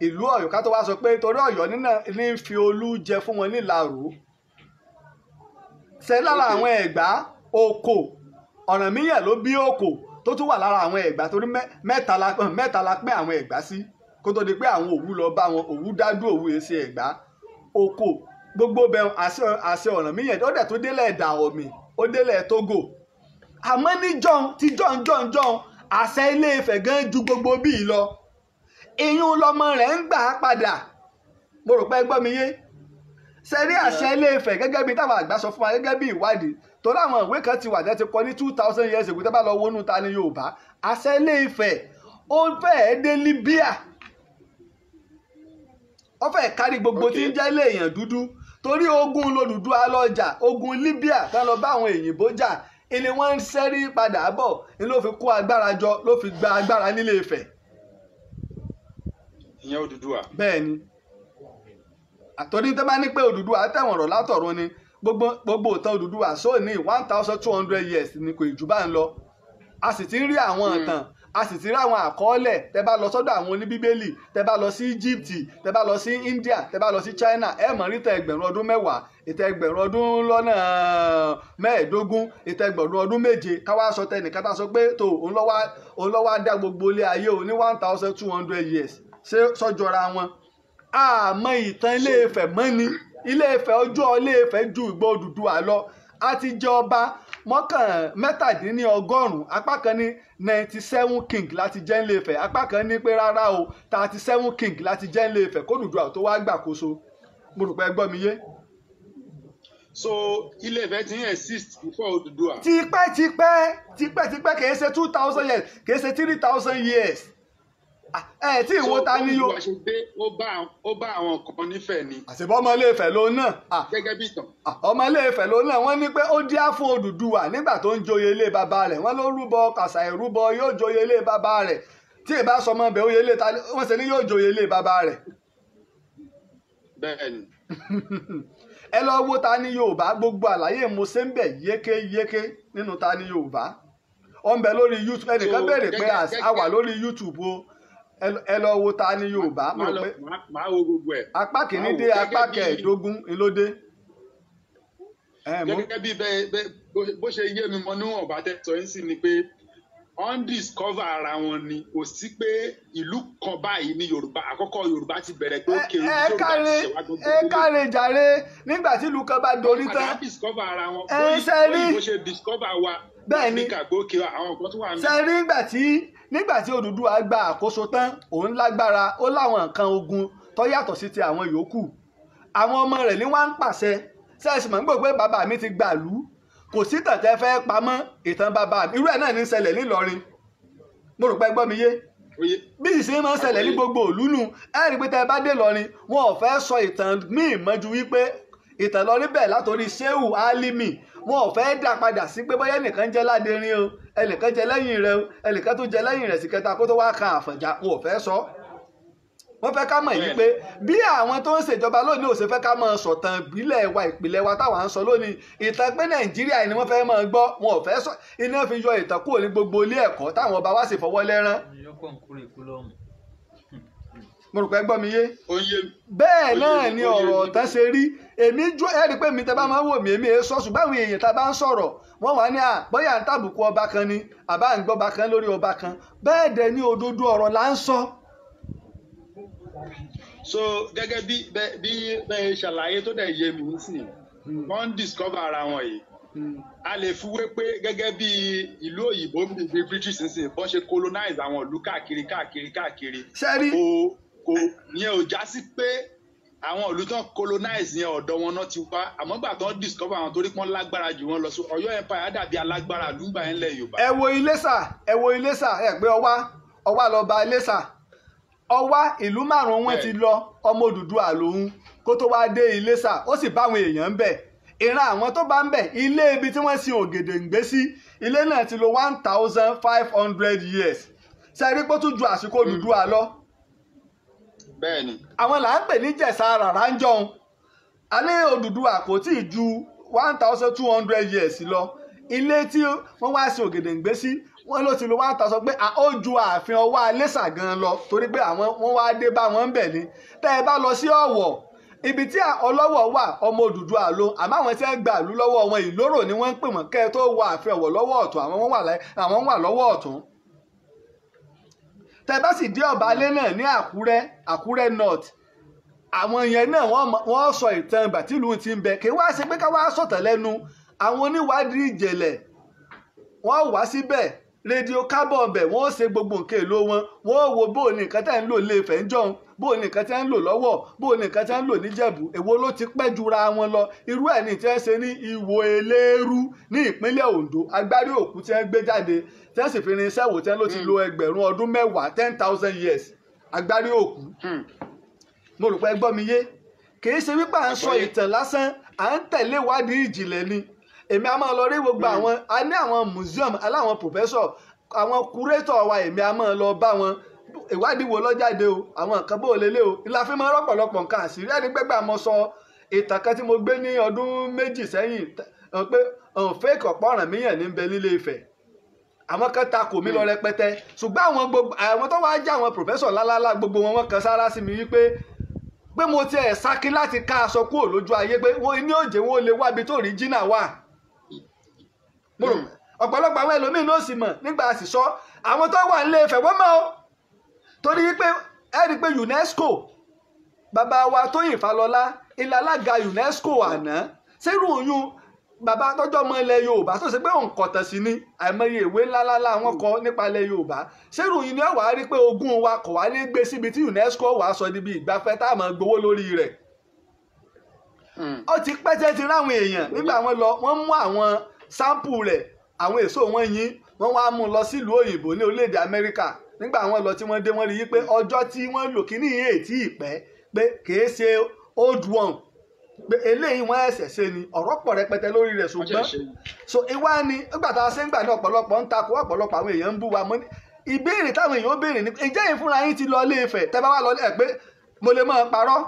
B: ìlú Ọ̀yọ́ ká tó wá sọ pé torí Ọ̀yọ́ ní fi olú jẹ fún wọn nílàrú ṣe lára àwọn Ẹ̀gbá oko Ọ̀rànmíyàn ló bí oko tó tún wà lára àwọn Ẹ̀gbá torí mẹ́ta la pín àwọn Ẹ̀gbá sí kó tó di pé àwọn Òwu lọ bá wọn Òwu dájú Òwu èsì Ẹ̀gbá oko gbogbo bẹ̀rù àṣẹ ọ̀ràn mí yẹn ó dẹ̀ tó délẹ̀ ẹ̀dà ọ̀mì ó délẹ̀ Togo àmọ́ ní john ti john john john àṣẹ ilé Ifẹ̀ gan ju gbogbo bíi lọ ìyún lọmọ rẹ̀ ń gbà á padà mo rò pé gbọ́ mi yé ṣe rí àṣẹ ilé Ifẹ̀ gẹ́gẹ́ bíi táwọn àgbà sọ fún wa gẹ́gẹ́ bíi ìwádìí torí àwọn ìwé kan ti wà jẹ́ ti kọ ní two thousand years ago tẹ́ bá lọ wọnú ta ní Yorùbá àṣẹ ilé Ifẹ̀ ó fẹ́ẹ́ dé Libya wọ́n fẹ́ kárí gbogbo tí ń jẹ́ ilé èèyàn dúdú torí ogun lòdùdú alọ́jà ogun Libya tán lọ bá àwọn èyìnbó jà ni wọ́n ń sẹ́rí padà bọ̀ ni ló fi kó agbára jọ ló fi gba agbára nílé Ifẹ̀. ìyẹn Odùduwà. bẹ́ẹ̀ni àtọ́ni tó bá ní pé Odùduwà tẹ̀wọ̀n rọ̀ látọ̀run ni gbogbo ìtàn Odùduwà sóòní one thousand two hundred years ni kò ì jù bá ń lọ a sì ti ń rí àwọn hmm. ìtàn. Mm a sì ti rí àwọn àkọọ́lẹ̀ tẹ bá lọ sọ́dọ̀ àwọn oníbíbélì tẹ bá lọ sí Egypt tẹ bá lọ sí India tẹ bá lọ sí China ẹ mọ̀ rí ìtàn ẹgbẹ̀rún ọdún mẹ́wàá ìtàn ẹgbẹ̀rún ọdún lọ́nà mẹ́ẹ̀ẹ́dógún ìtàn ẹgbẹ̀rún ọdún méje káwá sọ tẹnìkan tá a sọ pé tó òun dá gbogbo ilé ayé òun ní one thousand two hundred years ṣé sọ́jọ́ra wọn àmọ́ ìtàn Ilé Ifẹ̀ mọ́ni Ilé Ifẹ̀ ọjọ́ Ilé Ifẹ̀ ju Ìgbò Odùduwà lọ a ti jẹ ọba mọ́kàn mẹ́tàdínlọ́gọ́rùn-ún apá kan ní ninety seven king láti jẹ́ ńlẹ̀ Ifẹ̀ apá kan ní pé rárá o thirty seven king láti jẹ́ ńlẹ̀ Ifẹ̀ kódùdú àwọn tó wá gbàkóso mo rò pé ẹ gbọ́ mi yé. so
E: ilé Ifẹ̀ ti ń exist before
B: Odùduwà. tipẹ́tipẹ́ tipẹ́tipẹ́ kì í ṣe two thousand years kì í ṣe three thousand years Ah,
E: ẹ tí ìwo ta ni yóò. ó bá àwọn kan nífẹ̀ẹ́ ni.
B: àṣìbọ́ ọmọ ilé Ifẹ̀ ló
E: náà. Ah, gẹ́gẹ́ bí ìtàn.
B: Ah, ọmọ ilé Ifẹ̀ ló náà wọ́n ní pé ó díá fún Odùduwà nígbà tó ń joyè ilé bàbá rẹ̀ wọ́n ló rúbọ kàṣà ìrúbọ yóò joyè ilé bàbá rẹ̀ tí ì bá sọmọ bẹ̀ ó yẹ ilé ta wọ́n ṣe ní yóò joyè ilé bàbá rẹ̀. bẹ́ẹ̀ni. [laughs] ẹ lọ wo ta ni Yorùbá gbogbo àlàyé mo ṣe ń bẹ yékéyéké nínú ta ni Yorùbá ó ń bẹ lórí YouTube ẹnìkan bẹ̀rẹ̀ pé a wà lórí YouTube o ẹ lọ wo ta ni yorùbá mo rò pé
E: máa wo gbogbo ẹ. apá kìíní dé apá kẹẹ̀ẹ́dógún lóde. gẹ́gẹ́ bí bẹ́ẹ̀ bó ṣe yé mi mọ níwọ̀n bá tẹ́ sọ yín sí ni pé undiscover ara wọn ni kò sí pé ìlú kan báyìí ní yorùbá àkọ́kọ́ yorùbá ti bẹ̀rẹ̀ pé ó kéré yorùbá ti ṣèwà ẹ káre jàre nígbà tí ìlú kan bá dorí tán ẹ sẹ́rí bẹ́ẹ̀ ni sẹ́rí
B: nígbà tí nígbà tí Odùduwà gba àkóso tán òun lágbára ó láwọn nǹkan ogun tó yàtọ̀ sí ti àwọn yòókù àwọn ọmọ rẹ̀ ní wá ń pàṣẹ sẹ́ẹ̀sì mọ̀ ń gbò pé bàbá mi ti gbàlú kò sí tàtẹ́ fẹ́ pamọ́ ìtàn bàbá mi irú ẹ̀ náà ní ṣẹlẹ̀ nílọrin mo rò pé gbọ́ mi yé bí ìsìn máa ń ṣẹlẹ̀ ní gbogbo òlú nù ẹ rí i pé tẹ bá dé lọrin wọn ò fẹ́ sọ ìtàn míì mọ́jú wípé ìtàn lọrin bẹ̀ látòrí Shehu Alimi wọn ò fẹ́ dà padà sí pé bóyá ẹnìkan jẹ́ ládẹrin o ẹnìkan jẹ́ lẹ́yìn rẹ o ẹnìkan tó jẹ́ lẹ́yìn rẹ̀ sí kẹta kó tó wá kan àfọ̀njá wọn ò fẹ́ sọ wọ́n fẹ́ ká mọ̀ yìí pé bí àwọn tó ń ṣèjọba lónìí ò ṣe fẹ́ ká mọ̀ sọ̀tàn ìbílẹ̀ wa ìpìlẹ̀ wa táwa ń sọ lónìí ìtàn pé nàìjíríà ni wọ́n fẹ́ mọ̀ gbọ́ wọn ò fẹ́ sọ iná fi yọ ìtàn kúrò ní gbogbo ilé ẹ̀kọ́ táwọn ọba wa sì fọwọ́ lẹ́rán. ìyọkọ̀
C: ń kúrò ìkú lọ́hùn
B: mo rò pé gbọ́ mi yé bẹ́ẹ̀ náà ni ọ̀rọ̀ ọ̀tán ṣe rí èmi jó ẹ̀rí pé mi tẹ́ bá máa ń wò mí èmi èé sọ́ọ̀sù báwọn èèyàn tá a bá ń sọ̀rọ̀ wọ́n wà ní à bóyá ń tàbùkù ọba kan ni àbá ń gbọ́ ọba kan lórí ọba kan bẹ́ẹ̀ dẹ̀ ni òdodo ọ̀rọ̀ là ń sọ.
E: so gẹ́gẹ́ bí bí bẹ́ẹ̀ ṣàlàyé tó dẹ̀ yé mi nísìnyí wọ́n ń discover ara wọn yìí a lè fiwé pé gẹ́gẹ́ bí ìlú òyìnbó bíi British nísìnyí bọ́n ṣe colonize àwọn ìlú káàkiri káàkiri káàkiri. sẹ́rí kó yẹn ò já sí pé àwọn ìlú tán colonize yẹn ọ̀dọ̀ wọn náà ti wá àmọ́ gbà tán discover àwọn torí pọ́n lágbára jù wọ́n lọ sí Ọ̀yọ́ empire dàbí alágbára lùgbà ẹ̀ ńlẹ̀ Yorùbá. ẹ wo Iléṣà ẹ wo Iléṣà ẹ pé ọwá ọwá
B: lọ ba Iléṣà ọwá ìlú márùn-ún wọn ti lọ ọmọ Odùduwà lòun kó tó wá dé Iléṣà ó sì bá àwọn èèyàn ń bẹ ìran àwọn tó bá ń bẹ ilé ibi tí wọ́n sin Ògèdèngbé sí ilé náà ti lò one thousand five hundred years ṣe é rí pé ó tún ju àsìkò Odùduwà lọ bẹ́ẹ̀ni. àwọn là ń pè ní jẹ̀sà rárá ń alẹ́ Odùduwà kò ju one thousand two hundred years lọ ilé tí wọ́n wá sí Ògèdèngbé sí wọ́n ló ti lo one thousand pé ó ju ààfin Ọwá Iléṣà gan lọ torí pé àwọn wọ́n wá dé bá wọn ń bẹ̀ ni tẹ́ ẹ bá lọ sí Ọ̀wọ̀ ibi tí Ọlọ́wọ̀ wà ọmọ Odùduwà ló àmọ́ àwọn tí wọ́n gbà lú lọ́wọ́ wọn ìlóró ni wọ́n ń pè wọ́n kẹ́ ẹ tó wọ ààfin Ọ̀wọ̀ lọ́wọ́ ọ̀tún àwọn wà lọ́wọ́ ọ̀tún tẹ́ bá sì dé ọ̀bálé náà ní àkúrẹ́ àkúrẹ́ north àwọn yẹn náà wọ́n sọ ìtàn ìgbà tílùú ti ń bẹ kí wá ṣe pé ká wá sọ̀tàn lẹ́nu àwọn oníwádìí ìjẹ̀lẹ̀ wọ́n wá síbẹ̀ rédíò kábọ̀ ọbẹ̀ wọ́n ṣe gbogbo nǹkan èlò wọn wọ́n wo bó ní nǹkan tẹ́ ń lò lé Ifẹ̀ ń jọun bó ní nǹkan tẹ́ ń lò lọ́wọ́ bó ní nǹkan tẹ́ ń lò níjẹ̀bú èwo ló ti pẹ́ jura wọn lọ irú ẹ̀ ní tẹ́ ṣe ní ìwò eléérú ní ìpínlẹ̀ Ondo agbárí òkú tẹ́ ń gbé jáde tẹ́ sì fi irinṣẹ́ wò tẹ́ ló ti lo ẹgbẹ̀rún ọdún mẹ́wàá ten thousand years agbárí òkú hmm. mo rò pé gbọ́ mi yé kì í ṣe wípé à ń sọ ìtàn lásán à ń tẹ̀lé ìwádìí ìjìnlẹ̀ ni èmi a máa lọ rí gbogbo hmm. àwọn a ní àwọn museum aláwọn professor àwọn curator wa èmi a máa lọ bá wọn ìwádìí wo lọ́jáde o àwọn nǹkan bó lélẹ̀ o ìlà fi máa rọ́pọ̀lọpọ̀ nǹkan àṣírí ẹni gbẹ́gbẹ́ àmọ́ sọ ìtàn kan tí mo gbé ní ọdún méjì sẹ́yìn pé fake ọ̀pọ̀ ọ̀ràn míyàn ní bẹ nílé Ifẹ̀ àwọn kan ta kò mí lọ hmm. rẹpẹtẹ ṣùgbọ́n àwọn gbogbo àwọn tó wáá jẹ́ àwọn pòfẹ́sọ̀ lálálá gbogbo wọn wọ́n kan sára sí mi wípé pé mo tiẹ̀ sákí láti ká aṣọ kúrò lójú ayé pé wọ́n ní òjè wọn ò lè wábi tó rí jìnnà wà mo rò hmm. ọ̀pọ̀lọpọ̀ àwọn ẹlòmíín ló sì mọ̀ nígbà àsìsọ àwọn tó wà nílé Ifẹ̀ wọ́n mọ̀ ọ́ torí pé ẹ rí i pé UNESCO bàbá wa Tóyìn Fálọlá ilẹ̀ alága UNESCO àná sẹ́rù oyún bàbá tọ́jọ́ ọmọ ilẹ̀ Yorùbá tó ṣe pé òun kọ̀tàn sí ni àìmọye ìwé ńláńlá wọn kọ nípa ilẹ̀ Yorùbá sẹ́rù yìí ni ọ̀wá rí pé ogún wa kọ̀ wá ní gbé síbi tí UNESCO wàá sọ níbi ìgbafẹ́ tá a máa gbowó lórí rẹ̀ hmm. ó ti pẹ́ tẹ́ ti ráwọn èèyàn nígbà wọn lọ wọ́n mú àwọn sáǹpù rẹ̀ àwọn èso wọn yín wọ́n wá mú un lọ sílùú òyìnbó ní orílẹ̀-èdè amẹ́ríkà nígbà wọ́n lọ tí wọ́n dé wọ́n rí i pé ọjọ́ tí wọ́n lò kíní yìí èyí tí ì pẹ́ pé kìí ṣe old one pé eléyìí wọ́n ẹ̀sẹ̀ ṣe ni ọ̀rọ̀ pọ̀ rẹpẹtẹ lórí rẹ̀ ṣùgbọ́n so ìwá ni nígbà tá a ṣe ń gbà ní ọ̀pọ̀lọpọ̀ ń takò ọ̀pọ̀lọpọ̀ àwọn èèyàn ń bú wa mọ́ ìbéèrè táwọn èèyàn béèrè ni ǹjẹ́ yìí fúnra yín ti lọ ilé Ifẹ̀ tẹ́ bá wà lọ ẹ̀ pé mo lè máa parọ́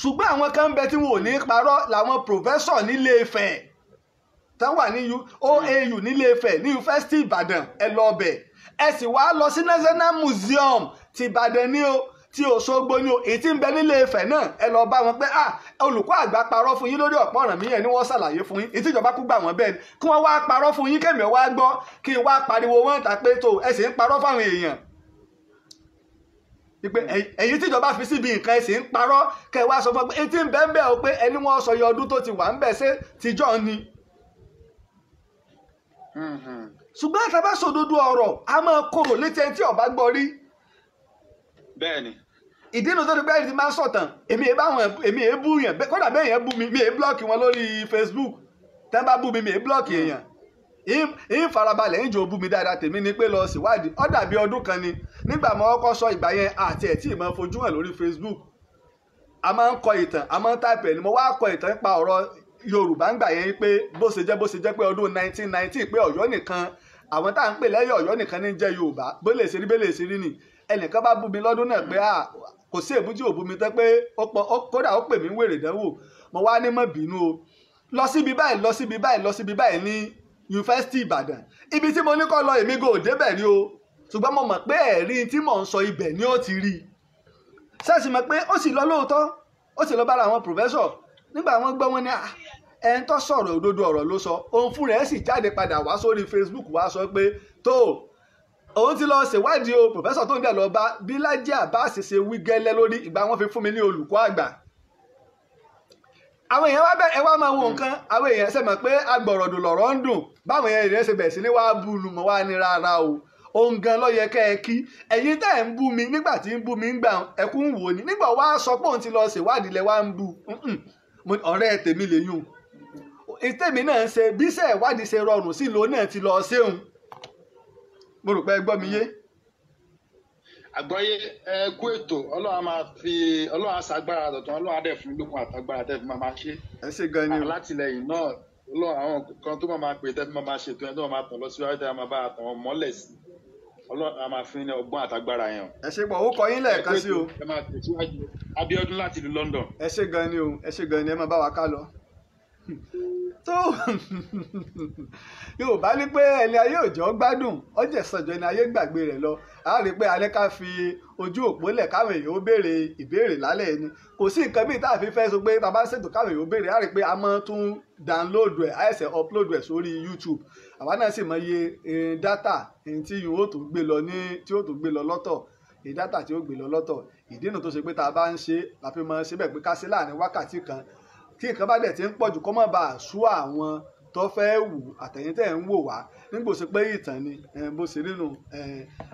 B: ṣùgbọ́n àwọn kan ń bẹ tí wọn ò ní parọ́ làwọn pòfẹ́sọ̀ nílé Ifẹ̀ tán wà ní OAU nílé Ifẹ̀ ní yunifásitì Ìbàdàn ẹ lọ bẹ̀ ẹ sì wá lọ sí National Museum ti Ìbàdàn ní o tí Òṣogbo ní o èyí tí ń bẹ nílé Ifẹ̀ náà ẹ lọ bá wọn pé ah olùkọ́ àgbà parọ́ fún yín lórí ọ̀pọ̀ ọ̀ràn míyàn ni wọ́n ṣàlàyé fún yín ètí ìjọba kú gbà wọ́n bẹ́ẹ̀ kí wọ́n wá parọ́ fún yín kẹ́mi wá gbọ́ kí n wá pariwo wọ́n ta pé tó ẹ sì ń parọ́ fáwọn èèyàn pé ẹ̀yin tíjọba fi síbi nǹkan ẹ̀sìn ń parọ́ kẹ́ sọ fún pé etí ń bẹ́ẹ̀ bẹ́ẹ̀ o pé ẹni wọ́n sọ yọ ọdún tó ti wà ń bẹ̀ ṣe tíjọ́ ni ṣùgbọ́n tá a bá sòdodo ọ̀rọ̀ a máa korò létí ẹni tí ọba gbọ́ rí. bẹ́ẹ̀ni. ìdí inú tó ti pẹ́ ti máa ń sọ̀tàn èmi èé bá èmi èé bú yàn kódà bẹ́ẹ̀ yẹn bú mi mi èé blọ́ọ̀kì wọn lórí Facebook tẹ́ bá bú mi mi èé blọ́ọ̀kì èèyàn ìyín farabalẹ̀ ìjọ bú mi dáadáa tèmi ni pé lọ síwádìí ó dàbí ọdún kan ni nígbà mo kọ́kọ́ sọ ìgbà yẹn àti ẹ̀ tí ì máa fojú hàn lórí Facebook a máa ń kọ ìtàn a máa ń táìpẹ̀ ni mo wá kọ ìtàn nípa ọ̀rọ̀ yorùbá ń gbà yẹn pé bó ṣe jẹ́ bó ṣe jẹ́ pé ọdún 1919 pé ọ̀yọ́ nìkan àwọn tá à ń pè lẹ́yìn ọ̀yọ́ nìkan ní jẹ́ yorùbá bẹ́lẹ̀ ṣe rí bẹ́lẹ̀ ṣe rí ni ẹnìkan bá bú mi lọ́dún náà pé kò sí èbújú òbú mi tán pé kódà ó pè mí wèrè dánwò mo wá ní mọ̀ bínú o lọ síbi báyìí lọ síbi báyìí lọ síbi báyìí ní yunifásitì ìbàdàn ibi tí mo ní kọ́ lọ èmi gò débẹ̀ ni o ṣùgbọ́n mo mọ̀ pé ẹ̀rí tí mò ń sọ ibẹ̀ ni ó ti rí i mọ̀ pé ó sì lọ lóòótọ́ ó sì lọ bára àwọn pòfẹ́sọ̀ nígbà wọn gbọ́ wọn ní ah, ẹni tó sọ̀rọ̀ òdodo ọ̀rọ̀ ló sọ òun fún rẹ̀ sì jáde padà wá sórí Facebook wá sọ pé tó òun ti lọ ṣèwádìí o pòfẹ́sọ̀ tó ń dẹ̀ lọ bá bí Lájí Abbas ṣe wí gẹ́lẹ́ lórí ìgbà wọn fi fún mi ní olùkọ́ àgbà àwọn èèyàn wá bẹ ẹ wá máa wo nǹkan àwọn èèyàn ṣe mọ̀ pé agbọ̀rọ̀dù lọ̀rọ̀ ń dùn báwọn èèyàn ìrẹsì bẹ̀rẹ̀ sí ni wàá bu lùmọ̀ wá ní rárá o òun gan ló yẹ kẹ́ ẹ kí ẹ̀yin tẹ́ ẹ̀ ń bú mi nígbà tí ń bú mi ń gbà ẹkún wò ni nígbà wàá sọ pé òun ti lọ ṣèwádìí lẹ wá ń bu ọ̀rẹ́ tèmi lèyún ìtẹ̀mí náà ṣe bíṣẹ̀ ìwádìí ṣe rọrùn sí lòun náà ti lọ ṣéun mo rò pé ẹ gbọ́ mi yé.
E: àgbọ́yé ẹ kú ètò ọlọ́run máa fi ọlọ́run aṣàgbára dọ̀tún ọlọ́run adẹ̀ fún lókun àtàgbára tẹ̀ fún máa ṣe. ẹ ṣe gan ni o alátìlẹyìn náà ọlọ́run àwọn kan tó máa pè tẹ́ fún máa ṣètò ẹ̀ tó máa tàn lọ síwájú tẹ́ máa bá àtàwọn mọ́lẹ̀ sí i. Ọlọ́run a máa fún yín ní ọgbọ́n àtagbára yẹn o.
B: ẹ ṣe pọ̀ ó kọ yín lẹ́ẹ̀kan sí o.
E: ẹ máa tẹ̀síwájú Abíọ́dún láti ìlú London. ẹ ṣe gan
B: ni o ẹ ṣe gan ni ẹ máa bá wa ká lọ. tó Yorùbá ní pé ẹni ayé òjò gbádùn ọjọ́ ìsọjọ́ ni ayé gbàgbé rẹ̀ lọ a rí i pé alẹ́ ká fi ojú òpó lẹ̀ káwọn èèyàn ó béèrè ìbéèrè lálẹ́ ni kò sí nǹkan bíi táàfin fẹ́ sọ pé tá a bá ń ṣètò káwọn èèyàn ó béèrè a rí i pé a máa tún download ẹ̀ àìsẹ̀ upload ẹ̀ sórí YouTube àwa náà sì mọ iye eh, dátà eh, tí yóò tó gbé lọ ní tí yóò tó gbé lọ lọ́tọ̀ èyí dátà tí ó gbé lọ lọ́tọ̀ ìdí nu tó ṣe pé tá a bá ń ṣe la fi mọ síbẹ̀ pé ká ṣe láàrin wákàtí kan tí nǹkan bá dẹ̀ ti ń pọ̀jù kọ́ mọ̀ bá a sú àwọn tó fẹ́ wù àtẹ̀yìn tẹ̀ ń wò wá nígbò sí pé ìtàn ni eh, bó ṣe nínú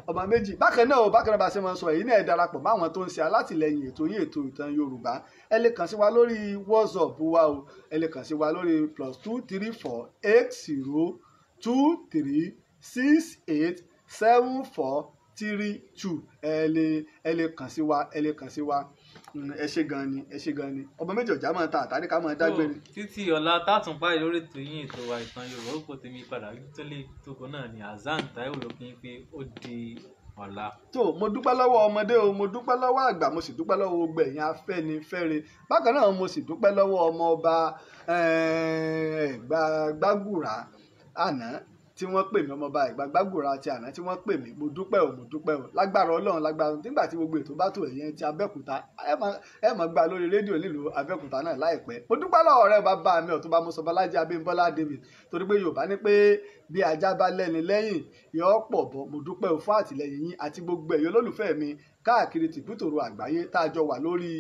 B: ọmọ méjì bákan náà bákan náà bá ṣe máa sọ èyí náà darapọ̀ báwọn tó ń ṣe alátìlẹyìn ètò yìí ètò ìtàn Yorùbá ẹ lè kàn sí wa lórí WhatsApp wa o ẹ lè kàn sí wa lórí plus two three four eight zero two three six eight seven four three two ẹ lè ẹ lè kàn sí wa ẹ lè kàn sí wa mm, ẹ ṣe gan ni ẹ ṣe gan ni ọmọ méjì ọjà máa ta àtàrí ká máa dágbére.
C: títí ọ̀la tààtùn báyìí lórí ètò ètò wa ìtàn yorùbá ó tèmi padà tó lè tókò náà ni azan taiwo ló kí n pé ó di ọ̀la.
B: tó mo dúpẹ́ lọ́wọ́ ọmọdé o mo dúpẹ́ lọ́wọ́ àgbà mo sì dúpẹ́ lọ́wọ́ gbogbo ẹ̀yin afẹ́nifẹ́re bákan náà mo sì dúpẹ́ lọ́wọ́ ọmọ ọba eh, gbàgbàgùrà àná tí wọ́n pè mí ọmọọba ìgbàgbàgùrà àti àná tí wọ́n pè mí mo dúpẹ́ o mo dúpẹ́ o lágbára ọlọ́run lágbára nígbà tí gbogbo ètò bá tó ẹ̀yẹn ti abẹ́òkúta ẹ mọ̀ gbà lórí rédíò nílùú abẹ́òkúta náà láìpẹ́ mo dúpẹ́ lọ́wọ́ ọ̀rẹ́ bàbá mi ọ̀túnba mọ́sọ̀bọ́lájí abímbọ́lá david torí pé yorùbá ní pé bí ajá bá lẹ́ni lẹ́yìn yọ pọ̀ bọ́ mo dúpẹ́ o fún àtìlẹ́yìn yín àti gbogbo ẹ̀yọ́ olólùfẹ́ mi káàkiri tìbútòrò àgbáyé tá a jọ wà lórí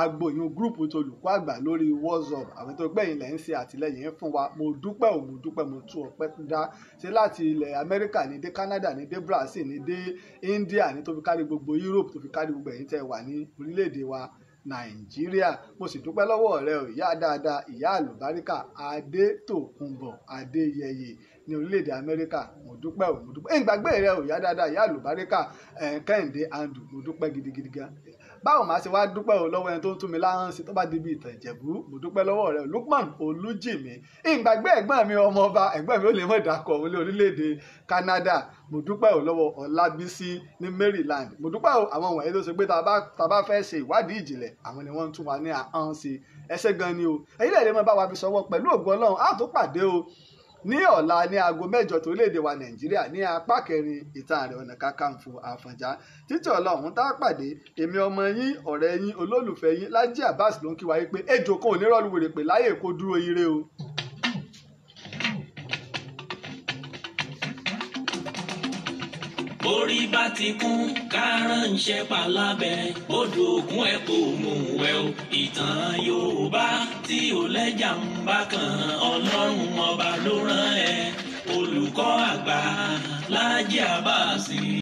B: agbo ìyún gúrùpù tolùkọ́ àgbà lórí WhatsApp àwọn tó gbẹ̀yìn lẹ́yìn ṣe àtìlẹ́yìn fún wa mo dúpẹ́ ò mo dúpẹ́ mo tú ọpẹ́ dá ṣe láti ilẹ̀ Amẹ́ríkà ní dé Canada ní dé Brazil ní dé India ní tó fi kárí gbogbo Europe tó fi kárí gbogbo ẹ̀yin tẹ́ wà ní orílẹ̀-èdè wa nàìjíríà mo sì dúpẹ́ lọ́wọ́ rẹ ò ìyá dáadáa ìyá àlùbáríkà adétòkunbọ̀ adéyẹyẹ ní orílẹ̀-èdè amẹ́ríkà mo dúpẹ́ ò mo dúpẹ́ ẹ̀ ń gbàgbé rẹ ò ìyá dáadáa ìyá àlùbáríkà eh, kẹ́hìndé andrew mo dúpẹ́ gidigidi gan báwo màá ṣe wá dúpẹ́ o lọ́wọ́ ẹni tó ń tún mi láhàn sí tó bá débi ìtàn ìjẹ̀bú mo dúpẹ́ lọ́wọ́ rẹ Lukman Olújìmí ìgbàgbé ẹ̀gbọ́n mi ọmọọba ẹ̀gbọ́n mi ò lè mọ̀ ìdákọ̀ wọlé orílẹ̀-èdè Canada mo dúpẹ́ o lọ́wọ́ Ọlábísí ní Maryland mo dúpẹ́ o àwọn wọ̀nyí ló ṣe pé tá a bá fẹ́ ṣe ìwádìí ìjìnlẹ̀ àwọn ni wọ́n ń tún wa ní àhán sí ẹsẹ̀ gan ni o èyí lè bá wa fi sọwọ́ pẹ̀lú ògùn Ọlọ́run á tó pàdé o ní ọ̀la ní aago mẹ́jọ torílẹ̀-èdè wa nàìjíríà ní apá kẹrin ìta ààrẹ ọ̀nà kakanfò àfọ̀njá títí ọ̀la ọ̀hún tá a pàdé èmi ọmọ yín ọ̀rẹ́ yín olólùfẹ́ yín Lájí Abbas ló ń kí wa pé ejò kan ò ní rọ́ọ̀lù wèrè pè láyè kó dúró ire o.
A: borí bá ti kún kárán ń ṣẹpà lábẹ́ odò ògùn ẹ̀ kò mú wẹ̀ o ìtàn Yorùbá tí ò lẹ́jà ń bá kan Ọlọ́run ọba ló rán ẹ olùkọ́ àgbà Láàjì Àbáàsì.